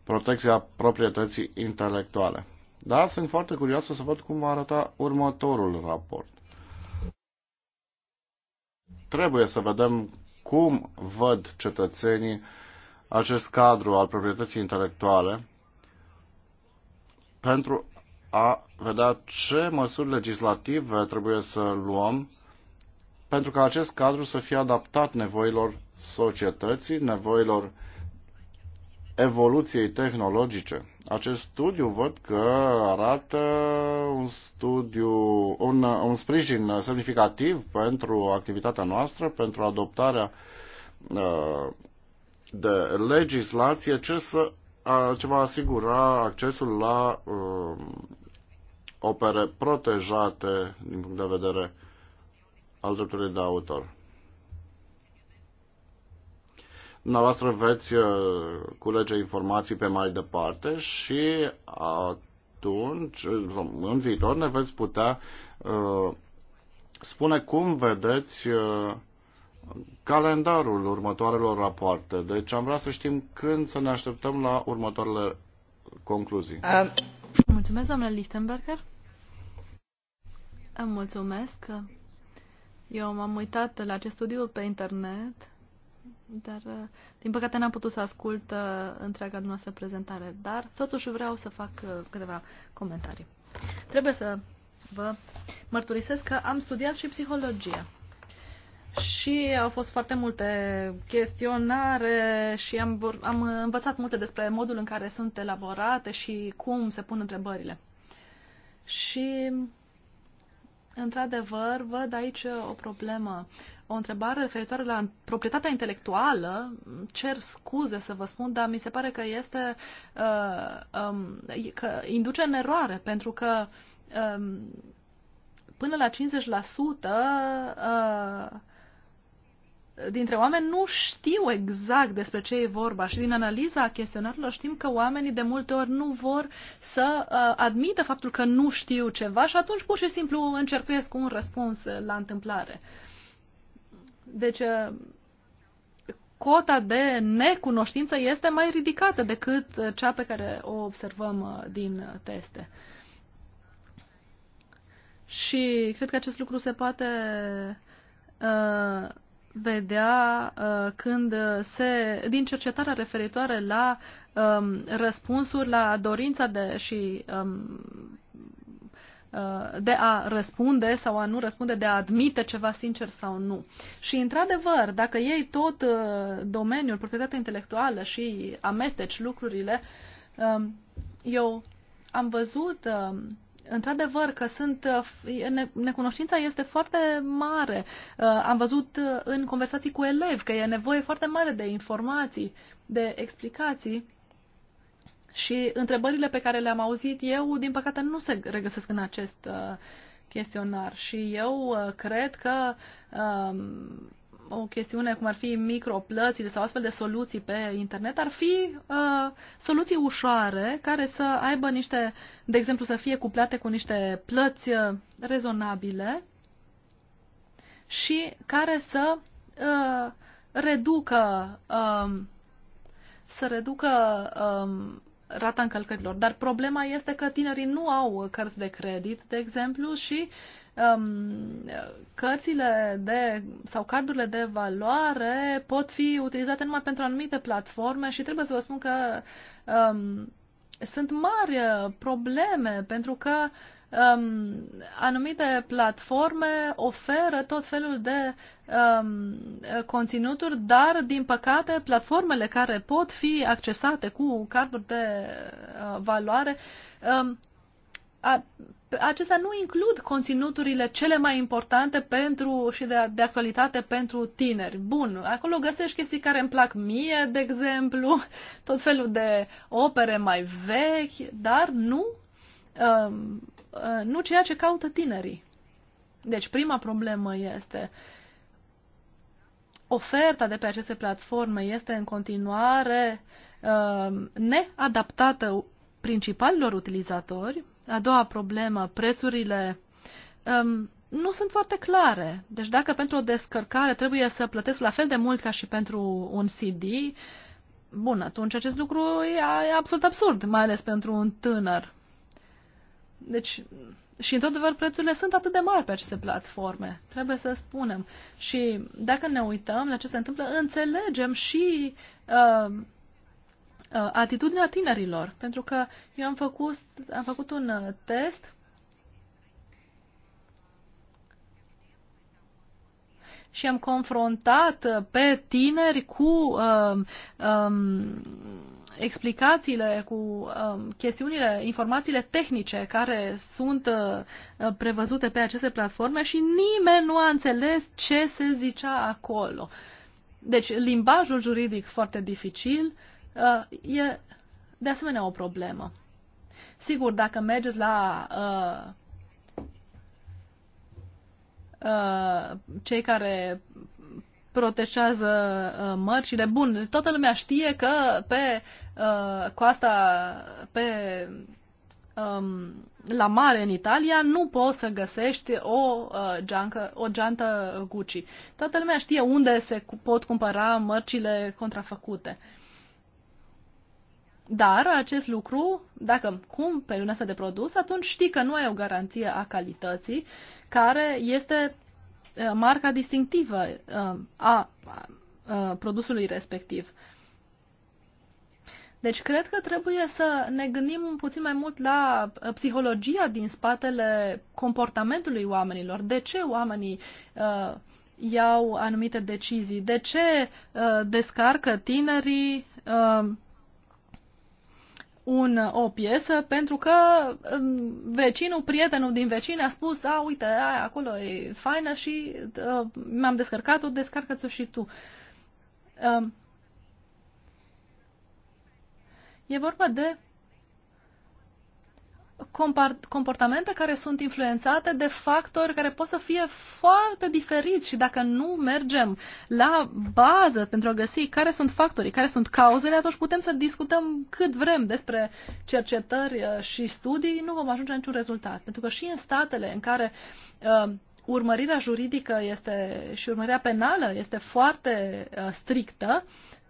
protecția proprietății intelectuale. Da, sunt foarte curioasă să văd cum va arăta următorul raport. Trebuie să vedem cum văd cetățenii acest cadru al proprietății intelectuale pentru a vedea ce măsuri legislative trebuie să luăm pentru ca acest cadru să fie adaptat nevoilor societății, nevoilor evoluției tehnologice. Acest studiu văd că arată un studiu, un, un sprijin semnificativ pentru activitatea noastră, pentru adoptarea uh, de legislație ce să ce va asigura accesul la uh, opere protejate din punct de vedere al dreptului de autor. Dumneavoastră veți uh, culege informații pe mai departe și atunci, în viitor, ne veți putea uh, spune cum vedeți uh, calendarul următoarelor rapoarte. Deci am vrea să știm când să ne așteptăm la următoarele concluzii. Uh. Mulțumesc, doamna Lichtenberger. Îmi mulțumesc. Eu m-am uitat la acest studiu pe internet, dar uh, din păcate n-am putut să ascult uh, întreaga noastră prezentare, dar totuși vreau să fac uh, câteva comentarii. Trebuie să vă mărturisesc că am studiat și psihologia și au fost foarte multe chestionare și am, vor, am învățat multe despre modul în care sunt elaborate și cum se pun întrebările. Și, într-adevăr, văd aici o problemă. O întrebare referitoare la proprietatea intelectuală, cer scuze să vă spun, dar mi se pare că este uh, um, că induce în eroare, pentru că um, până la 50% uh, dintre oameni nu știu exact despre ce e vorba și din analiza chestionarilor știm că oamenii de multe ori nu vor să uh, admită faptul că nu știu ceva și atunci pur și simplu încercuiesc un răspuns uh, la întâmplare. Deci, uh, cota de necunoștință este mai ridicată decât uh, cea pe care o observăm din teste. Și cred că acest lucru se poate uh, vedea uh, când uh, se, din cercetarea referitoare la um, răspunsuri, la dorința de și um, uh, de a răspunde sau a nu răspunde, de a admite ceva sincer sau nu. Și, într-adevăr, dacă iei tot uh, domeniul proprietatea intelectuală și amesteci lucrurile, um, eu am văzut um, Într-adevăr că sunt, uh, necunoștința este foarte mare. Uh, am văzut uh, în conversații cu elevi că e nevoie foarte mare de informații, de explicații și întrebările pe care le-am auzit eu, din păcate, nu se regăsesc în acest chestionar și eu cred că um, o chestiune cum ar fi microplățile sau astfel de soluții pe internet, ar fi uh, soluții ușoare care să aibă niște, de exemplu, să fie cuplate cu niște plăți uh, rezonabile și care să uh, reducă uh, să reducă uh, rata încălcărilor. Dar problema este că tinerii nu au cărți de credit, de exemplu, și um, cărțile de, sau cardurile de valoare pot fi utilizate numai pentru anumite platforme și trebuie să vă spun că um, sunt mari uh, probleme pentru că um, anumite platforme oferă tot felul de um, conținuturi, dar din păcate platformele care pot fi accesate cu carduri de uh, valoare um, a, acestea nu includ conținuturile cele mai importante pentru și de, de actualitate pentru tineri. Bun, acolo găsești chestii care îmi plac mie, de exemplu, tot felul de opere mai vechi, dar nu, uh, uh, nu ceea ce caută tinerii. Deci prima problemă este oferta de pe aceste platforme este în continuare uh, neadaptată principalilor utilizatori a doua problemă, prețurile um, nu sunt foarte clare. Deci dacă pentru o descărcare trebuie să plătesc la fel de mult ca și pentru un CD, bun, atunci acest lucru e, absolut absurd, mai ales pentru un tânăr. Deci, și într-adevăr prețurile sunt atât de mari pe aceste platforme, trebuie să spunem. Și dacă ne uităm la ce se întâmplă, înțelegem și uh, Uh, atitudinea tinerilor, pentru că eu am făcut, am făcut un uh, test și am confrontat uh, pe tineri cu uh, um, explicațiile, cu uh, chestiunile, informațiile tehnice care sunt uh, prevăzute pe aceste platforme și nimeni nu a înțeles ce se zicea acolo. Deci limbajul juridic foarte dificil, uh, Uh, e de asemenea o problemă. Sigur, dacă mergeți la uh, uh, cei care protejează uh, mărcile, bun, toată lumea știe că pe uh, coasta, pe um, la mare în Italia nu poți să găsești o, uh, geancă, o geantă Gucci. Toată lumea știe unde se pot cumpăra mărcile contrafăcute. Uh, dar acest lucru, dacă cumperi un astfel de produs, atunci știi că nu ai o garanție a calității, care este uh, marca distinctivă uh, a uh, produsului respectiv. Deci cred că trebuie să ne gândim puțin mai mult la psihologia din spatele comportamentului oamenilor. De ce oamenii uh, iau anumite decizii? De ce uh, descarcă tinerii uh, un, o piesă pentru că um, vecinul, prietenul din vecin a spus, a, uite, aia acolo e faină și uh, mi-am descărcat-o, descarcă-ți-o și tu. Uh, e vorba de comportamente care sunt influențate de factori care pot să fie foarte diferiți și dacă nu mergem la bază pentru a găsi care sunt factorii, care sunt cauzele, atunci putem să discutăm cât vrem despre cercetări uh, și studii, nu vom ajunge niciun rezultat. Pentru că și în statele în care uh, urmărirea juridică este și urmărirea penală este foarte uh, strictă,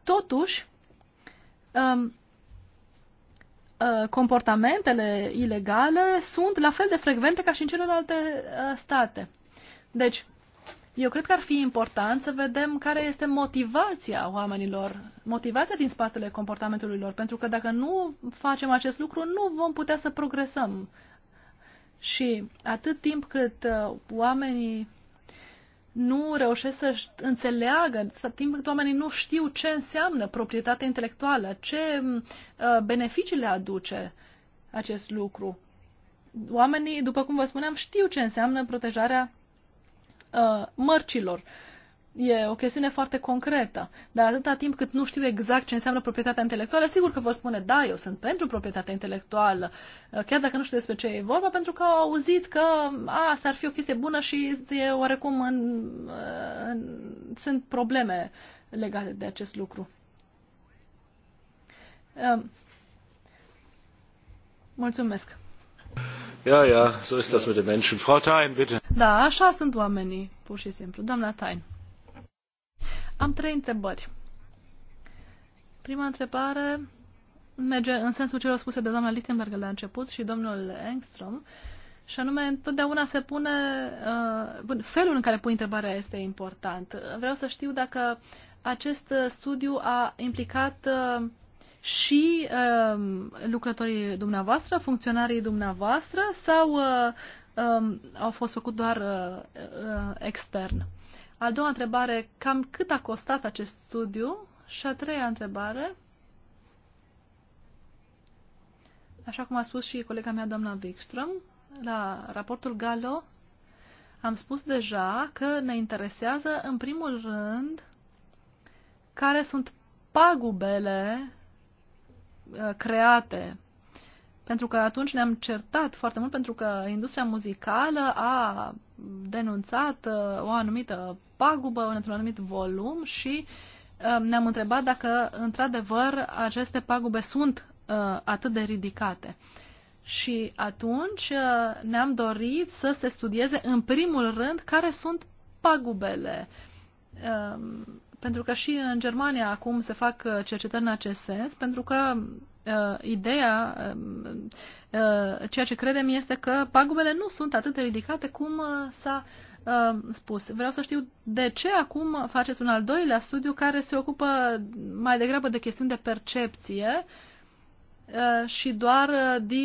totuși um, Uh, comportamentele ilegale sunt la fel de frecvente ca și în celelalte uh, state. Deci, eu cred că ar fi important să vedem care este motivația oamenilor, motivația din spatele comportamentului lor, pentru că dacă nu facem acest lucru, nu vom putea să progresăm. Și atât timp cât uh, oamenii nu reușesc să înțeleagă, să timp cât oamenii nu știu ce înseamnă proprietatea intelectuală, ce uh, beneficii le aduce acest lucru. Oamenii, după cum vă spuneam, știu ce înseamnă protejarea uh, mărcilor e o chestiune foarte concretă. Dar atâta timp cât nu știu exact ce înseamnă proprietatea intelectuală, sigur că vor spune, da, eu sunt pentru proprietatea intelectuală, chiar dacă nu știu despre ce e vorba, pentru că au auzit că a, asta ar fi o chestie bună și e oarecum în, în, sunt probleme legate de acest lucru. Mulțumesc. Ja, ja, so ist das mit den Menschen. Frau Thein, bitte. Da, așa sunt oamenii, pur și simplu. Doamna Tain. Am trei întrebări. Prima întrebare merge în sensul celor spuse de doamna Lichtenberg la început și domnul Engstrom, și anume, întotdeauna se pune, uh, felul în care pui întrebarea este important. Vreau să știu dacă acest studiu a implicat uh, și uh, lucrătorii dumneavoastră, funcționarii dumneavoastră sau uh, um, au fost făcut doar uh, uh, extern. A doua întrebare, cam cât a costat acest studiu? Și a treia întrebare, așa cum a spus și colega mea, doamna Wikström, la raportul Galo am spus deja că ne interesează, în primul rând, care sunt pagubele uh, create. Pentru că atunci ne-am certat foarte mult pentru că industria muzicală a denunțat uh, o anumită pagubă într-un anumit volum și uh, ne-am întrebat dacă, într-adevăr, aceste pagube sunt uh, atât de ridicate. Și atunci ne-am dorit să se studieze, în primul rând, care sunt pagubele. Pentru că și în Germania acum se fac cercetări în acest sens, pentru că uh, ideea, uh, uh, ceea ce credem este că pagubele nu sunt atât de ridicate cum uh, s-a uh, spus. Vreau să știu de ce acum faceți un al doilea studiu care se ocupă mai degrabă de chestiuni de percepție uh, și doar, uh, de,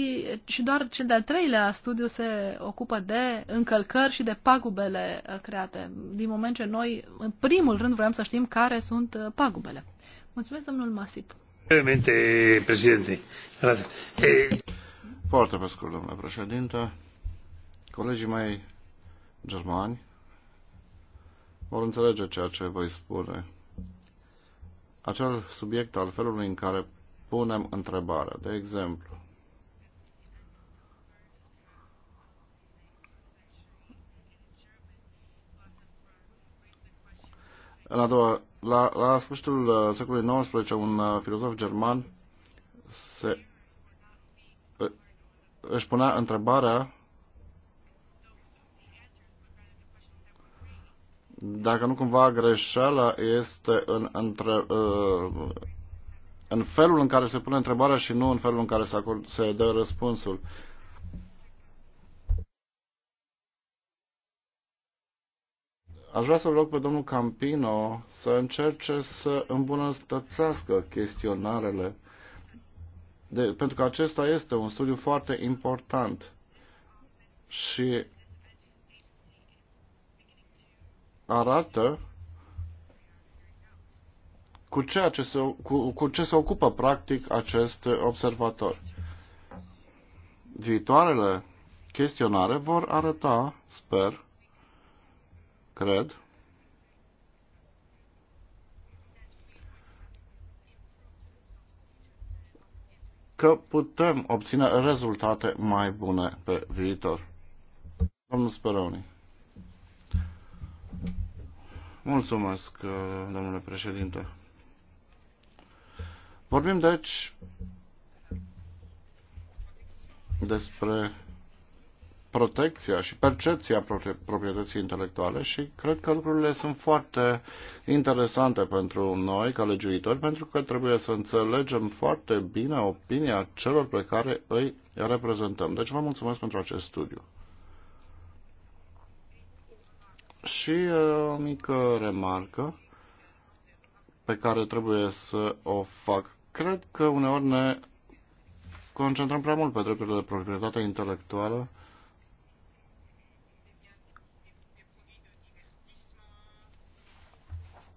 și doar cel de-al treilea studiu se ocupă de încălcări și de pagubele create, din moment ce noi, în primul rând, vrem să știm care sunt pagubele. Mulțumesc, domnul Masip. Brevemente, președinte. Foarte pe scurt, domnule președinte. Colegii mei germani vor înțelege ceea ce voi spune. Acel subiect al felului în care punem întrebarea. De exemplu, în a doua la, la sfârșitul uh, secolului XIX, un uh, filozof german se, uh, își punea întrebarea dacă nu cumva greșeala este în, între, în felul în care se pune întrebarea și nu în felul în care se, acord, se dă răspunsul. Aș vrea să rog pe domnul Campino să încerce să îmbunătățească chestionarele, de, pentru că acesta este un studiu foarte important și arată cu, ceea ce se, cu, cu ce se ocupă practic acest observator. Viitoarele chestionare vor arăta, sper, cred că putem obține rezultate mai bune pe viitor. Domnul Speroni. Mulțumesc, domnule președinte. Vorbim, deci, despre protecția și percepția proprietății intelectuale și cred că lucrurile sunt foarte interesante pentru noi ca legiuitori pentru că trebuie să înțelegem foarte bine opinia celor pe care îi reprezentăm. Deci vă mulțumesc pentru acest studiu. Și uh, o mică remarcă pe care trebuie să o fac. Cred că uneori ne concentrăm prea mult pe drepturile de proprietate intelectuală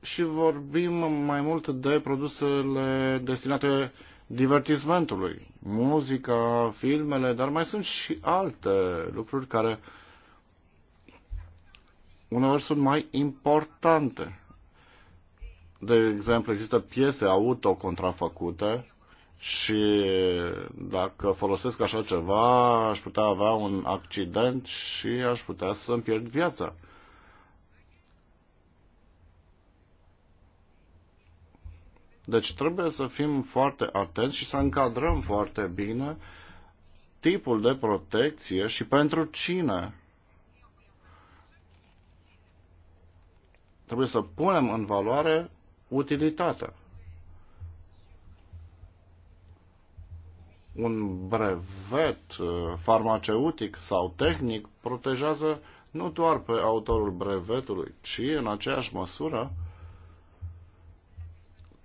și vorbim mai mult de produsele destinate divertismentului, muzica, filmele, dar mai sunt și alte lucruri care uneori sunt mai importante. De exemplu, există piese auto contrafăcute și dacă folosesc așa ceva, aș putea avea un accident și aș putea să-mi pierd viața. Deci trebuie să fim foarte atenți și să încadrăm foarte bine tipul de protecție și pentru cine. Trebuie să punem în valoare utilitatea. Un brevet uh, farmaceutic sau tehnic protejează nu doar pe autorul brevetului, ci în aceeași măsură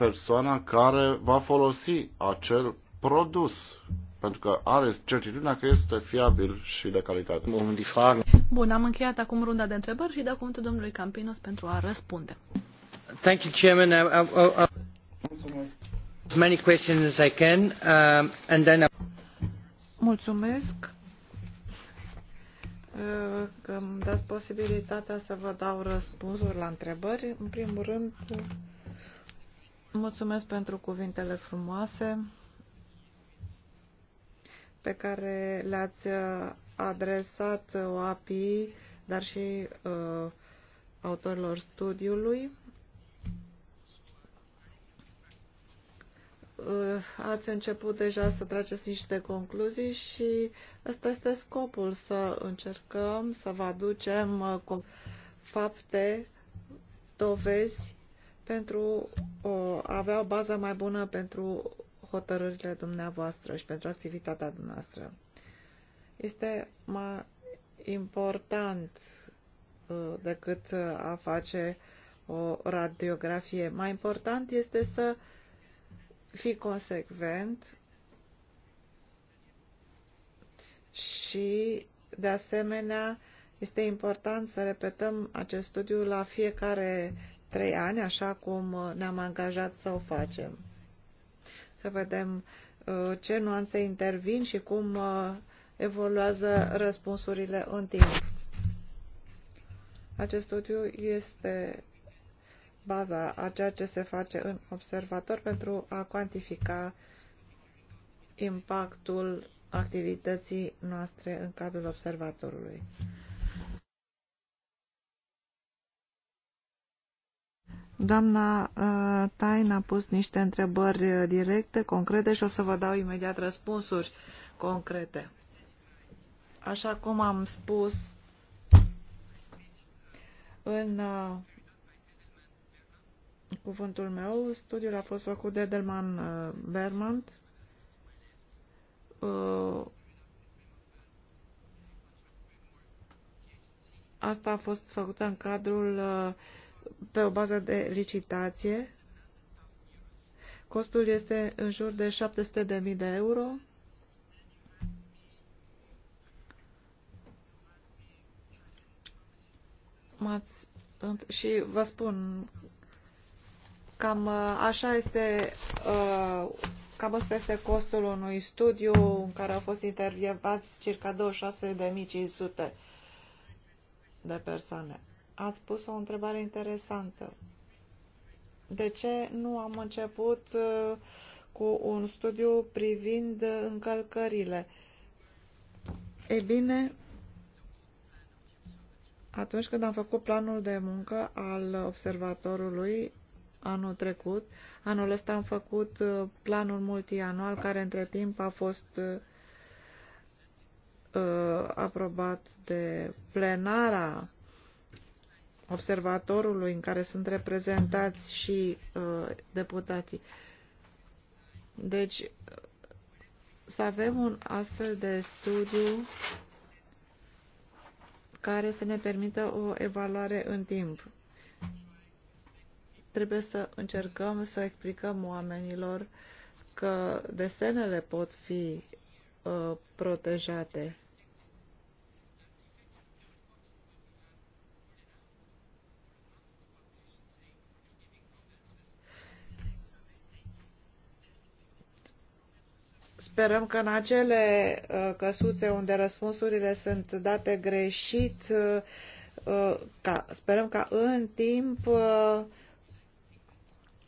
persoana care va folosi acel produs, pentru că are certitudinea că este fiabil și de calitate. Bun, am încheiat acum runda de întrebări și dau cuvântul domnului Campinos pentru a răspunde. Thank you, Chairman. I, I, I... Mulțumesc. As many questions as I can, um, and then I... Mulțumesc uh, că îmi dați posibilitatea să vă dau răspunsuri la întrebări. În primul rând, Mulțumesc pentru cuvintele frumoase pe care le-ați uh, adresat uh, OAPI, dar și uh, autorilor studiului. Uh, ați început deja să trageți niște concluzii și ăsta este scopul, să încercăm să vă aducem fapte, dovezi pentru a avea o bază mai bună pentru hotărârile dumneavoastră și pentru activitatea dumneavoastră. Este mai important uh, decât uh, a face o radiografie. Mai important este să fii consecvent și, de asemenea, este important să repetăm acest studiu la fiecare trei ani, așa cum uh, ne-am angajat să o facem. Să vedem uh, ce nuanțe intervin și cum uh, evoluează răspunsurile în timp. Acest studiu este baza a ceea ce se face în observator pentru a cuantifica impactul activității noastre în cadrul observatorului. Doamna uh, Tain a pus niște întrebări uh, directe, concrete și o să vă dau imediat răspunsuri concrete. Așa cum am spus în uh, cuvântul meu, studiul a fost făcut de Delman Bermant asta a fost făcută în cadrul pe o bază de licitație. Costul este în jur de 700.000 de euro. și vă spun, cam uh, așa este, uh, cam asta este costul unui studiu în care au fost intervievați circa 26.500 de persoane ați pus o întrebare interesantă. De ce nu am început uh, cu un studiu privind încălcările? E bine, atunci când am făcut planul de muncă al observatorului anul trecut, anul ăsta am făcut uh, planul multianual care între timp a fost uh, uh aprobat de plenara observatorului în care sunt reprezentați și uh, deputații. Deci, să avem un astfel de studiu care să ne permită o evaluare în timp. Trebuie să încercăm să explicăm oamenilor că desenele pot fi uh, protejate Sperăm că în acele uh, căsuțe unde răspunsurile sunt date greșit, uh, uh, ca, sperăm ca în timp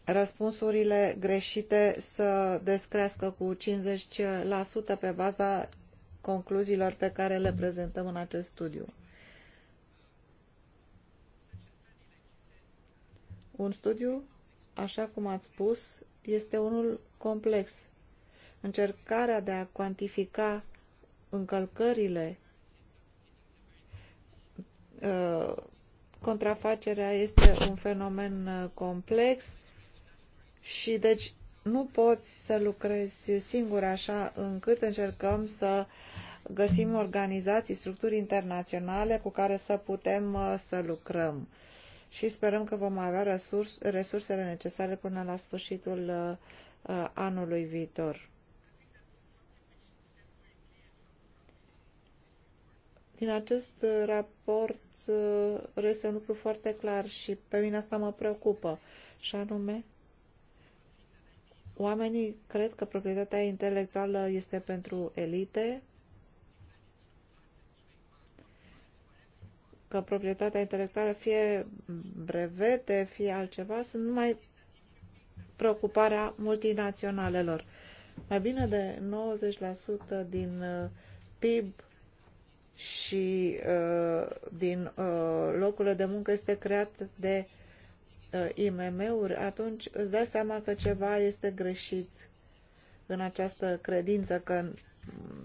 răspunsurile greșite să descrească cu 50% pe baza concluziilor pe care le prezentăm în acest studiu. Un studiu, așa cum ați spus, este unul complex Încercarea de a cuantifica încălcările, uh, contrafacerea este un fenomen uh, complex și deci nu poți să lucrezi singur așa încât încercăm să găsim organizații, structuri internaționale cu care să putem uh, să lucrăm. Și sperăm că vom avea resursele necesare până la sfârșitul anului viitor. din acest uh, raport uh, reiese un lucru foarte clar și pe mine asta mă preocupă, și anume, oamenii cred că proprietatea intelectuală este pentru elite, că proprietatea intelectuală, fie brevete, fie altceva, sunt numai preocuparea multinaționalelor. Mai bine de 90% din uh, PIB și uh, din uh, locurile de muncă este creat de uh, IMM-uri, atunci îți dai seama că ceva este greșit în această credință că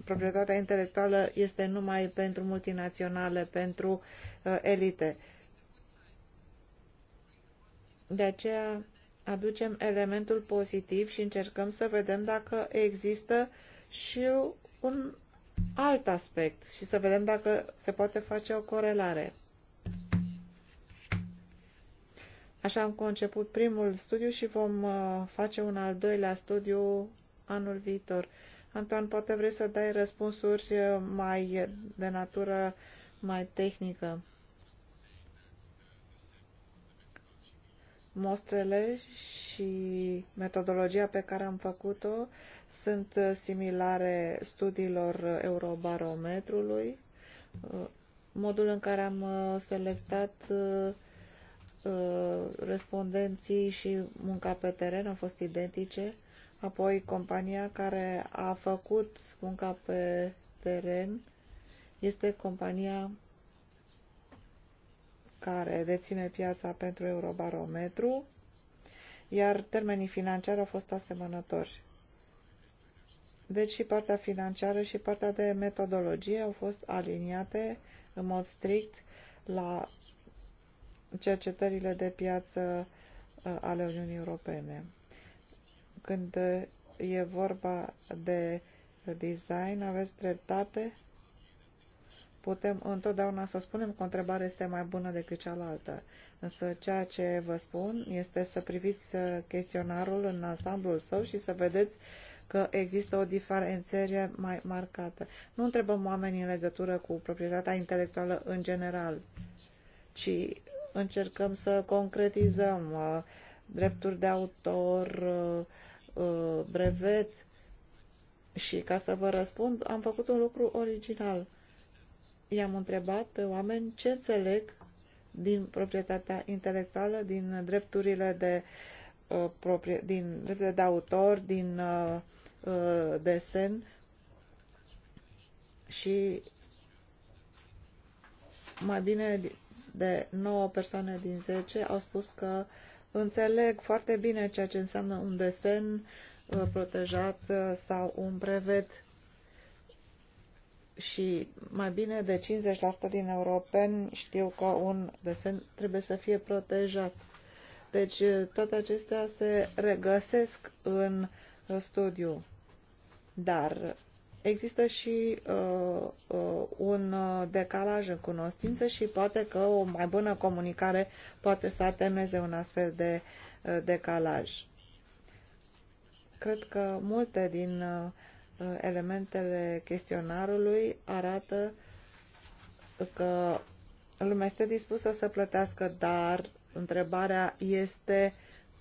proprietatea intelectuală este numai pentru multinaționale, pentru uh, elite. De aceea aducem elementul pozitiv și încercăm să vedem dacă există și un alt aspect și să vedem dacă se poate face o corelare. Așa am conceput primul studiu și vom uh, face un al doilea studiu anul viitor. Antoan, poate vrei să dai răspunsuri uh, mai de natură mai tehnică. Mostrele și metodologia pe care am făcut-o sunt similare studiilor Eurobarometrului. Modul în care am uh, selectat uh, uh, respondenții și munca pe teren au fost identice. Apoi compania care a făcut munca pe teren este compania care deține piața pentru Eurobarometru, iar termenii financiari au fost asemănători. Deci și partea financiară și partea de metodologie au fost aliniate în mod strict la cercetările de piață uh, ale Uniunii Europene. Când e vorba de design, aveți dreptate, putem întotdeauna să spunem că o întrebare este mai bună decât cealaltă. Însă ceea ce vă spun este să priviți uh, chestionarul în ansamblul său și să vedeți că există o diferențiere mai marcată. Nu întrebăm oamenii în legătură cu proprietatea intelectuală în general, ci încercăm să concretizăm uh, drepturi de autor, uh, brevet și ca să vă răspund, am făcut un lucru original i-am întrebat pe oameni ce înțeleg din proprietatea intelectuală, din drepturile de, uh, din drepturile de autor, din uh, uh, desen și mai bine de 9 persoane din 10 au spus că înțeleg foarte bine ceea ce înseamnă un desen protejat sau un brevet și mai bine de 50% din europeni știu că un desen trebuie să fie protejat. Deci eh, toate acestea se regăsesc în eh, studiu. Dar există și uh, uh, un decalaj în cunoștință și poate că o mai bună comunicare poate să atemeze un astfel de uh, decalaj. Cred că multe din uh, Eh, elementele chestionarului arată că lumea este dispusă să plătească, dar întrebarea este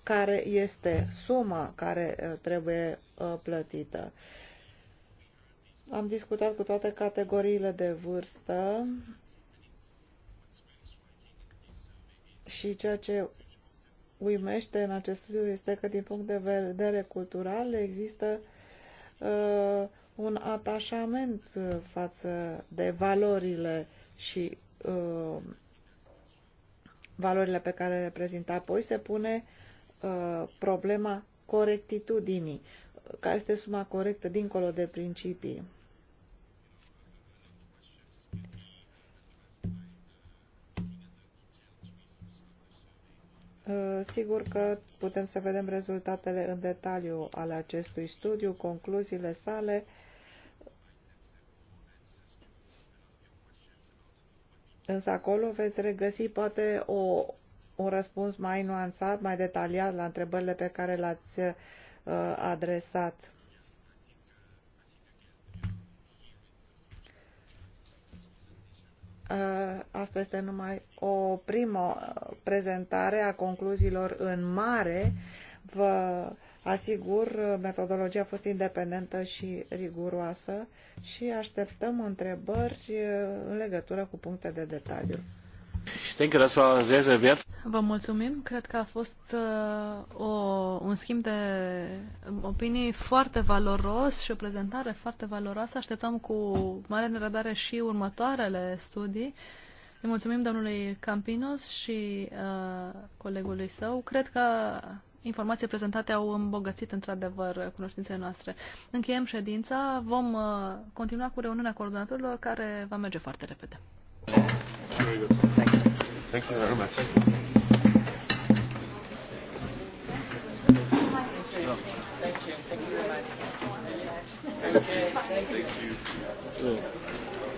care este suma care eh, trebuie eh, plătită. Am discutat cu toate categoriile de vârstă și ceea ce uimește în acest studiu este că din punct de vedere cultural există Uh, un atașament uh, față de valorile și uh, valorile pe care le reprezintă. Apoi se pune problema corectitudinii, care este suma corectă dincolo de principii. Eh, sigur că putem să vedem rezultatele în detaliu ale acestui studiu, concluziile sale. Însă acolo veți regăsi poate o, un răspuns mai nuanțat, mai detaliat la întrebările pe care le-ați eh, adresat. Uh, asta este numai o primă uh, prezentare a concluziilor în mare. Vă asigur, uh, metodologia a fost independentă și riguroasă și așteptăm întrebări în legătură cu puncte de detaliu. Ich denke, das war sehr, sehr wert. Vă mulțumim. Cred că a fost uh, o, un schimb de opinii foarte valoros și o prezentare foarte valoroasă. Așteptăm cu mare nerăbdare și următoarele studii. Îi mulțumim domnului Campinos și uh, colegului său. Cred că informații prezentate au îmbogățit într-adevăr cunoștințele noastre. Încheiem ședința. Vom uh, continua cu reuniunea coordonatorilor care va merge foarte repede. Thank you very much. Thank you very much. Okay, thank you. Thank you.